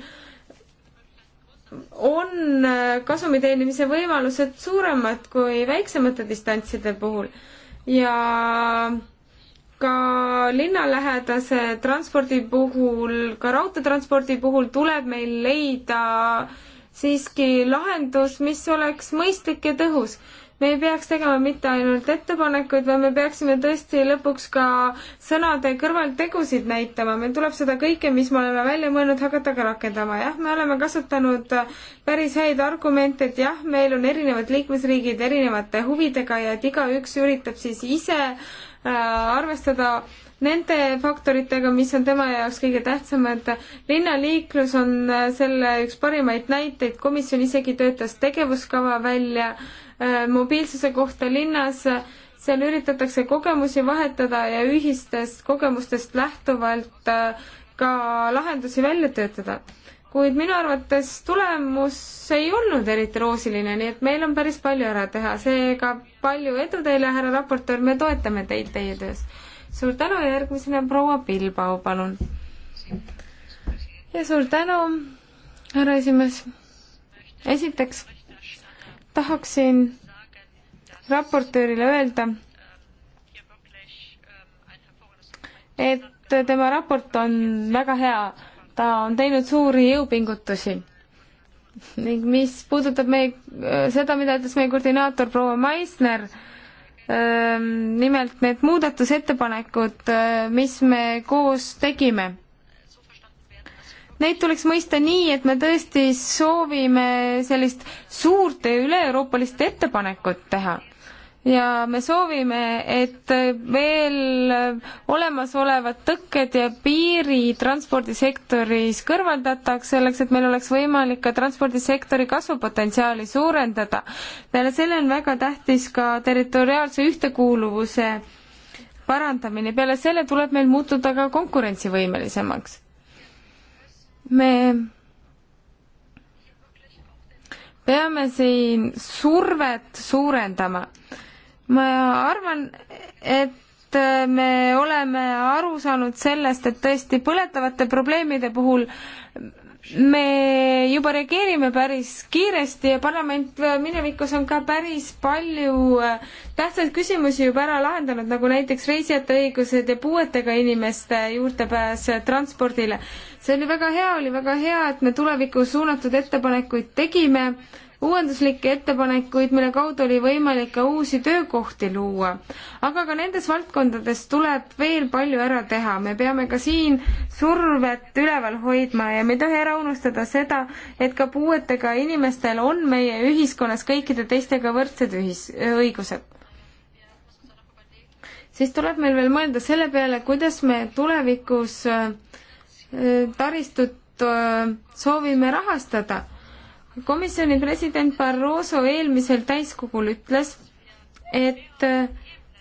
on äh, kasumi teenimise võimalused suuremad kui väiksemate distantside puhul ja ka linnalähedase transpordi puhul, ka raudteetranspordi puhul tuleb meil leida siiski lahendus, mis oleks mõistlik ja tõhus me ei peaks tegema mitte ainult ettepanekuid, vaid me peaksime tõesti lõpuks ka sõnade kõrval tegusid näitama. meil tuleb seda kõike, mis me oleme välja mõelnud, hakata ka rakendama. jah, me oleme kasutanud päris häid argumente, et jah, meil on erinevad liikmesriigid erinevate huvidega ja et igaüks üritab siis ise äh, arvestada nende faktoritega, mis on tema jaoks kõige tähtsamad. linnaliiklus on äh, selle üks parimaid näiteid, komisjon isegi töötas tegevuskava välja äh, Äh, mobiilsuse kohta linnas. seal üritatakse kogemusi vahetada ja ühistest kogemustest lähtuvalt äh, ka lahendusi välja töötada. kuid minu arvates tulemus ei olnud eriti roosiline, nii et meil on päris palju ära teha, seega palju edu teile, härra raportöör, me toetame teid teie töös. suur tänu ja järgmisena proua Pilbau, palun. ja suur tänu, härra esimees. esiteks tahaksin raportöörile öelda, et tema raport on väga hea, ta on teinud suuri jõupingutusi. ning mis puudutab meie, seda, mida ütles meie koordinaator proua Maisner, ähm, nimelt need muudatusettepanekud, äh, mis me koos tegime Neid tuleks mõista nii, et me tõesti soovime sellist suurt üle-euroopalist ettepanekut teha ja me soovime, et veel olemasolevad tõkked ja piiri transpordisektoris kõrvaldataks, selleks et meil oleks võimalik ka transpordisektori kasvupotentsiaali suurendada. peale selle on väga tähtis ka territoriaalse ühtekuuluvuse parandamine, peale selle tuleb meil muutuda ka konkurentsivõimelisemaks me peame siin survet suurendama. ma arvan, et me oleme aru saanud sellest, et tõesti põletavate probleemide puhul me juba reageerime päris kiiresti ja parlament minevikus on ka päris palju äh, tähtsaid küsimusi juba ära lahendanud, nagu näiteks reisijate õigused ja puuetega inimeste juurdepääs äh, transpordile. see oli väga hea, oli väga hea, et me tulevikus suunatud ettepanekuid tegime uuenduslikke ettepanekuid, mille kaudu oli võimalik ka uusi töökohti luua. aga ka nendes valdkondades tuleb veel palju ära teha, me peame ka siin survet üleval hoidma ja me ei tohi ära unustada seda, et ka puuetega inimestel on meie ühiskonnas kõikide teistega võrdsed ühis-, õigused siis tuleb meil veel mõelda selle peale, kuidas me tulevikus äh, taristut äh, soovime rahastada komisjoni president Barroso eelmisel täiskogul ütles, et äh,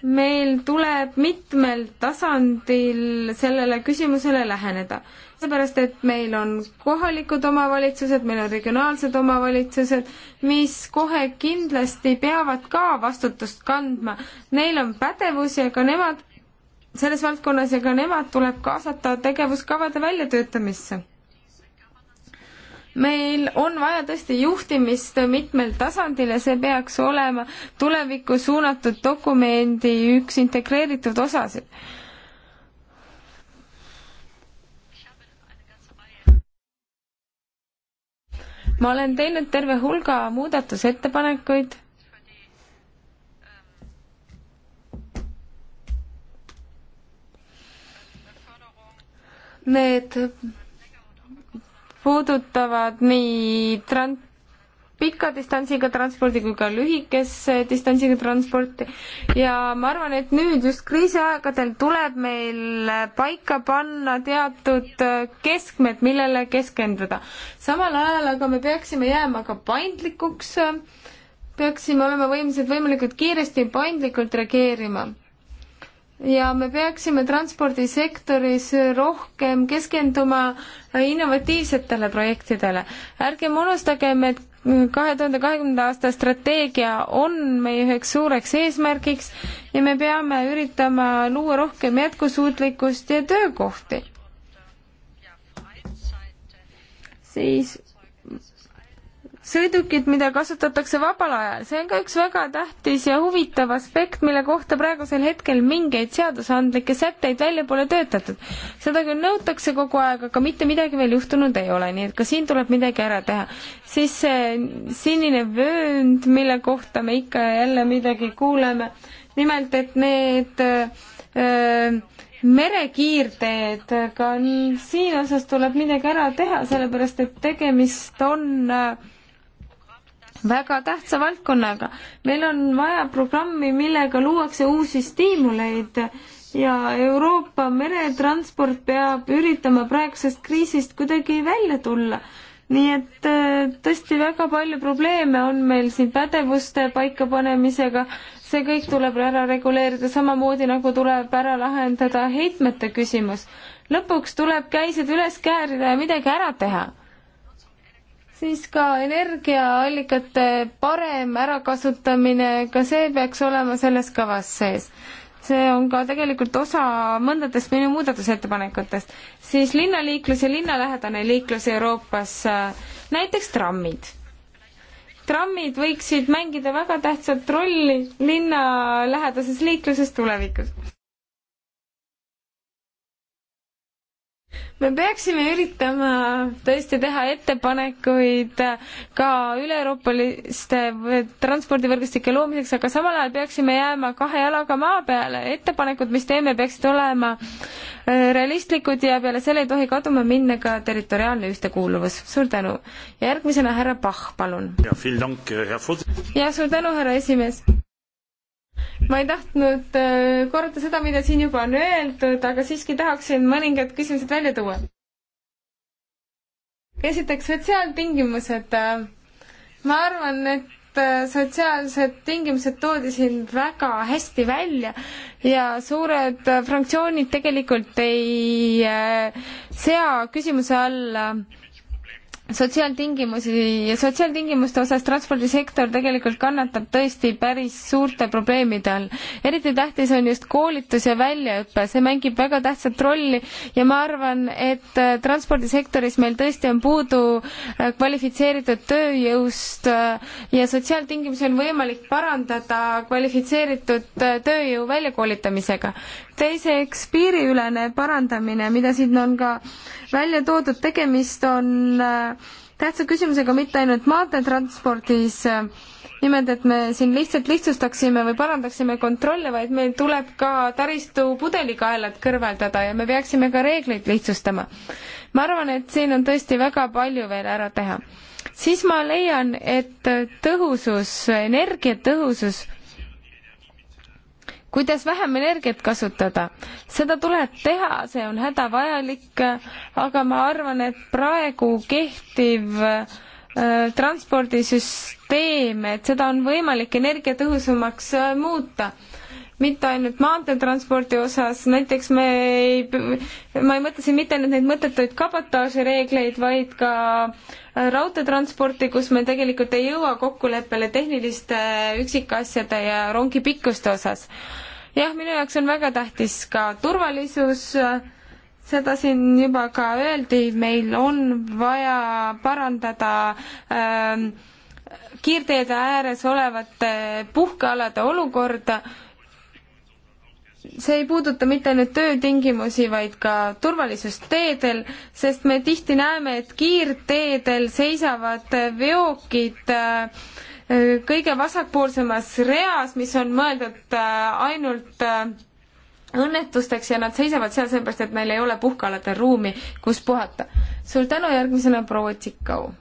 meil tuleb mitmel tasandil sellele küsimusele läheneda. seepärast, et meil on kohalikud omavalitsused, meil on regionaalsed omavalitsused, mis kohe kindlasti peavad ka vastutust kandma. Neil on pädevus ja ka nemad selles valdkonnas ja ka nemad tuleb kaasata tegevuskavade väljatöötamisse meil on vaja tõesti juhtimist mitmel tasandil ja see peaks olema tulevikku suunatud dokumendi üks integreeritud osasid. ma olen teinud terve hulga muudatusettepanekuid need puudutavad nii tran-, pika distantsiga transpordi kui ka lühikese distantsiga transporti ja ma arvan, et nüüd just kriisiaegadel tuleb meil paika panna teatud äh, keskmed, millele keskenduda. samal ajal aga me peaksime jääma ka paindlikuks, äh, peaksime olema võimsad võimalikult kiiresti ja paindlikult reageerima ja me peaksime transpordisektoris rohkem keskenduma innovatiivsetele projektidele. ärgem unustagem, et kahe tuhande kahekümnenda aasta strateegia on meie üheks suureks eesmärgiks ja me peame üritama luua rohkem jätkusuutlikkust ja töökohti. siis sõidukid, mida kasutatakse vabal ajal, see on ka üks väga tähtis ja huvitav aspekt, mille kohta praegusel hetkel mingeid seadusandlikke sätteid välja pole töötatud. seda küll nõutakse kogu aeg, aga mitte midagi veel juhtunud ei ole, nii et ka siin tuleb midagi ära teha. siis see sinine vöönd, mille kohta me ikka ja jälle midagi kuuleme, nimelt et need öö, äh, merekiirteed, ka siin osas tuleb midagi ära teha, sellepärast et tegemist on äh, väga tähtsa valdkonnaga. meil on vaja programmi, millega luuakse uusi stiimuleid ja Euroopa meretransport peab üritama praegusest kriisist kuidagi välja tulla. nii et äh, tõesti väga palju probleeme on meil siin pädevuste paikapanemisega, see kõik tuleb ära reguleerida, samamoodi nagu tuleb ära lahendada heitmete küsimus. lõpuks tuleb käised üles käärida ja midagi ära teha siis ka energiaallikate parem ärakasutamine, ka see peaks olema selles kavas sees. see on ka tegelikult osa mõndadest minu muudatusettepanekutest. siis linnaliiklus ja linnalähedane liiklus Euroopas, näiteks trammid. trammid võiksid mängida väga tähtsat rolli linnalähedases liikluses tulevikus me peaksime üritama tõesti teha ettepanekuid ka üle-euroopaliste transpordivõrgustike loomiseks, aga samal ajal peaksime jääma kahe jalaga maa peale. ettepanekud, mis teeme, peaksid olema äh, realistlikud ja peale selle ei tohi kaduma minna ka territoriaalne ühtekuuluvus. suur tänu. järgmisena härra Pahh, palun. ja äh, suur tänu, härra esimees ma ei tahtnud äh, korrata seda, mida siin juba on öeldud, aga siiski tahaksin mõningad küsimused välja tuua. esiteks sotsiaaltingimused. ma arvan, et äh, sotsiaalsed tingimused toodi siin väga hästi välja ja suured fraktsioonid tegelikult ei äh, sea küsimuse alla äh, sotsiaaltingimusi ja sotsiaaltingimuste osas transpordisektor tegelikult kannatab tõesti päris suurte probleemide all. eriti tähtis on just koolitus ja väljaõpe, see mängib väga tähtsat rolli ja ma arvan, et äh, transpordisektoris meil tõesti on puudu äh, kvalifitseeritud tööjõust äh, ja sotsiaaltingimusi on võimalik parandada kvalifitseeritud tööjõu väljakoolitamisega teiseks, piiriülene parandamine, mida siin on ka välja toodud, tegemist on äh, tähtsa küsimusega mitte ainult maanteetranspordis, äh, nimelt, et me siin lihtsalt lihtsustaksime või parandaksime kontrolle, vaid meil tuleb ka taristu pudelikaelad kõrvaldada ja me peaksime ka reegleid lihtsustama. ma arvan, et siin on tõesti väga palju veel ära teha. siis ma leian, et tõhusus, energiatõhusus kuidas vähem energiat kasutada. seda tuleb teha, see on hädavajalik, aga ma arvan, et praegu kehtiv äh, transpordisüsteem, et seda on võimalik energiatõhusamaks äh, muuta mitte ainult maanteetranspordi osas, näiteks me ei, ma ei mõtle siin mitte ainult neid mõttetuid kabotaažireegleid, vaid ka äh, raudteetransporti, kus me tegelikult ei jõua kokkuleppele tehniliste üksikasjade ja rongi pikkuste osas jah, minu jaoks on väga tähtis ka turvalisus, seda siin juba ka öeldi, meil on vaja parandada ähm, kiirteede ääres olevate puhkealade olukorda see ei puuduta mitte ainult töötingimusi, vaid ka turvalisust teedel, sest me tihti näeme, et kiirteedel seisavad veokid äh, kõige vasakpoolsemas reas, mis on mõeldud äh, ainult äh, õnnetusteks ja nad seisavad seal sellepärast, et neil ei ole puhkealadel ruumi, kus puhata. suur tänu, järgmisena proua Tsikau.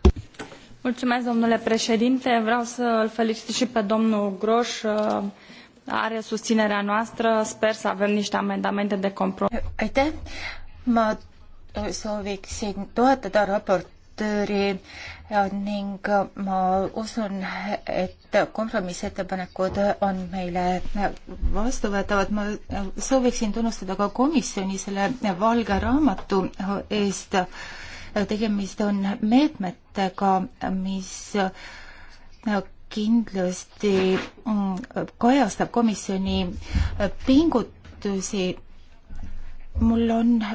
Mulțumesc, domnule președinte. Vreau să îl felicit și pe domnul Groș. Uh, are susținerea noastră. Sper să avem niște amendamente de compromis. Aitäh. Ma sooviksin toetada raport, raportööri äh, ning äh, ma usun, et kompromissettepanekud on meile äh, vastuvõetavad. ma sooviksin tunnustada ka komisjoni selle valge raamatu eest. tegemist on meetmetega, mis kindlasti mm, kajastab komisjoni pingutusi mul on äh,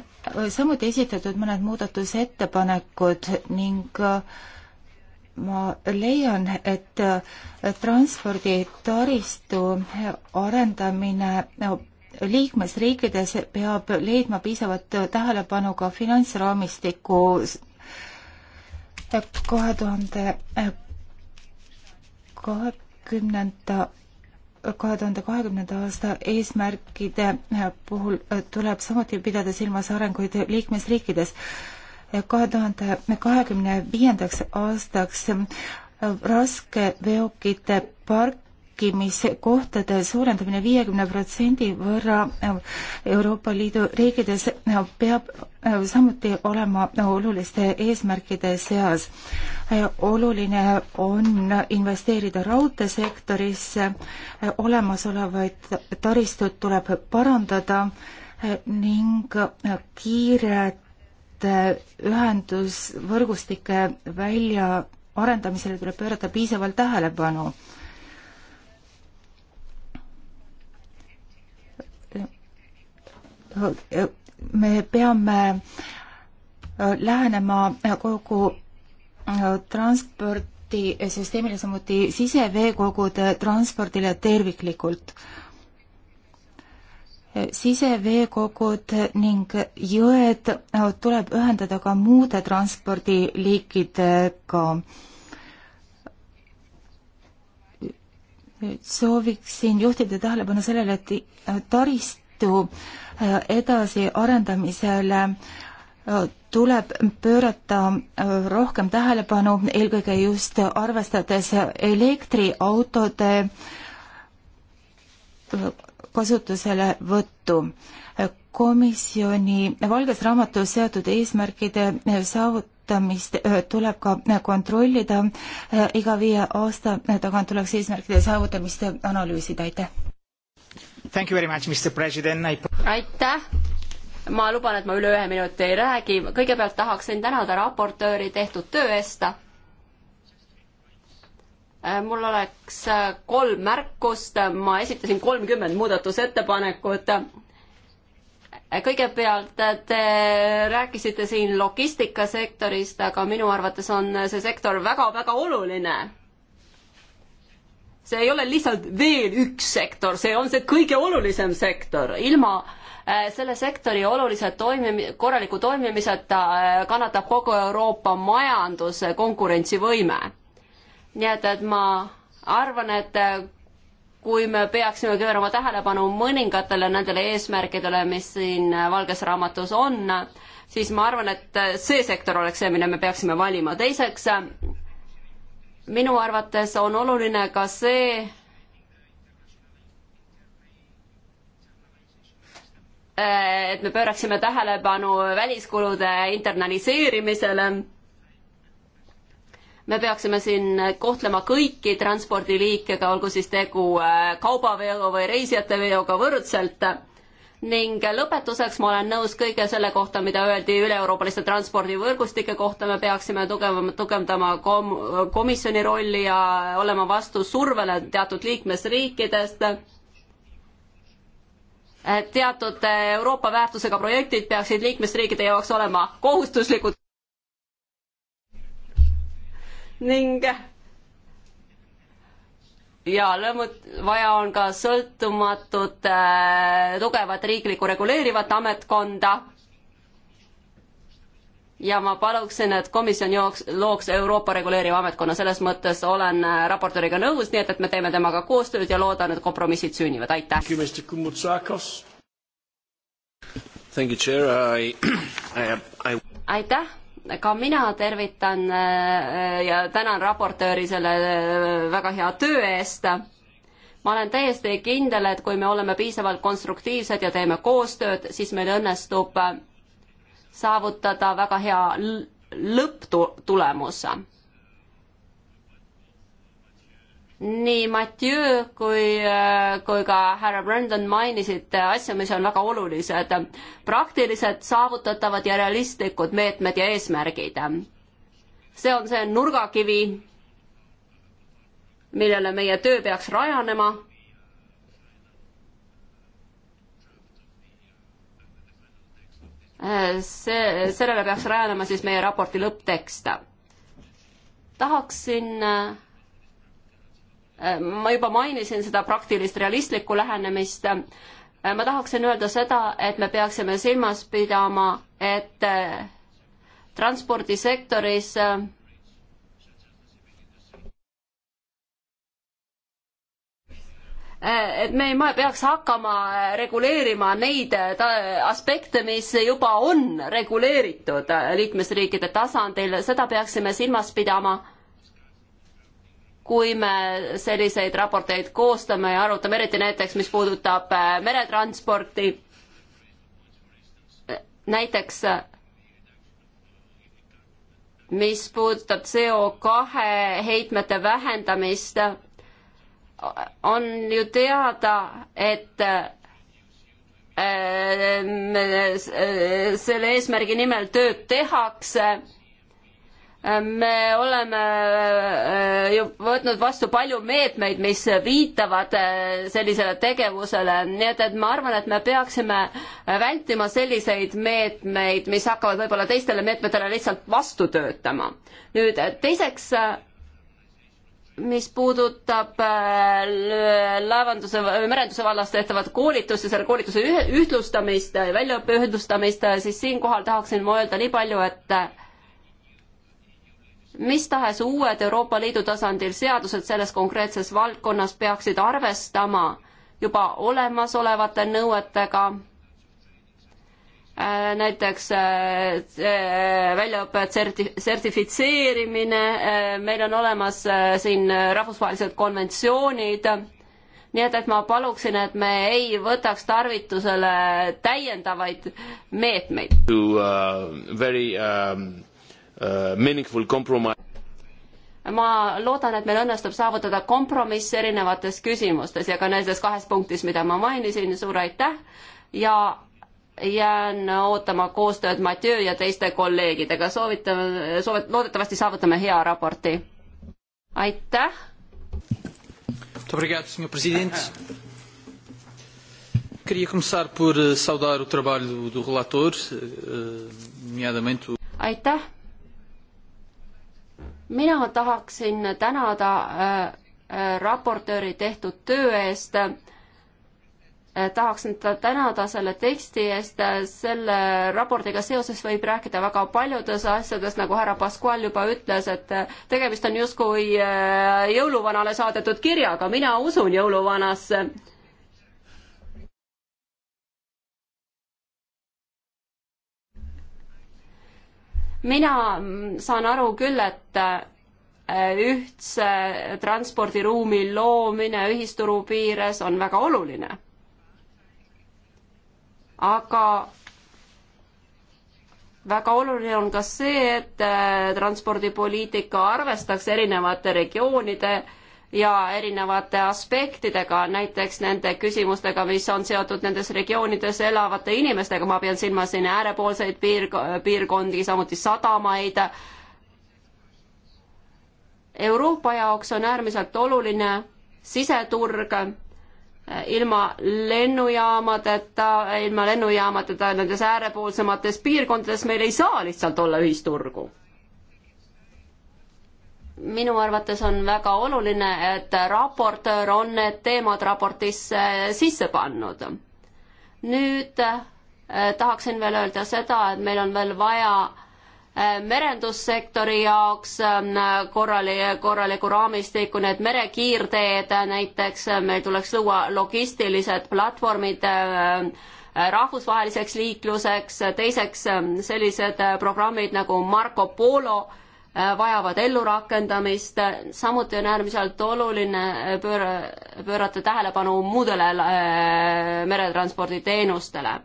samuti esitatud mõned muudatusettepanekud ning äh, ma leian, et äh, transporditaristu arendamine liikmesriikides peab leidma piisavat tähelepanu ka finantsraamistiku kahe tuhande kahekümnenda kahe tuhande kahekümnenda aasta eesmärkide eh, puhul eh, tuleb samuti pidada silmas arenguid liikmesriikides. Eh, kahe tuhande kahekümne viiendaks aastaks raskeveokite park parkimiskohtade suurendamine viiekümne protsendi võrra äh, Euroopa Liidu riikides äh, peab äh, samuti olema oluliste eesmärkide seas. oluline on investeerida raudteesektorisse, olemasolevaid taristuid tuleb parandada ning kiiret ühendusvõrgustike väljaarendamisele tuleb pöörata piisavalt tähelepanu me peame äh, lähenema kogu äh, transpordisüsteemile, samuti siseveekogude transpordile terviklikult. Äh, siseveekogud ning jõed tuleb ühendada ka muude transpordiliikidega. sooviksin juhtida tähelepanu sellele, et tarist Liidu äh, edasiarendamisele äh, tuleb pöörata äh, rohkem tähelepanu, eelkõige just arvestades elektriautode kasutuselevõttu. komisjoni valges raamatus seatud eesmärkide saavutamist tuleb ka kontrollida, iga viie aasta tagant tuleks eesmärkide saavutamist analüüsida, aitäh! aitäh, ma luban, et ma üle ühe minuti ei räägi, kõigepealt tahaksin tänada raportööri tehtud töö eest. Äh, mul oleks äh, kolm märkust, ma esitasin kolmkümmend muudatusettepanekut. Äh, kõigepealt te rääkisite siin logistikasektorist, aga minu arvates on see sektor väga-väga oluline see ei ole lihtsalt veel üks sektor, see on see kõige olulisem sektor, ilma äh, selle sektori olulise toimimi-, korraliku toimimiseta äh, kannatab kogu Euroopa majanduse konkurentsivõime. nii et, et ma arvan, et äh, kui me peaksime pöörama tähelepanu mõningatele nendele eesmärkidele, mis siin Valges Raamatus on, siis ma arvan, et see sektor oleks see, mille me peaksime valima. teiseks äh,, minu arvates on oluline ka see, et me pööraksime tähelepanu väliskulude internaliseerimisele. me peaksime siin kohtlema kõiki transpordiliike, olgu siis tegu äh, kaubaveo või reisijateveoga võrdselt ning lõpetuseks ma olen nõus kõige selle kohta, mida öeldi üle-euroopaliste transpordivõrgustike kohta, me peaksime tugevama, tugevdama kom-, komisjoni rolli ja olema vastu survele teatud liikmesriikidest. teatud Euroopa väärtusega projektid peaksid liikmesriikide jaoks olema kohustuslikud ning ja lõmmut-, vaja on ka sõltumatut äh, tugevat riiklikku reguleerivat ametkonda. ja ma paluksin, et komisjon jooks, looks Euroopa reguleeriva ametkonna, selles mõttes olen äh, raportööriga nõus, nii et, et me teeme temaga koostööd ja loodan, et kompromissid sünnivad, aitäh. aitäh. aitäh ka mina tervitan äh, ja tänan raportööri selle äh, väga hea töö eest. ma olen täiesti kindel, et kui me oleme piisavalt konstruktiivsed ja teeme koostööd, siis meil õnnestub saavutada väga hea lõpptulemus nii Mathieu kui, äh, kui ka härra Brandon mainisid äh, asju, mis on väga olulised. praktilised, saavutatavad ja realistlikud meetmed ja eesmärgid. see on see nurgakivi, millele meie töö peaks rajanema. Äh, see, sellele peaks rajanema siis meie raporti lõpptekst. tahaksin ma juba mainisin seda praktilist realistlikku lähenemist. ma tahaksin öelda seda, et me peaksime silmas pidama, et eh, transpordisektoris eh, et me ei peaks hakkama reguleerima neid eh, aspekte, mis juba on reguleeritud liikmesriikide tasandil, seda peaksime silmas pidama kui me selliseid raporteid koostame ja arutame, eriti näiteks, mis puudutab äh, meretransporti, näiteks mis puudutab CO kahe heitmete vähendamist, on ju teada, et äh, äh, selle eesmärgi nimel tööd tehakse me oleme äh, ju võtnud vastu palju meetmeid, mis viitavad äh, sellisele tegevusele, nii et, et ma arvan, et me peaksime äh, vältima selliseid meetmeid, mis hakkavad võib-olla teistele meetmetele lihtsalt vastu töötama. nüüd teiseks, mis puudutab laevanduse, merenduse vallas tehtavat koolitust ja selle koolituse ühtlustamist, väljaõppe ühtlustamist, siis siinkohal tahaksin ma öelda nii palju, et mis tahes uued Euroopa Liidu tasandil seadused selles konkreetses valdkonnas peaksid arvestama juba olemasolevate nõuetega, äh, näiteks äh, äh, väljaõppe serti-, sertifitseerimine, meil on olemas siin rahvusvahelised konventsioonid, nii et, et ma paluksin, et me ei võtaks tarvitusele täiendavaid meetmeid. To uh, very um Uh, meaningful compromise ma loodan, et meil õnnestub saavutada kompromiss erinevates küsimustes ja ka nendes kahes punktis, mida ma mainisin, suur aitäh ja jään ootama koostööd Mathieu ja teiste kolleegidega, soovitame, soovet-, loodetavasti saavutame hea raporti. aitäh! Queria começar por eh, saudar o trabalho do relator, eh, nomeadamente o... Aitäh! mina tahaksin tänada äh, äh, raportööri tehtud töö eest äh, tahaksin teda tänada selle teksti eest, selle raportiga seoses võib rääkida väga paljudes asjades, nagu härra Pascual juba ütles, et tegemist on justkui jõuluvanale saadetud kirjaga, mina usun jõuluvanasse mina mm, saan aru küll, et äh, ühtse transpordiruumi loomine ühisturu piires on väga oluline. aga väga oluline on ka see, et äh, transpordipoliitika arvestaks erinevate regioonide äh, ja erinevate aspektidega, näiteks nende küsimustega, mis on seotud nendes regioonides elavate inimestega, ma pean silmas siin äärepoolseid piirg-, piirkondi, samuti sadamaid. Euroopa jaoks on äärmiselt oluline siseturg, eh, ilma lennujaamadeta, ilma lennujaamadeta nendes äärepoolsemates piirkondades meil ei saa lihtsalt olla ühisturgu minu arvates on väga oluline, et raportöör on need teemad raportisse sisse pannud. nüüd eh, tahaksin veel öelda seda, et meil on veel vaja eh, merendussektori jaoks eh, korrali-, korralikku raamistikku, need merekiirteed näiteks, meil tuleks luua logistilised platvormid rahvusvaheliseks liikluseks, teiseks sellised programmid nagu Marco Polo, Äh, vajavad ellurakendamist, samuti on äärmiselt oluline äh, pööra, pöörata tähelepanu muudele äh, meretransporditeenustele.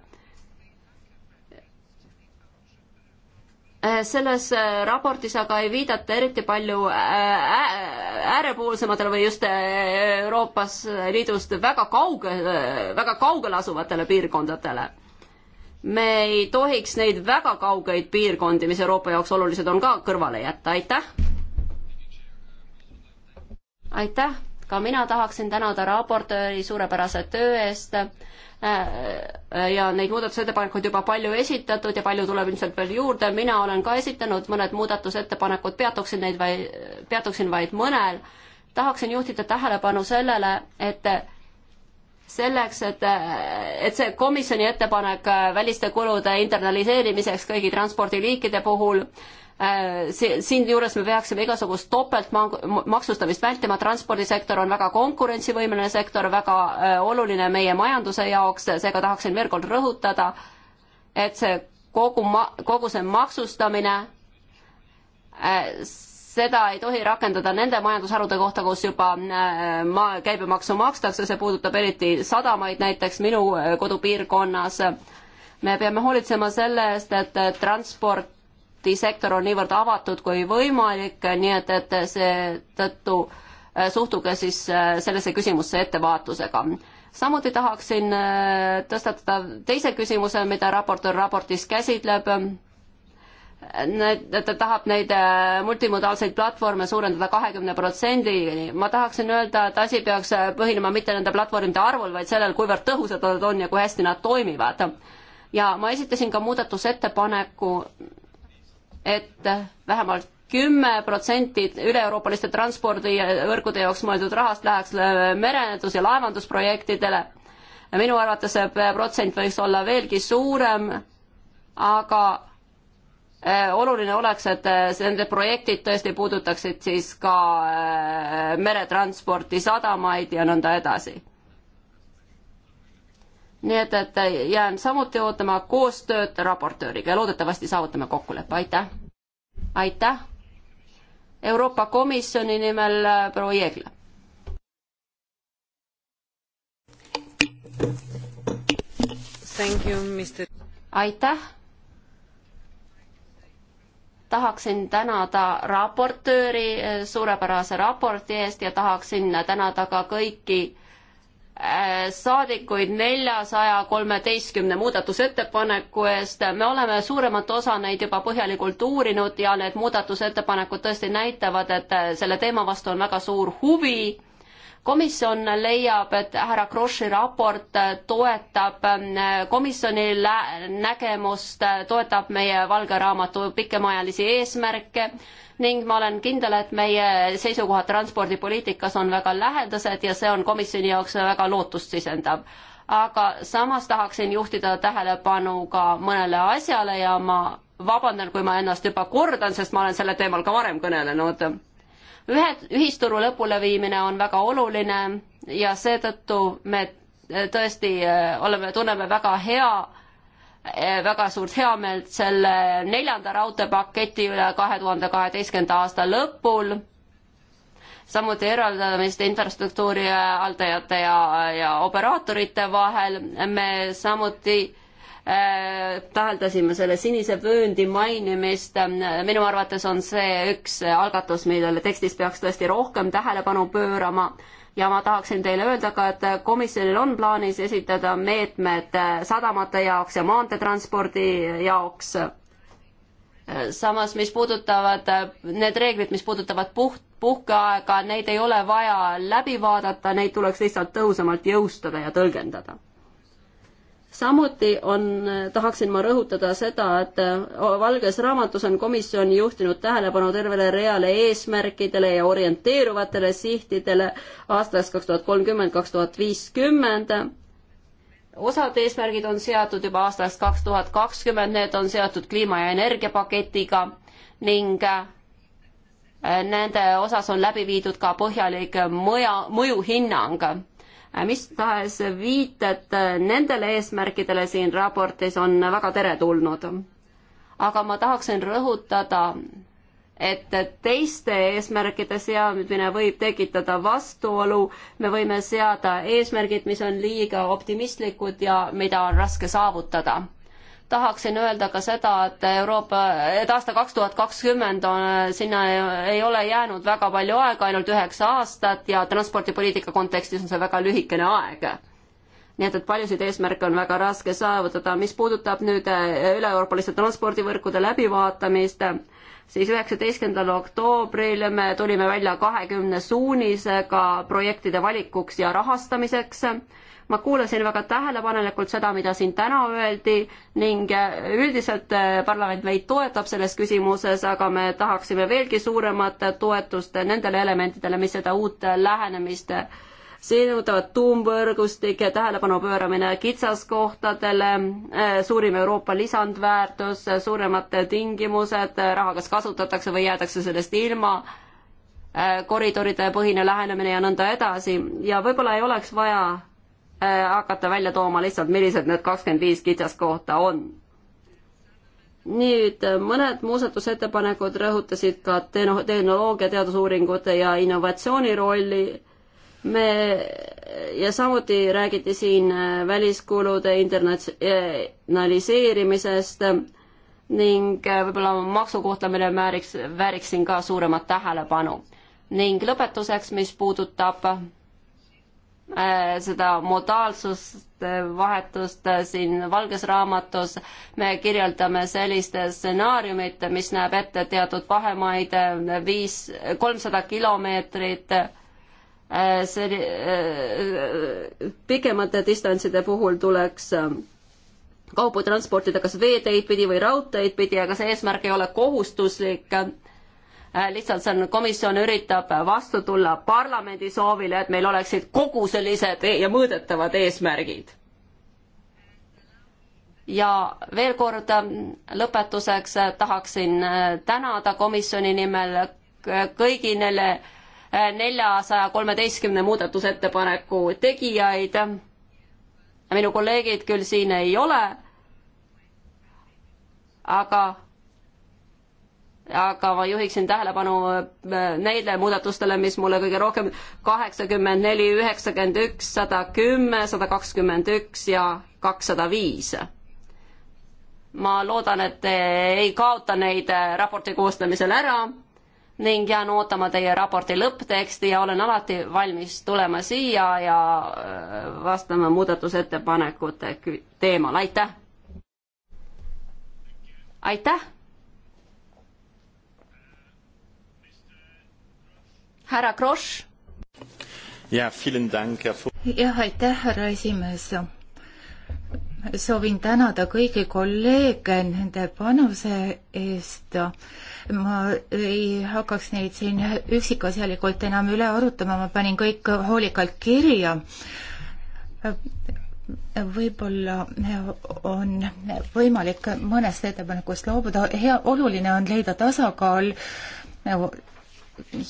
selles raportis aga ei viidata eriti palju äärepoolsematele või just Euroopas Liidust väga kauge, väga kaugel asuvatele piirkondadele me ei tohiks neid väga kaugeid piirkondi, mis Euroopa jaoks olulised on, ka kõrvale jätta, aitäh! aitäh, ka mina tahaksin tänada raportööri suurepärase töö eest äh, äh, ja neid muudatusettepanekuid juba palju esitatud ja palju tuleb ilmselt veel juurde, mina olen ka esitanud mõned muudatusettepanekud, peatuksin neid vaid, peatuksin vaid mõnel, tahaksin juhtida tähelepanu sellele, et selleks, et, et see komisjoni ettepanek väliste kulude internaliseerimiseks kõigi transpordiliikide puhul siinjuures me peaksime igasugust topeltmaksustamist vältima, transpordisektor on väga konkurentsivõimeline sektor, väga äh, oluline meie majanduse jaoks, seega tahaksin veel kord rõhutada, et see kogu ma-, kogu see maksustamine, äh, seda ei tohi rakendada nende majandusharude kohta, kus juba äh, maa, käibemaksu makstakse, see puudutab eriti sadamaid näiteks minu äh, kodupiirkonnas. me peame hoolitsema selle eest, et transpordisektor on niivõrd avatud kui võimalik, nii et, et seetõttu äh, suhtuge siis sellesse küsimusse ettevaatusega samuti tahaksin tõstatada teise küsimuse, mida raportöör raportis käsitleb Need, ta tahab neid äh, multimodaalseid platvorme suurendada kahekümne protsendini. ma tahaksin öelda, et asi peaks äh, põhinema mitte nende platvormide arvul, vaid sellel, kuivõrd tõhusad nad on ja kui hästi nad toimivad. ja ma esitasin ka muudatusettepaneku, et äh, vähemalt kümme protsenti üle-euroopaliste transpordivõrgude jaoks mõeldud rahast läheks merendus- ja laevandusprojektidele. minu arvates see protsent võiks olla veelgi suurem, aga Äh, oluline oleks, et äh, nende projektid tõesti puudutaksid siis ka äh, meretransporti, sadamaid ja nõnda edasi. nii et, et jään samuti ootama koostööd raportööriga ja loodetavasti saavutame kokkuleppe, aitäh! aitäh! Euroopa Komisjoni nimel proua Jeegla. aitäh! tahaksin tänada raportööri eh, suurepärase raporti eest ja tahaksin tänada ka kõiki eh, saadikuid neljasaja kolmeteistkümne muudatusettepaneku eest. me oleme suuremat osa neid juba põhjalikult uurinud ja need muudatusettepanekud tõesti näitavad, et eh, selle teema vastu on väga suur huvi komisjon leiab, et härra Kroshi raport toetab ähm, komisjoni nägemust, toetab meie valge raamatu pikemaajalisi eesmärke ning ma olen kindel, et meie seisukohad transpordipoliitikas on väga lähedased ja see on komisjoni jaoks väga lootust sisendav aga samas tahaksin juhtida tähelepanu ka mõnele asjale ja ma vabandan, kui ma ennast juba kordan, sest ma olen sellel teemal ka varem kõnelenud ühe, ühisturu lõpuleviimine on väga oluline ja seetõttu me e, tõesti e, oleme, tunneme väga hea e, väga suurt heameelt selle neljanda raudteepaketi üle kahe tuhande kaheteistkümnenda aasta lõpul, samuti eraldamist infrastruktuuri haldajate ja, ja operaatorite vahel, me samuti Äh, täheldasime selle sinise vööndi mainimist. minu arvates on see üks algatus, millele tekstis peaks tõesti rohkem tähelepanu pöörama ja ma tahaksin teile öelda ka, et komisjonil on plaanis esitada meetmed sadamate jaoks ja maanteetranspordi jaoks. samas, mis puudutavad need reeglid, mis puudutavad puht, puhkeaega, neid ei ole vaja läbi vaadata, neid tuleks lihtsalt tõhusamalt jõustada ja tõlgendada samuti on, tahaksin ma rõhutada seda, et äh, Valges Raamatus on komisjon juhtinud tähelepanu tervele reale eesmärkidele ja orienteeruvatele sihtidele aastaks kaks tuhat kolmkümmend, kaks tuhat viiskümmend osad eesmärgid on seatud juba aastast kaks tuhat kakskümmend, need on seotud kliima- ja energiapaketiga ning äh, nende osas on läbi viidud ka põhjalik mõja, mõjuhinnang Äh, mis tahes viited äh, nendele eesmärkidele siin raportis on väga teretulnud. aga ma tahaksin rõhutada, et teiste eesmärkide seadmine võib tekitada vastuolu, me võime seada eesmärgid, mis on liiga optimistlikud ja mida on raske saavutada tahaksin öelda ka seda, et Euroopa, et aasta kaks tuhat kakskümmend on, sinna ei, ei ole jäänud väga palju aega, ainult üheksa aastat ja transpordipoliitika kontekstis on see väga lühikene aeg. nii et, et paljusid eesmärke on väga raske saavutada, mis puudutab nüüd äh, üle-euroopaliste transpordivõrkude läbivaatamist, siis üheksateistkümnendal oktoobril me tulime välja kahekümne suunisega projektide valikuks ja rahastamiseks ma kuulasin väga tähelepanelikult seda, mida siin täna öeldi ning äh, üldiselt äh, parlament meid toetab selles küsimuses, aga me tahaksime veelgi suuremat toetust nendele elementidele, mis seda uut lähenemist seenutavad tuumvõrgustike tähelepanu pööramine kitsaskohtadele, äh, suurim Euroopa lisandväärtus, suuremad tingimused, raha kas kasutatakse või jäädakse sellest ilma koridoride põhine lähenemine ja nõnda edasi ja võib-olla ei oleks vaja Äh, hakata välja tooma lihtsalt, millised need kakskümmend viis kitsaskohta on. nüüd äh, mõned muudatusettepanekud rõhutasid ka tehnoloogia, teadusuuringute ja innovatsiooni rolli. me ja samuti räägiti siin äh, väliskulude internatsionaliseerimisest ning võib-olla maksukohtlemine määriks, vääriksin ka suuremat tähelepanu. ning lõpetuseks, mis puudutab Äh, seda modaalsust, äh, vahetust äh, siin valges raamatus. me kirjeldame sellist stsenaariumit, mis näeb ette teatud vahemaid viis, kolmsada kilomeetrit see pikemate distantside puhul tuleks kaupu transportida kas veeteid pidi või raudteid pidi, aga see eesmärk ei ole kohustuslik Äh, lihtsalt see on, komisjon üritab vastu tulla parlamendi soovile, et meil oleksid kogu sellised e- ja mõõdetavad eesmärgid. ja veel kord ähm, lõpetuseks äh, tahaksin äh, tänada komisjoni nimel kõigi neile neljasaja kolmeteistkümne muudatusettepaneku tegijaid. minu kolleegid küll siin ei ole, aga aga ma juhiksin tähelepanu äh, neile muudatustele, mis mulle kõige rohkem kaheksakümmend neli, üheksakümmend üks, sada kümme, sada kakskümmend üks ja kakssada viis. ma loodan, et te ei kaota neid äh, raporti koostamisel ära ning jään ootama teie raporti lõppteksti ja olen alati valmis tulema siia ja äh, vastama muudatusettepanekute teemal, aitäh! aitäh! härra Kross. jah, aitäh, härra esimees. soovin tänada kõiki kolleege nende panuse eest. ma ei hakkaks neid siin üksikasjalikult enam üle arutama, ma panin kõik hoolikalt kirja võib-olla on võimalik mõnest ettepanekust loobuda, hea, oluline on leida tasakaal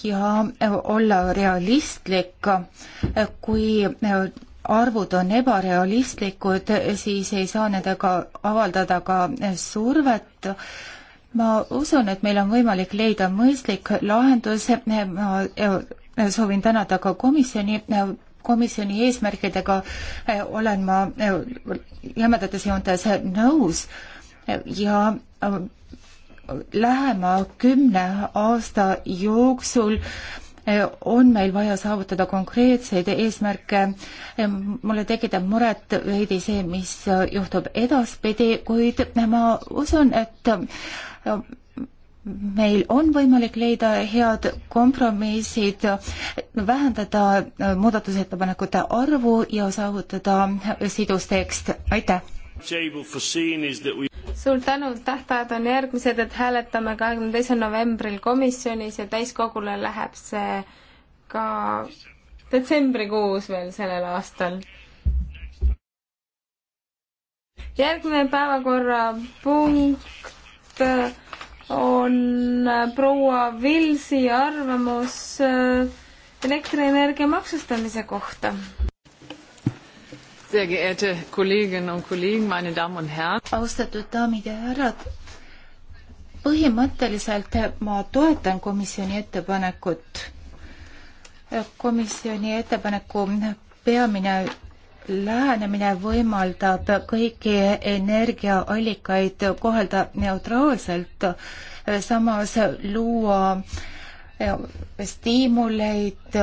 ja äh, olla realistlik, kui äh, arvud on ebarealistlikud, siis ei saa nendega avaldada ka äh, survet. ma usun, et meil on võimalik leida mõistlik lahendus, ma soovin tänada ka komisjoni komisjoni eesmärkidega olen ma jämedates joontes nõus ja lähema kümne aasta jooksul eh, on meil vaja saavutada konkreetseid eesmärke. Eh, mulle tekitab muret veidi see, mis juhtub edaspidi, kuid ma usun, et eh, meil on võimalik leida head kompromissid, vähendada muudatusettepanekute arvu ja saavutada sidustekst, aitäh! suur tänu, tähtajad on järgmised, et hääletame kahekümne teisel novembril komisjonis ja täiskogule läheb see ka detsembrikuus veel sellel aastal. järgmine päevakorrapunkt on proua Vilsi arvamus elektrienergia maksustamise kohta sehr geehrte Kolleginnen und Kollegen, meine Damen und Herren. austatud daamid ja härrad, põhimõtteliselt ma toetan komisjoni ettepanekut. komisjoni ettepaneku peamine lähenemine võimaldab kõiki energiaallikaid kohelda neutraalselt, samas luua stiimuleid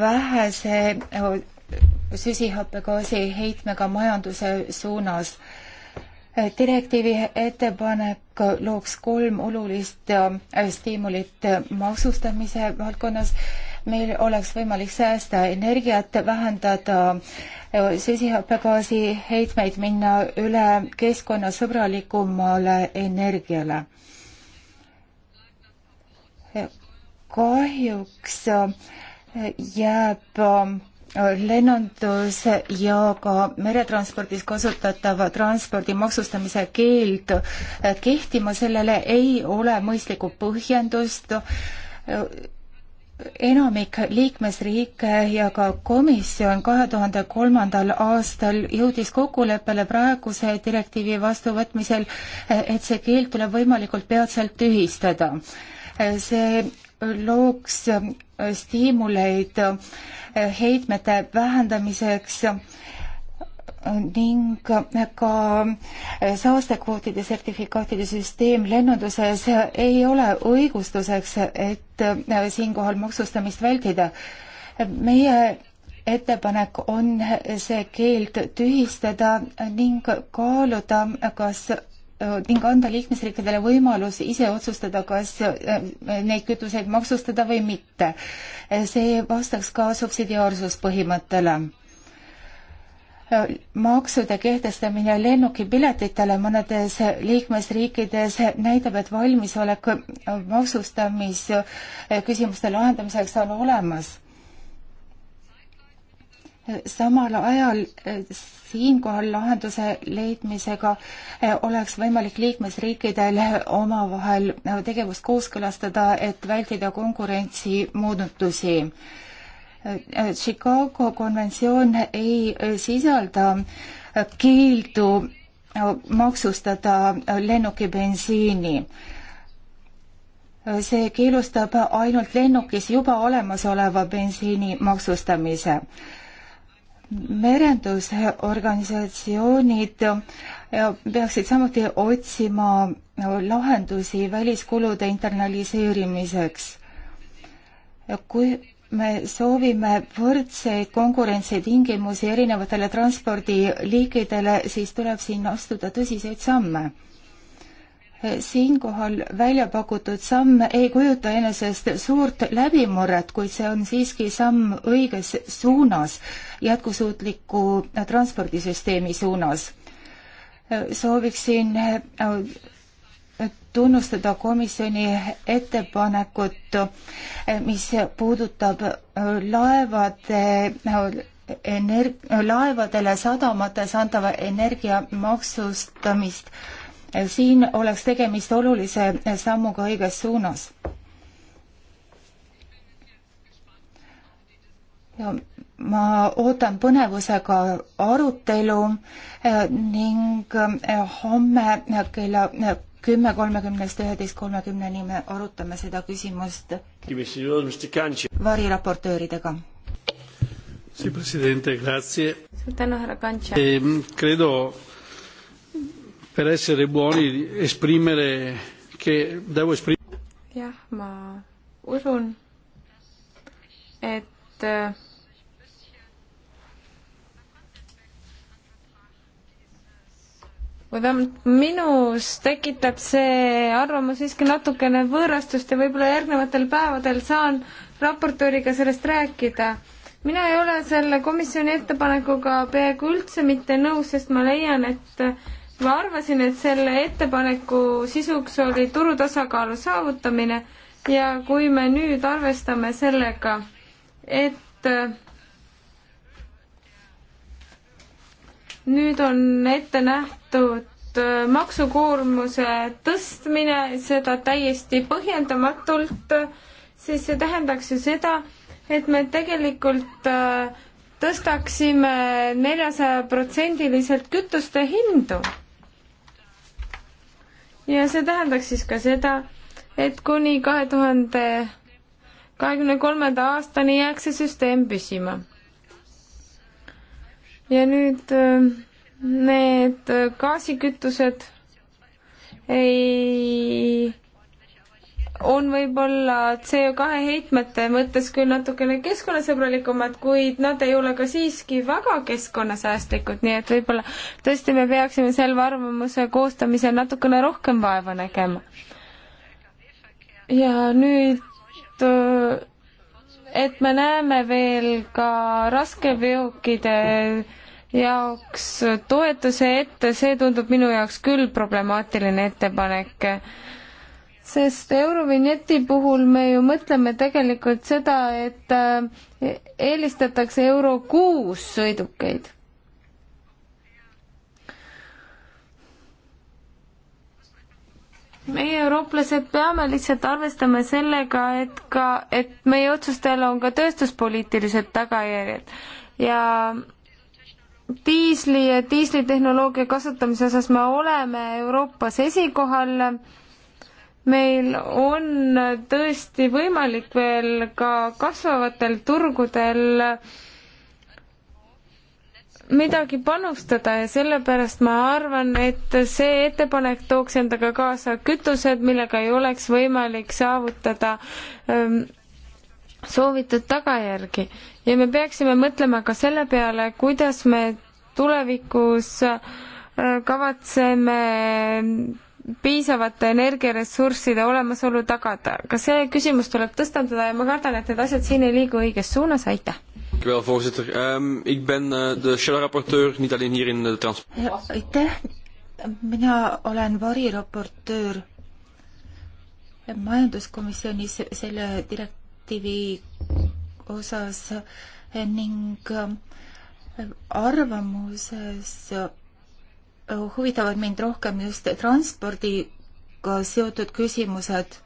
vähese süsihappegaasi heitmega majanduse suunas. direktiivi ettepanek looks kolm olulist äh, stiimulit maksustamise valdkonnas meil oleks võimalik säästa energiat, vähendada äh, süsihappegaasi heitmeid, minna üle keskkonnasõbralikumale energiale. kahjuks äh, jääb lennundus ja ka meretranspordis kasutatava transpordi maksustamise keeld äh, kehtima, sellele ei ole mõistlikku põhjendust. Äh, enamik liikmesriike ja ka komisjon kahe tuhande kolmandal aastal jõudis kokkuleppele praeguse direktiivi vastuvõtmisel, äh, et see keeld tuleb võimalikult peatselt tühistada. see looks äh, stiimuleid äh, heitmete vähendamiseks äh, ning ka saastekvootide sertifikaatide süsteem lennunduses ei ole õigustuseks, et siinkohal maksustamist vältida. meie ettepanek on see keeld tühistada ning kaaluda, kas ning anda liikmesriikidele võimalus ise otsustada, kas äh, neid kütuseid maksustada või mitte. see vastaks ka subsidiaarsuspõhimõttele maksude kehtestamine lennukipiletitele mõnedes liikmesriikides näitab, et valmisolek maksustamisküsimuste lahendamiseks on olemas samal ajal eh, siinkohal lahenduse leidmisega eh, oleks võimalik liikmesriikidel omavahel eh, tegevust kooskõlastada, et vältida konkurentsi muutusi. Chicago konventsioon ei sisalda keeldu maksustada lennukibensiini see keelustab ainult lennukis juba olemasoleva bensiini maksustamise merendusorganisatsioonid peaksid samuti otsima lahendusi väliskulude internaliseerimiseks. kui me soovime võrdseid konkurentsitingimusi erinevatele transpordiliikidele, siis tuleb siin astuda tõsiseid samme siinkohal välja pakutud samm ei kujuta enesest suurt läbimurret, kuid see on siiski samm õiges suunas, jätkusuutliku transpordisüsteemi suunas. sooviksin äh, tunnustada komisjoni ettepanekut, äh, mis puudutab äh, laevade ener-, laevadele sadamates antava energia maksustamist äh, siin oleks tegemist olulise sammuga õiges suunas. ja ma ootan põnevusega arutelu eh, ning eh, homme kella eh, kümme kolmekümnest üheteist kolmekümneni me arutame seda küsimust variraportööridega. suur tänu, härra Kantša. Ehm, per essere buoni esprimere che devo esprimere jah, ma usun, et vähemalt minus tekitab see arvamus siiski natukene võõrastust ja võib-olla järgnevatel päevadel saan raportööriga sellest rääkida mina ei ole selle komisjoni ettepanekuga peaaegu üldse mitte nõus, sest ma leian, et ma arvasin, et selle ettepaneku sisuks oli turutasakaalu saavutamine ja kui me nüüd arvestame sellega, et nüüd on ette nähtud äh, maksukoormuse tõstmine, seda täiesti põhjendamatult, siis see tähendaks ju seda, et me tegelikult äh, tõstaksime neljasajaprotsendiliselt kütuste hindu ja see tähendaks siis ka seda, et kuni kahe tuhande kahekümne kolmanda aastani jääks see süsteem püsima. ja nüüd äh, need äh, gaasikütused ei on võib-olla CO2 heitmete mõttes küll natukene keskkonnasõbralikumad, kuid nad ei ole ka siiski väga keskkonnasäästlikud, nii et võib-olla tõesti me peaksime selle arvamuse koostamisel natukene rohkem vaeva nägema. ja nüüd, et me näeme veel ka raskeveokide jaoks toetuse ette, see tundub minu jaoks küll problemaatiline ettepanek sest Eurovinjeti puhul me ju mõtleme tegelikult seda, et äh, eelistatakse Euro kuus sõidukeid. meie, eurooplased, peame lihtsalt arvestama sellega, et ka, et meie otsustel on ka tööstuspoliitilised tagajärjed ja diisli ja diislitehnoloogia kasutamise osas me oleme Euroopas esikohal meil on tõesti võimalik veel ka kasvavatel turgudel midagi panustada ja sellepärast ma arvan, et see ettepanek tooks endaga kaasa kütused, millega ei oleks võimalik saavutada ähm, soovitud tagajärgi ja me peaksime mõtlema ka selle peale, kuidas me tulevikus äh, kavatseme piisavate energiaressursside olemasolu tagada. ka see küsimus tuleb tõstatada ja ma kardan, et need asjad siin ei liigu õiges suunas, aitäh! Dankjewel, voorzitter. Um, ik ben uh, de Shell-rapporteur, niet alleen hier in eh, de transport. Eh, aitäh. Mina olen variraportöör majanduskomisjonis selle direktiivi osas ning arvamuses huvitavad mind rohkem just transpordiga seotud küsimused.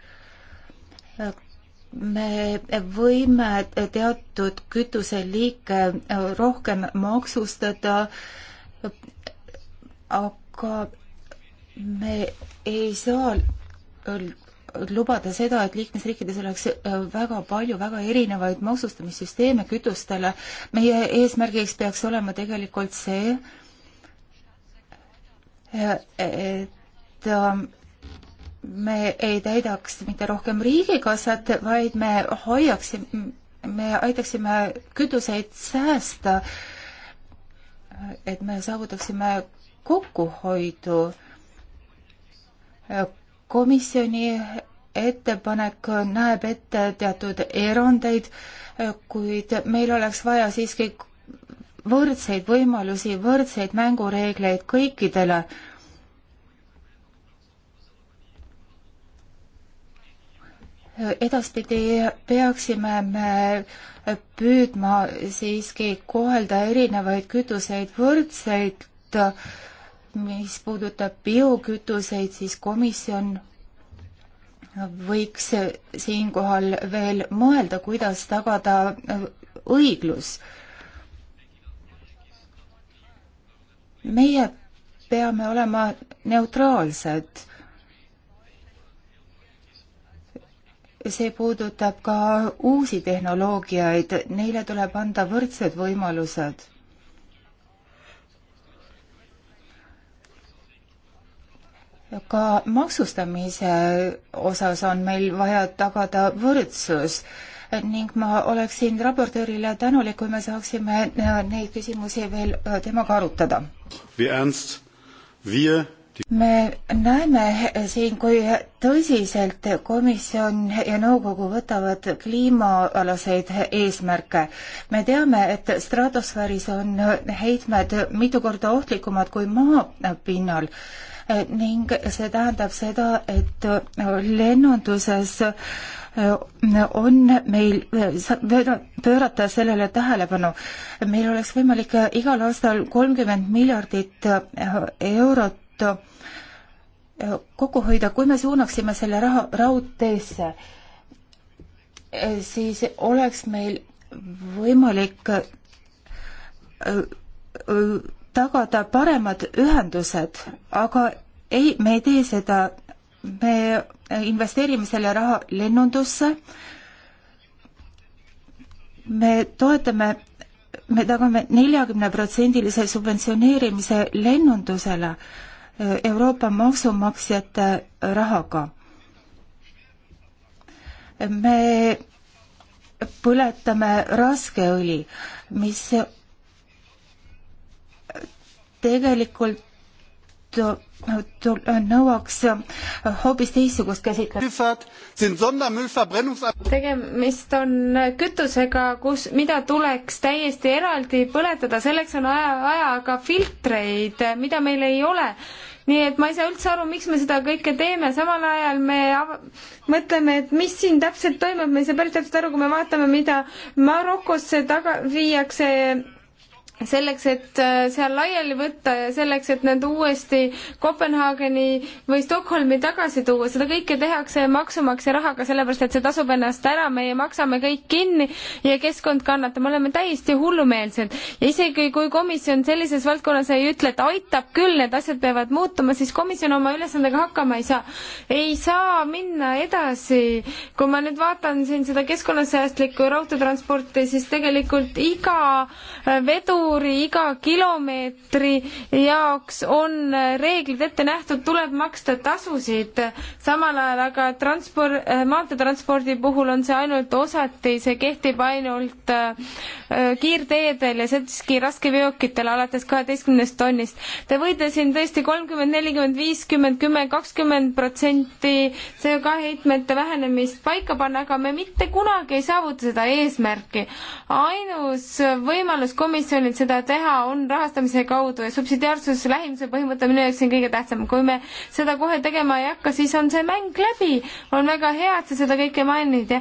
me võime teatud kütuseliike rohkem maksustada, aga me ei saa lubada seda, et liikmesriikides oleks väga palju väga erinevaid maksustamissüsteeme kütustele. meie eesmärgiks peaks olema tegelikult see, et ähm, me ei täidaks mitte rohkem riigikassat, vaid me hoiaksime, me aitaksime kütuseid säästa, et me saavutaksime kokkuhoidu. komisjoni ettepanek näeb ette teatud erandeid, kuid meil oleks vaja siiski võrdseid võimalusi, võrdseid mängureegleid kõikidele. edaspidi peaksime me püüdma siiski kohelda erinevaid kütuseid võrdseid. mis puudutab biokütuseid, siis komisjon võiks siinkohal veel mõelda, kuidas tagada õiglus meie peame olema neutraalsed. see puudutab ka uusi tehnoloogiaid, neile tuleb anda võrdsed võimalused. ka maksustamise osas on meil vaja tagada võrdsus ning ma oleksin raportöörile tänulik, kui me saaksime äh, neid küsimusi veel äh, temaga arutada. me näeme äh, siin, kui tõsiselt komisjon ja nõukogu võtavad kliimaalaseid eesmärke. me teame, et stratosfääris on heitmed mitu korda ohtlikumad kui maapinnal ning see tähendab seda, et lennunduses on meil pöörata sellele tähelepanu. meil oleks võimalik igal aastal kolmkümmend miljardit eurot kokku hoida, kui me suunaksime selle raha raudteesse, siis oleks meil võimalik äh, tagada paremad ühendused, aga ei, me ei tee seda me investeerime selle raha lennundusse, me toetame, me tagame neljakümneprotsendilise subventsioneerimise lennundusele Euroopa maksumaksjate rahaga. me põletame raskeõli, mis tegelikult nõuaks hoopis teistsugust käsitlust. tegemist on kütusega, kus, mida tuleks täiesti eraldi põletada, selleks on aja, ajaga filtreid, mida meil ei ole. nii et ma ei saa üldse aru, miks me seda kõike teeme, samal ajal me mõtleme, et mis siin täpselt toimub, me ei saa päris täpselt aru, kui me vaatame, mida Marokosse taga viiakse selleks, et äh, seal laiali võtta ja selleks, et nad uuesti Kopenhaageni või Stockholmi tagasi tuua, seda kõike tehakse maksumaksja rahaga, sellepärast et see tasub ennast ära, meie maksame kõik kinni ja keskkond kannatab, me oleme täiesti hullumeelsed. ja isegi kui komisjon sellises valdkonnas ei ütle, et aitab küll, need asjad peavad muutuma, siis komisjon oma ülesandega hakkama ei saa. ei saa minna edasi. kui ma nüüd vaatan siin seda keskkonnasäästlikku raudteetransporti, siis tegelikult iga äh, vedu suuri iga kilomeetri jaoks on reeglid ette nähtud, tuleb maksta tasusid. samal ajal aga transport, eh, maanteetranspordi puhul on see ainult osati, see kehtib ainult eh, kiirteedel ja siiski raskeveokitel alates kaheteistkümnest tonnist. Te võite siin tõesti kolmkümmend, nelikümmend, viiskümmend, kümme, kakskümmend protsenti CO2 heitmete vähenemist paika panna, aga me mitte kunagi ei saavuta seda eesmärki. ainus võimalus komisjonil seda teha, on rahastamise kaudu ja subsidiaarsus, lähimuse põhimõte minu jaoks on kõige tähtsam. kui me seda kohe tegema ei hakka, siis on see mäng läbi. on väga hea, et sa seda kõike mainid ja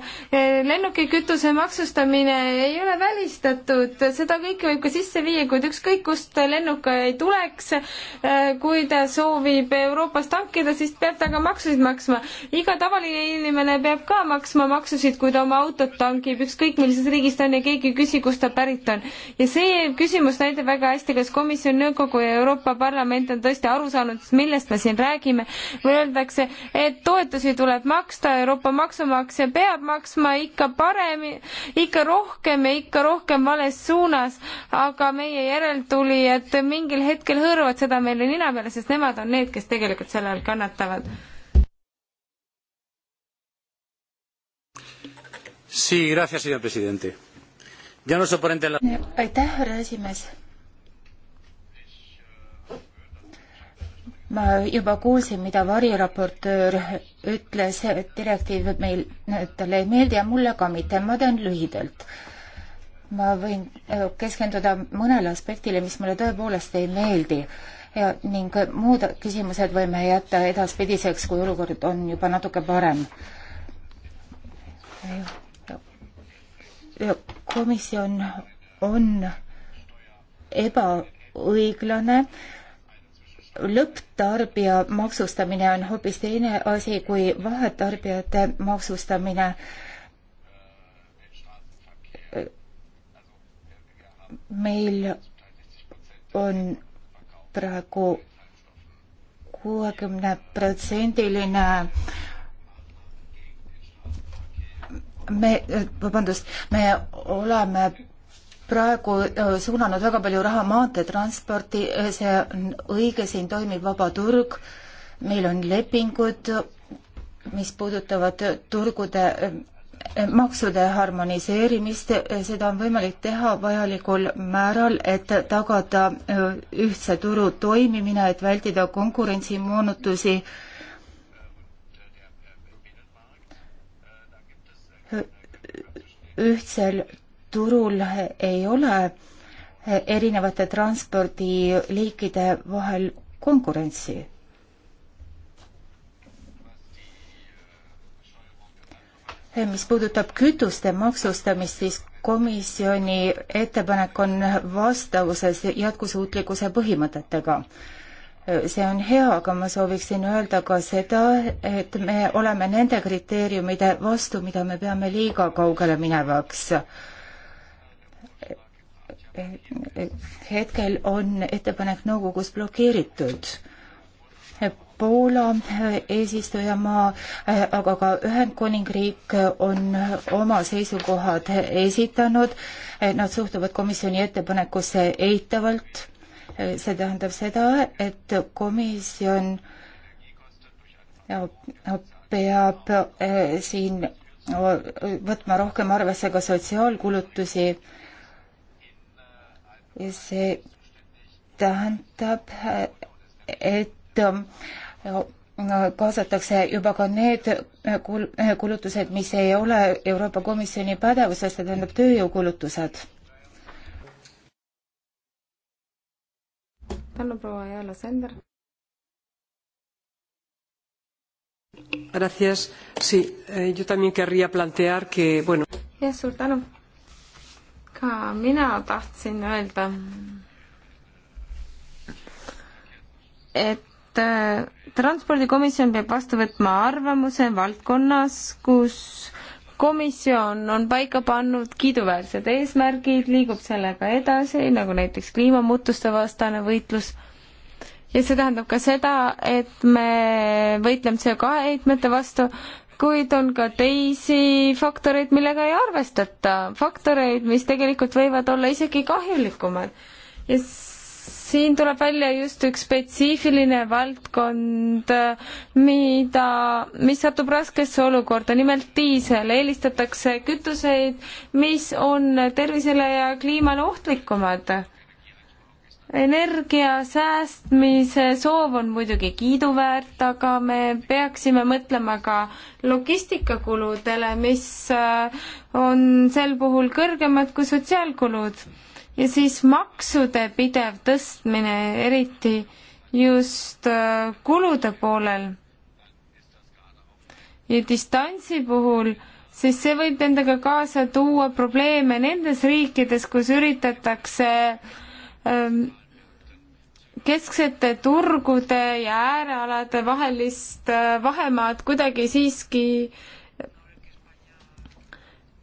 lennukikütuse maksustamine ei ole välistatud, seda kõike võib ka sisse viia, kuid ükskõik kust lennuk ei tuleks, äh, kui ta soovib Euroopas tankida, siis peab ta ka maksusid maksma. iga tavaline inimene peab ka maksma maksusid, kui ta oma autot tankib, ükskõik millisest riigist ta on ja keegi ei küsi, kust ta pärit on. ja see küsimus näitab väga hästi, kas komisjon, nõukogu ja Euroopa Parlament on tõesti aru saanud, millest me siin räägime. või öeldakse, et toetusi tuleb maksta, Euroopa maksumaksja peab maksma ikka paremini, ikka rohkem ja ikka rohkem vales suunas, aga meie järeltulijad mingil hetkel hõõruvad seda meile nina peale, sest nemad on need, kes tegelikult selle all kannatavad Sí, gracias, señor presidente aitäh, härra esimees. ma juba kuulsin, mida variraportöör ütles, et direktiiv meil, talle ei meeldi ja mulle ka mitte, ma teen lühidalt. ma võin äh, keskenduda mõnele aspektile, mis mulle tõepoolest ei meeldi ja ning muud küsimused võime jätta edaspidiseks, kui olukord on juba natuke parem komisjon on ebaõiglane. lõpptarbija maksustamine on hoopis teine asi kui vahetarbijate maksustamine. meil on praegu kuuekümne protsendiline me, vabandust, me oleme praegu äh, suunanud väga palju raha maanteetransporti, äh, see on õige, siin toimib vaba turg, meil on lepingud, mis puudutavad turgude äh, maksude harmoniseerimist, seda on võimalik teha vajalikul määral, et tagada ühtse turu toimimine, et vältida konkurentsimoonutusi äh, ühtsel turul ei ole erinevate transpordiliikide vahel konkurentsi. mis puudutab kütuste maksustamist, siis komisjoni ettepanek on vastavuses jätkusuutlikkuse põhimõtetega see on hea, aga ma sooviksin öelda ka seda, et me oleme nende kriteeriumide vastu, mida me peame liiga kaugele minevaks. hetkel on ettepanek nõukogus blokeeritud. Poola eesistujamaa, aga ka Ühendkuningriik on oma seisukohad esitanud. Nad suhtuvad komisjoni ettepanekusse eitavalt see tähendab seda, et komisjon peab eh, siin võtma rohkem arvesse ka sotsiaalkulutusi. see tähendab, et eh, kaasatakse juba ka need kul-, eh, kulutused, mis ei ole Euroopa Komisjoni pädevuses, see tähendab tööjõukulutused tänu, proua Jala Sender. Gracias. Sí, eh, yo también querría plantear que, bueno. jah, suur tänu. ka mina tahtsin öelda, et äh, transpordikomisjon peab vastu võtma arvamuse valdkonnas, kus äh, komisjon on paika pannud kiiduväärsed eesmärgid, liigub sellega edasi, nagu näiteks kliimamuutuste vastane võitlus. ja see tähendab ka seda, et me võitleme CO2 heitmete vastu, kuid on ka teisi faktoreid, millega ei arvestata, faktoreid, mis tegelikult võivad olla isegi kahjulikumad. ja siin tuleb välja just üks spetsiifiline valdkond, mida, mis satub raskesse olukorda, nimelt diisel. eelistatakse kütuseid, mis on tervisele ja kliimale ohtlikumad. energia säästmise soov on muidugi kiiduväärt, aga me peaksime mõtlema ka logistikakuludele, mis äh, on sel puhul kõrgemad kui sotsiaalkulud ja siis maksude pidev tõstmine, eriti just äh, kulude poolel ja distantsi puhul, siis see võib endaga kaasa tuua probleeme nendes riikides, kus üritatakse ähm, kesksete turgude ja äärealade vahelist äh, vahemaad kuidagi siiski äh,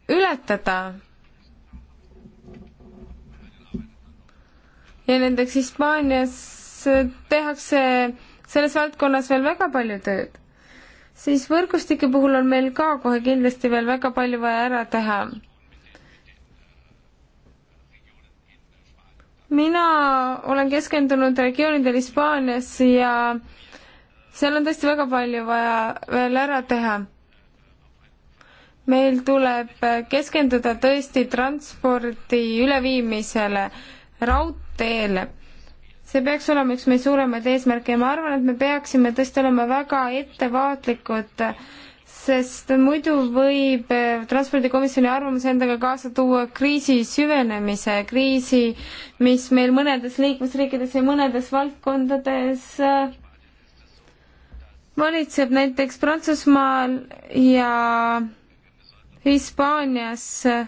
ületada ja nendeks Hispaanias tehakse selles valdkonnas veel väga palju tööd. siis võrgustike puhul on meil ka kohe kindlasti veel väga palju vaja ära teha. mina olen keskendunud regioonidel Hispaanias ja seal on tõesti väga palju vaja veel ära teha. meil tuleb keskenduda tõesti transpordi üleviimisele raudteele. see peaks olema üks meie suuremaid eesmärke ja ma arvan, et me peaksime tõesti olema väga ettevaatlikud, sest muidu võib äh, transpordikomisjoni arvamus endaga kaasa tuua kriisi süvenemise, kriisi, mis meil mõnedes liikmesriikides ja mõnedes valdkondades äh, valitseb näiteks Prantsusmaal ja Hispaanias äh,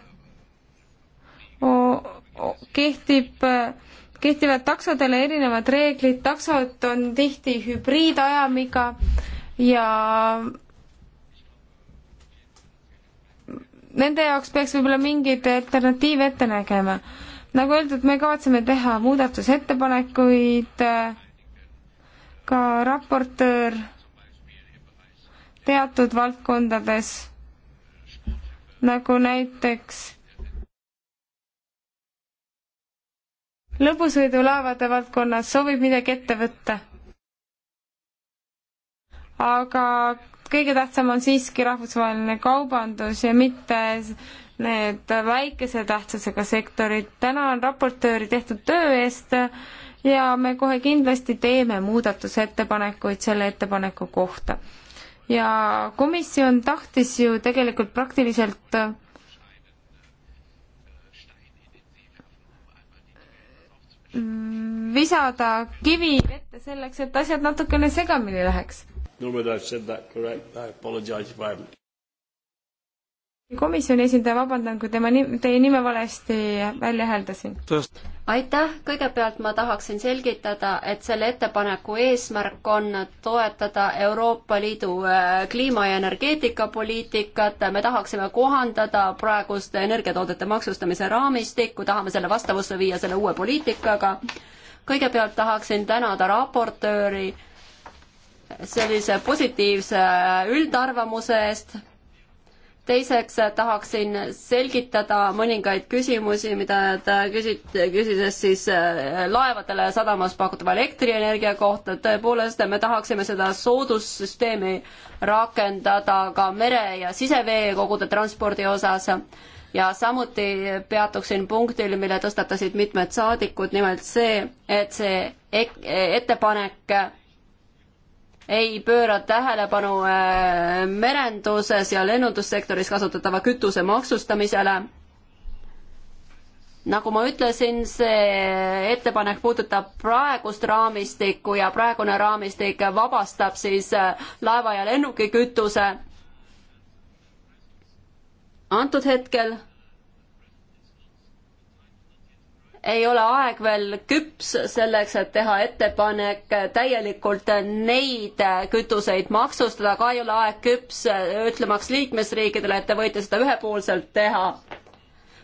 kehtib kehtivad taksodele erinevad reeglid, taksod on tihti hübriidajamiga ja nende jaoks peaks võib-olla mingeid alternatiive ette nägema. nagu öeldud, me kavatseme teha muudatusettepanekuid, ka raportöör teatud valdkondades, nagu näiteks lõbusõidulaevade valdkonnas soovib midagi ette võtta. aga kõige tähtsam on siiski rahvusvaheline kaubandus ja mitte need väikese tähtsusega sektorid. tänan raportööri tehtud töö eest ja me kohe kindlasti teeme muudatusettepanekuid selle ettepaneku kohta. ja komisjon tahtis ju tegelikult praktiliselt Mm, visada kivi vette selleks, et asjad natukene segamini läheks. Normally I have said that correct, I apologise if I haven't komisjoni esindaja, vabandan, kui tema nim-, teie nime valesti välja hääldasin. aitäh, kõigepealt ma tahaksin selgitada, et selle ettepaneku eesmärk on toetada Euroopa Liidu äh, kliima- ja energeetikapoliitikat, me tahaksime kohandada praegust energiatoodete maksustamise raamistikku, tahame selle vastavusse viia selle uue poliitikaga, kõigepealt tahaksin tänada raportööri sellise positiivse äh, üldarvamuse eest, teiseks äh, tahaksin selgitada mõningaid küsimusi, mida ta küsit-, küsides siis äh, laevadele ja sadamas pakutava elektrienergia kohta, et tõepoolest me tahaksime seda soodussüsteemi rakendada ka mere- ja siseveekogude transpordi osas ja samuti peatuksin punktil, mille tõstatasid mitmed saadikud, nimelt see, et see e-, ettepanek ei pööra tähelepanu äh, merenduses ja lennundussektoris kasutatava kütuse maksustamisele. nagu ma ütlesin, see ettepanek puudutab praegust raamistikku ja praegune raamistik vabastab siis äh, laeva- ja lennukikütuse. antud hetkel ei ole aeg veel küps selleks, et teha ettepanek täielikult neid kütuseid maksustada, ka ei ole aeg küps ütlemaks liikmesriikidele, et te võite seda ühepoolselt teha.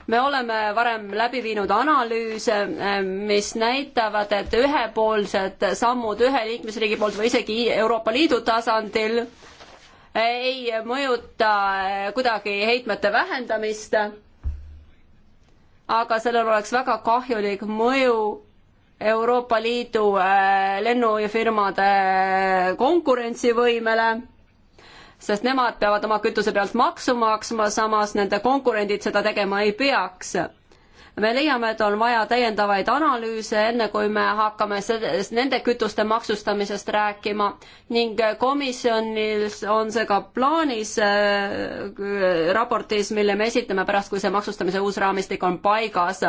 me oleme varem läbi viinud analüüse, mis näitavad, et ühepoolsed sammud ühe liikmesriigi poolt või isegi Euroopa Liidu tasandil ei mõjuta kuidagi heitmete vähendamist aga sellel oleks väga kahjulik mõju Euroopa Liidu äh, lennufirmade konkurentsivõimele, sest nemad peavad oma kütuse pealt maksu maksma, samas nende konkurendid seda tegema ei peaks me leiame, et on vaja täiendavaid analüüse, enne kui me hakkame sellest, nende kütuste maksustamisest rääkima ning komisjonis on see ka plaanis äh, raportis, mille me esitame pärast, kui see maksustamise uus raamistik on paigas.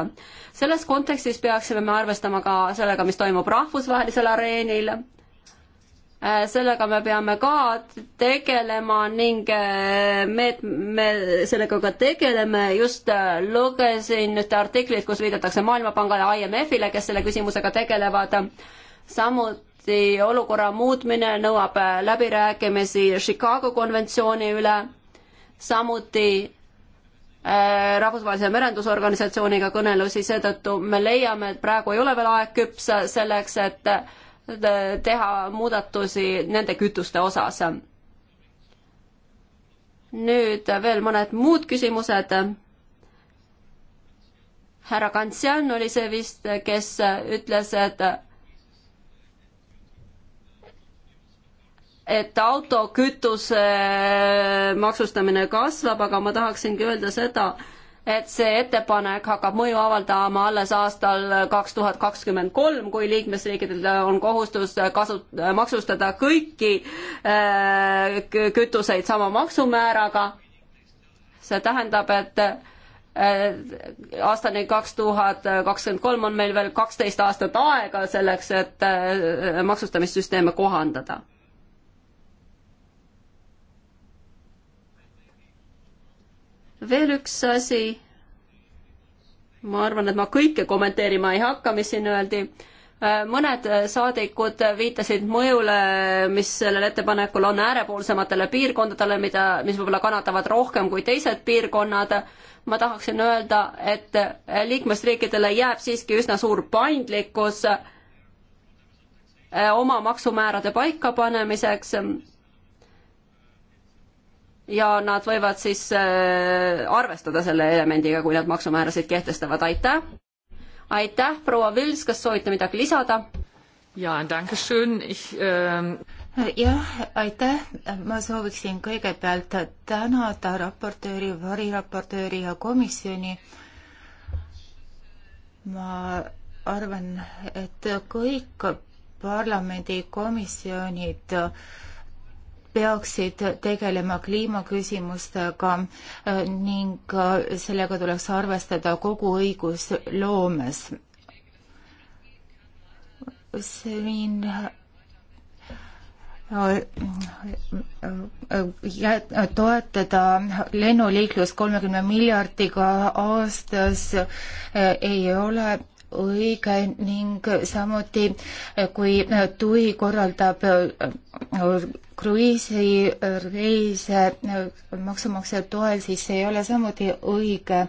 selles kontekstis peaksime me arvestama ka sellega, mis toimub rahvusvahelisel areenil Äh, sellega me peame ka tegelema ning äh, me, me sellega ka tegeleme, just äh, lugesin ühte artiklit, kus viidatakse Maailmapangale, IMF-ile, kes selle küsimusega tegelevad. samuti olukorra muutmine nõuab läbirääkimisi Chicago konventsiooni üle, samuti rahvusvahelise merendusorganisatsiooniga kõnelusi, seetõttu me leiame, et praegu ei ole veel aeg küps selleks, et teha muudatusi nende kütuste osas. nüüd veel mõned muud küsimused. härra Kantsjan oli see vist, kes ütles, et et autokütuse maksustamine kasvab, aga ma tahaksingi öelda seda, et see ettepanek hakkab mõju avaldama alles aastal kaks tuhat kakskümmend kolm, kui liikmesriikidel on kohustus kasu-, maksustada kõiki äh, kütuseid sama maksumääraga. see tähendab, et äh, aastani kaks tuhat kakskümmend kolm on meil veel kaksteist aastat aega selleks, et äh, maksustamissüsteeme kohandada veel üks asi, ma arvan, et ma kõike kommenteerima ei hakka, mis siin öeldi, äh, mõned äh, saadikud viitasid mõjule, mis sellel ettepanekul on äärepoolsematele piirkondadele, mida, mis võib-olla kannatavad rohkem kui teised piirkonnad. ma tahaksin öelda, et äh, liikmesriikidele jääb siiski üsna suur paindlikkus oma maksumäärade paikapanemiseks ja nad võivad siis äh, arvestada selle elemendiga, kui nad maksumäärasid kehtestavad, aitäh. aitäh, proua Vils, kas soovite midagi lisada? jaa, danke schön, ich ähm... jah, aitäh, ma sooviksin kõigepealt tänada raportööri, variraportööri ja komisjoni. ma arvan, et kõik parlamendikomisjonid äh, peaksid tegelema kliimaküsimustega äh, ning äh, sellega tuleks arvestada kogu õigusloomes. siin äh, toetada lennuliiklust kolmekümne miljardiga aastas ei ole õige ning samuti kui TUI korraldab äh, kruiisireise äh, maksumaksja toel, siis see ei ole samuti õige.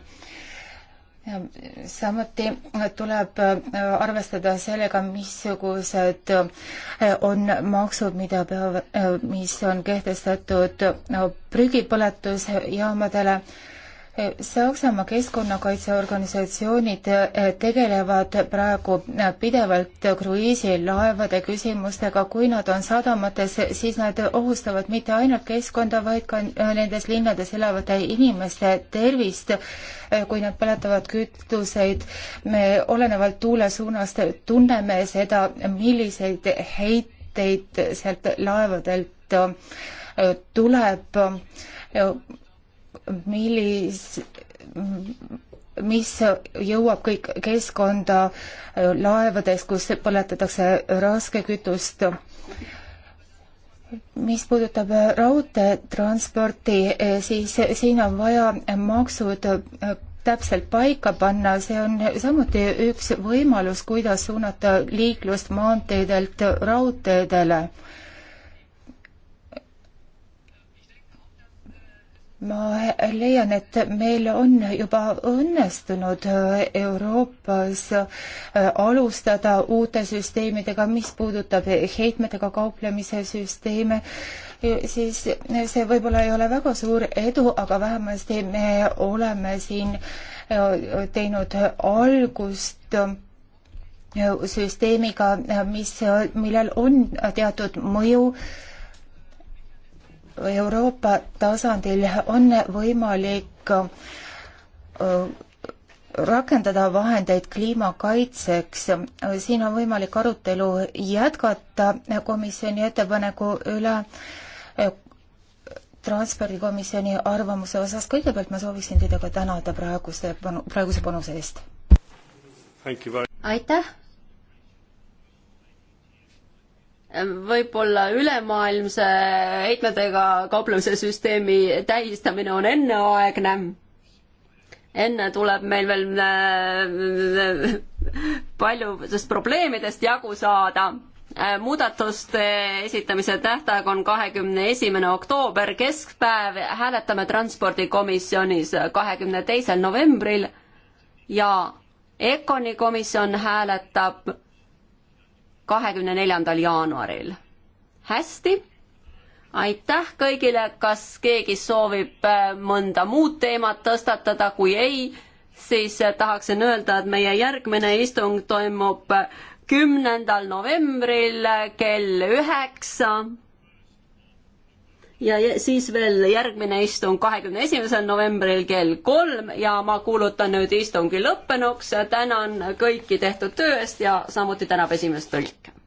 samuti tuleb äh, arvestada sellega, missugused on maksud, mida peavad, mis on kehtestatud prügipõletusjaamadele no, Saksamaa keskkonnakaitseorganisatsioonid eh, tegelevad praegu eh, pidevalt kruiisilaevade küsimustega. kui nad on sadamates, siis nad ohustavad mitte ainult keskkonda, vaid ka eh, nendes linnades elavate inimeste tervist, kui nad põletavad kütuseid. me olenevalt tuule suunast tunneme seda, milliseid heiteid sealt laevadelt tuleb millis, mis jõuab kõik keskkonda laevades, kus põletatakse raskekütust. mis puudutab raudteetransporti, siis siin on vaja maksud täpselt paika panna, see on samuti üks võimalus, kuidas suunata liiklust maanteedelt raudteedele ma leian, et meil on juba õnnestunud äh, Euroopas äh, alustada uute süsteemidega, mis puudutab heitmetega kauplemise süsteeme, siis äh, see võib-olla ei ole väga suur edu, aga vähemasti me oleme siin teinud algust süsteemiga, mis, millel on teatud mõju äh, Euroopa tasandil on võimalik äh, rakendada vahendeid kliimakaitseks. siin on võimalik arutelu jätkata komisjoni ettepaneku üle äh, transpordikomisjoni arvamuse osas. kõigepealt ma sooviksin teid aga tänada praeguse, praeguse panuse eest. aitäh! võib-olla ülemaailmse heitmetega kauplemise süsteemi tähistamine on enneaegne. enne tuleb meil veel äh, paljudest probleemidest jagu saada. Äh, muudatuste esitamise tähtaeg on kahekümne esimene oktoober, keskpäev, hääletame transpordikomisjonis kahekümne teisel novembril ja EKONi komisjon hääletab kahekümne neljandal jaanuaril. hästi, aitäh kõigile, kas keegi soovib äh, mõnda muud teemat tõstatada, kui ei, siis äh, tahaksin öelda, et meie järgmine istung toimub äh, kümnendal novembril kell üheksa ja siis veel järgmine istung kahekümne esimesel novembril kell kolm ja ma kuulutan nüüd istungi lõppenuks. tänan kõiki tehtud töö eest ja samuti tänab esimest tõlke.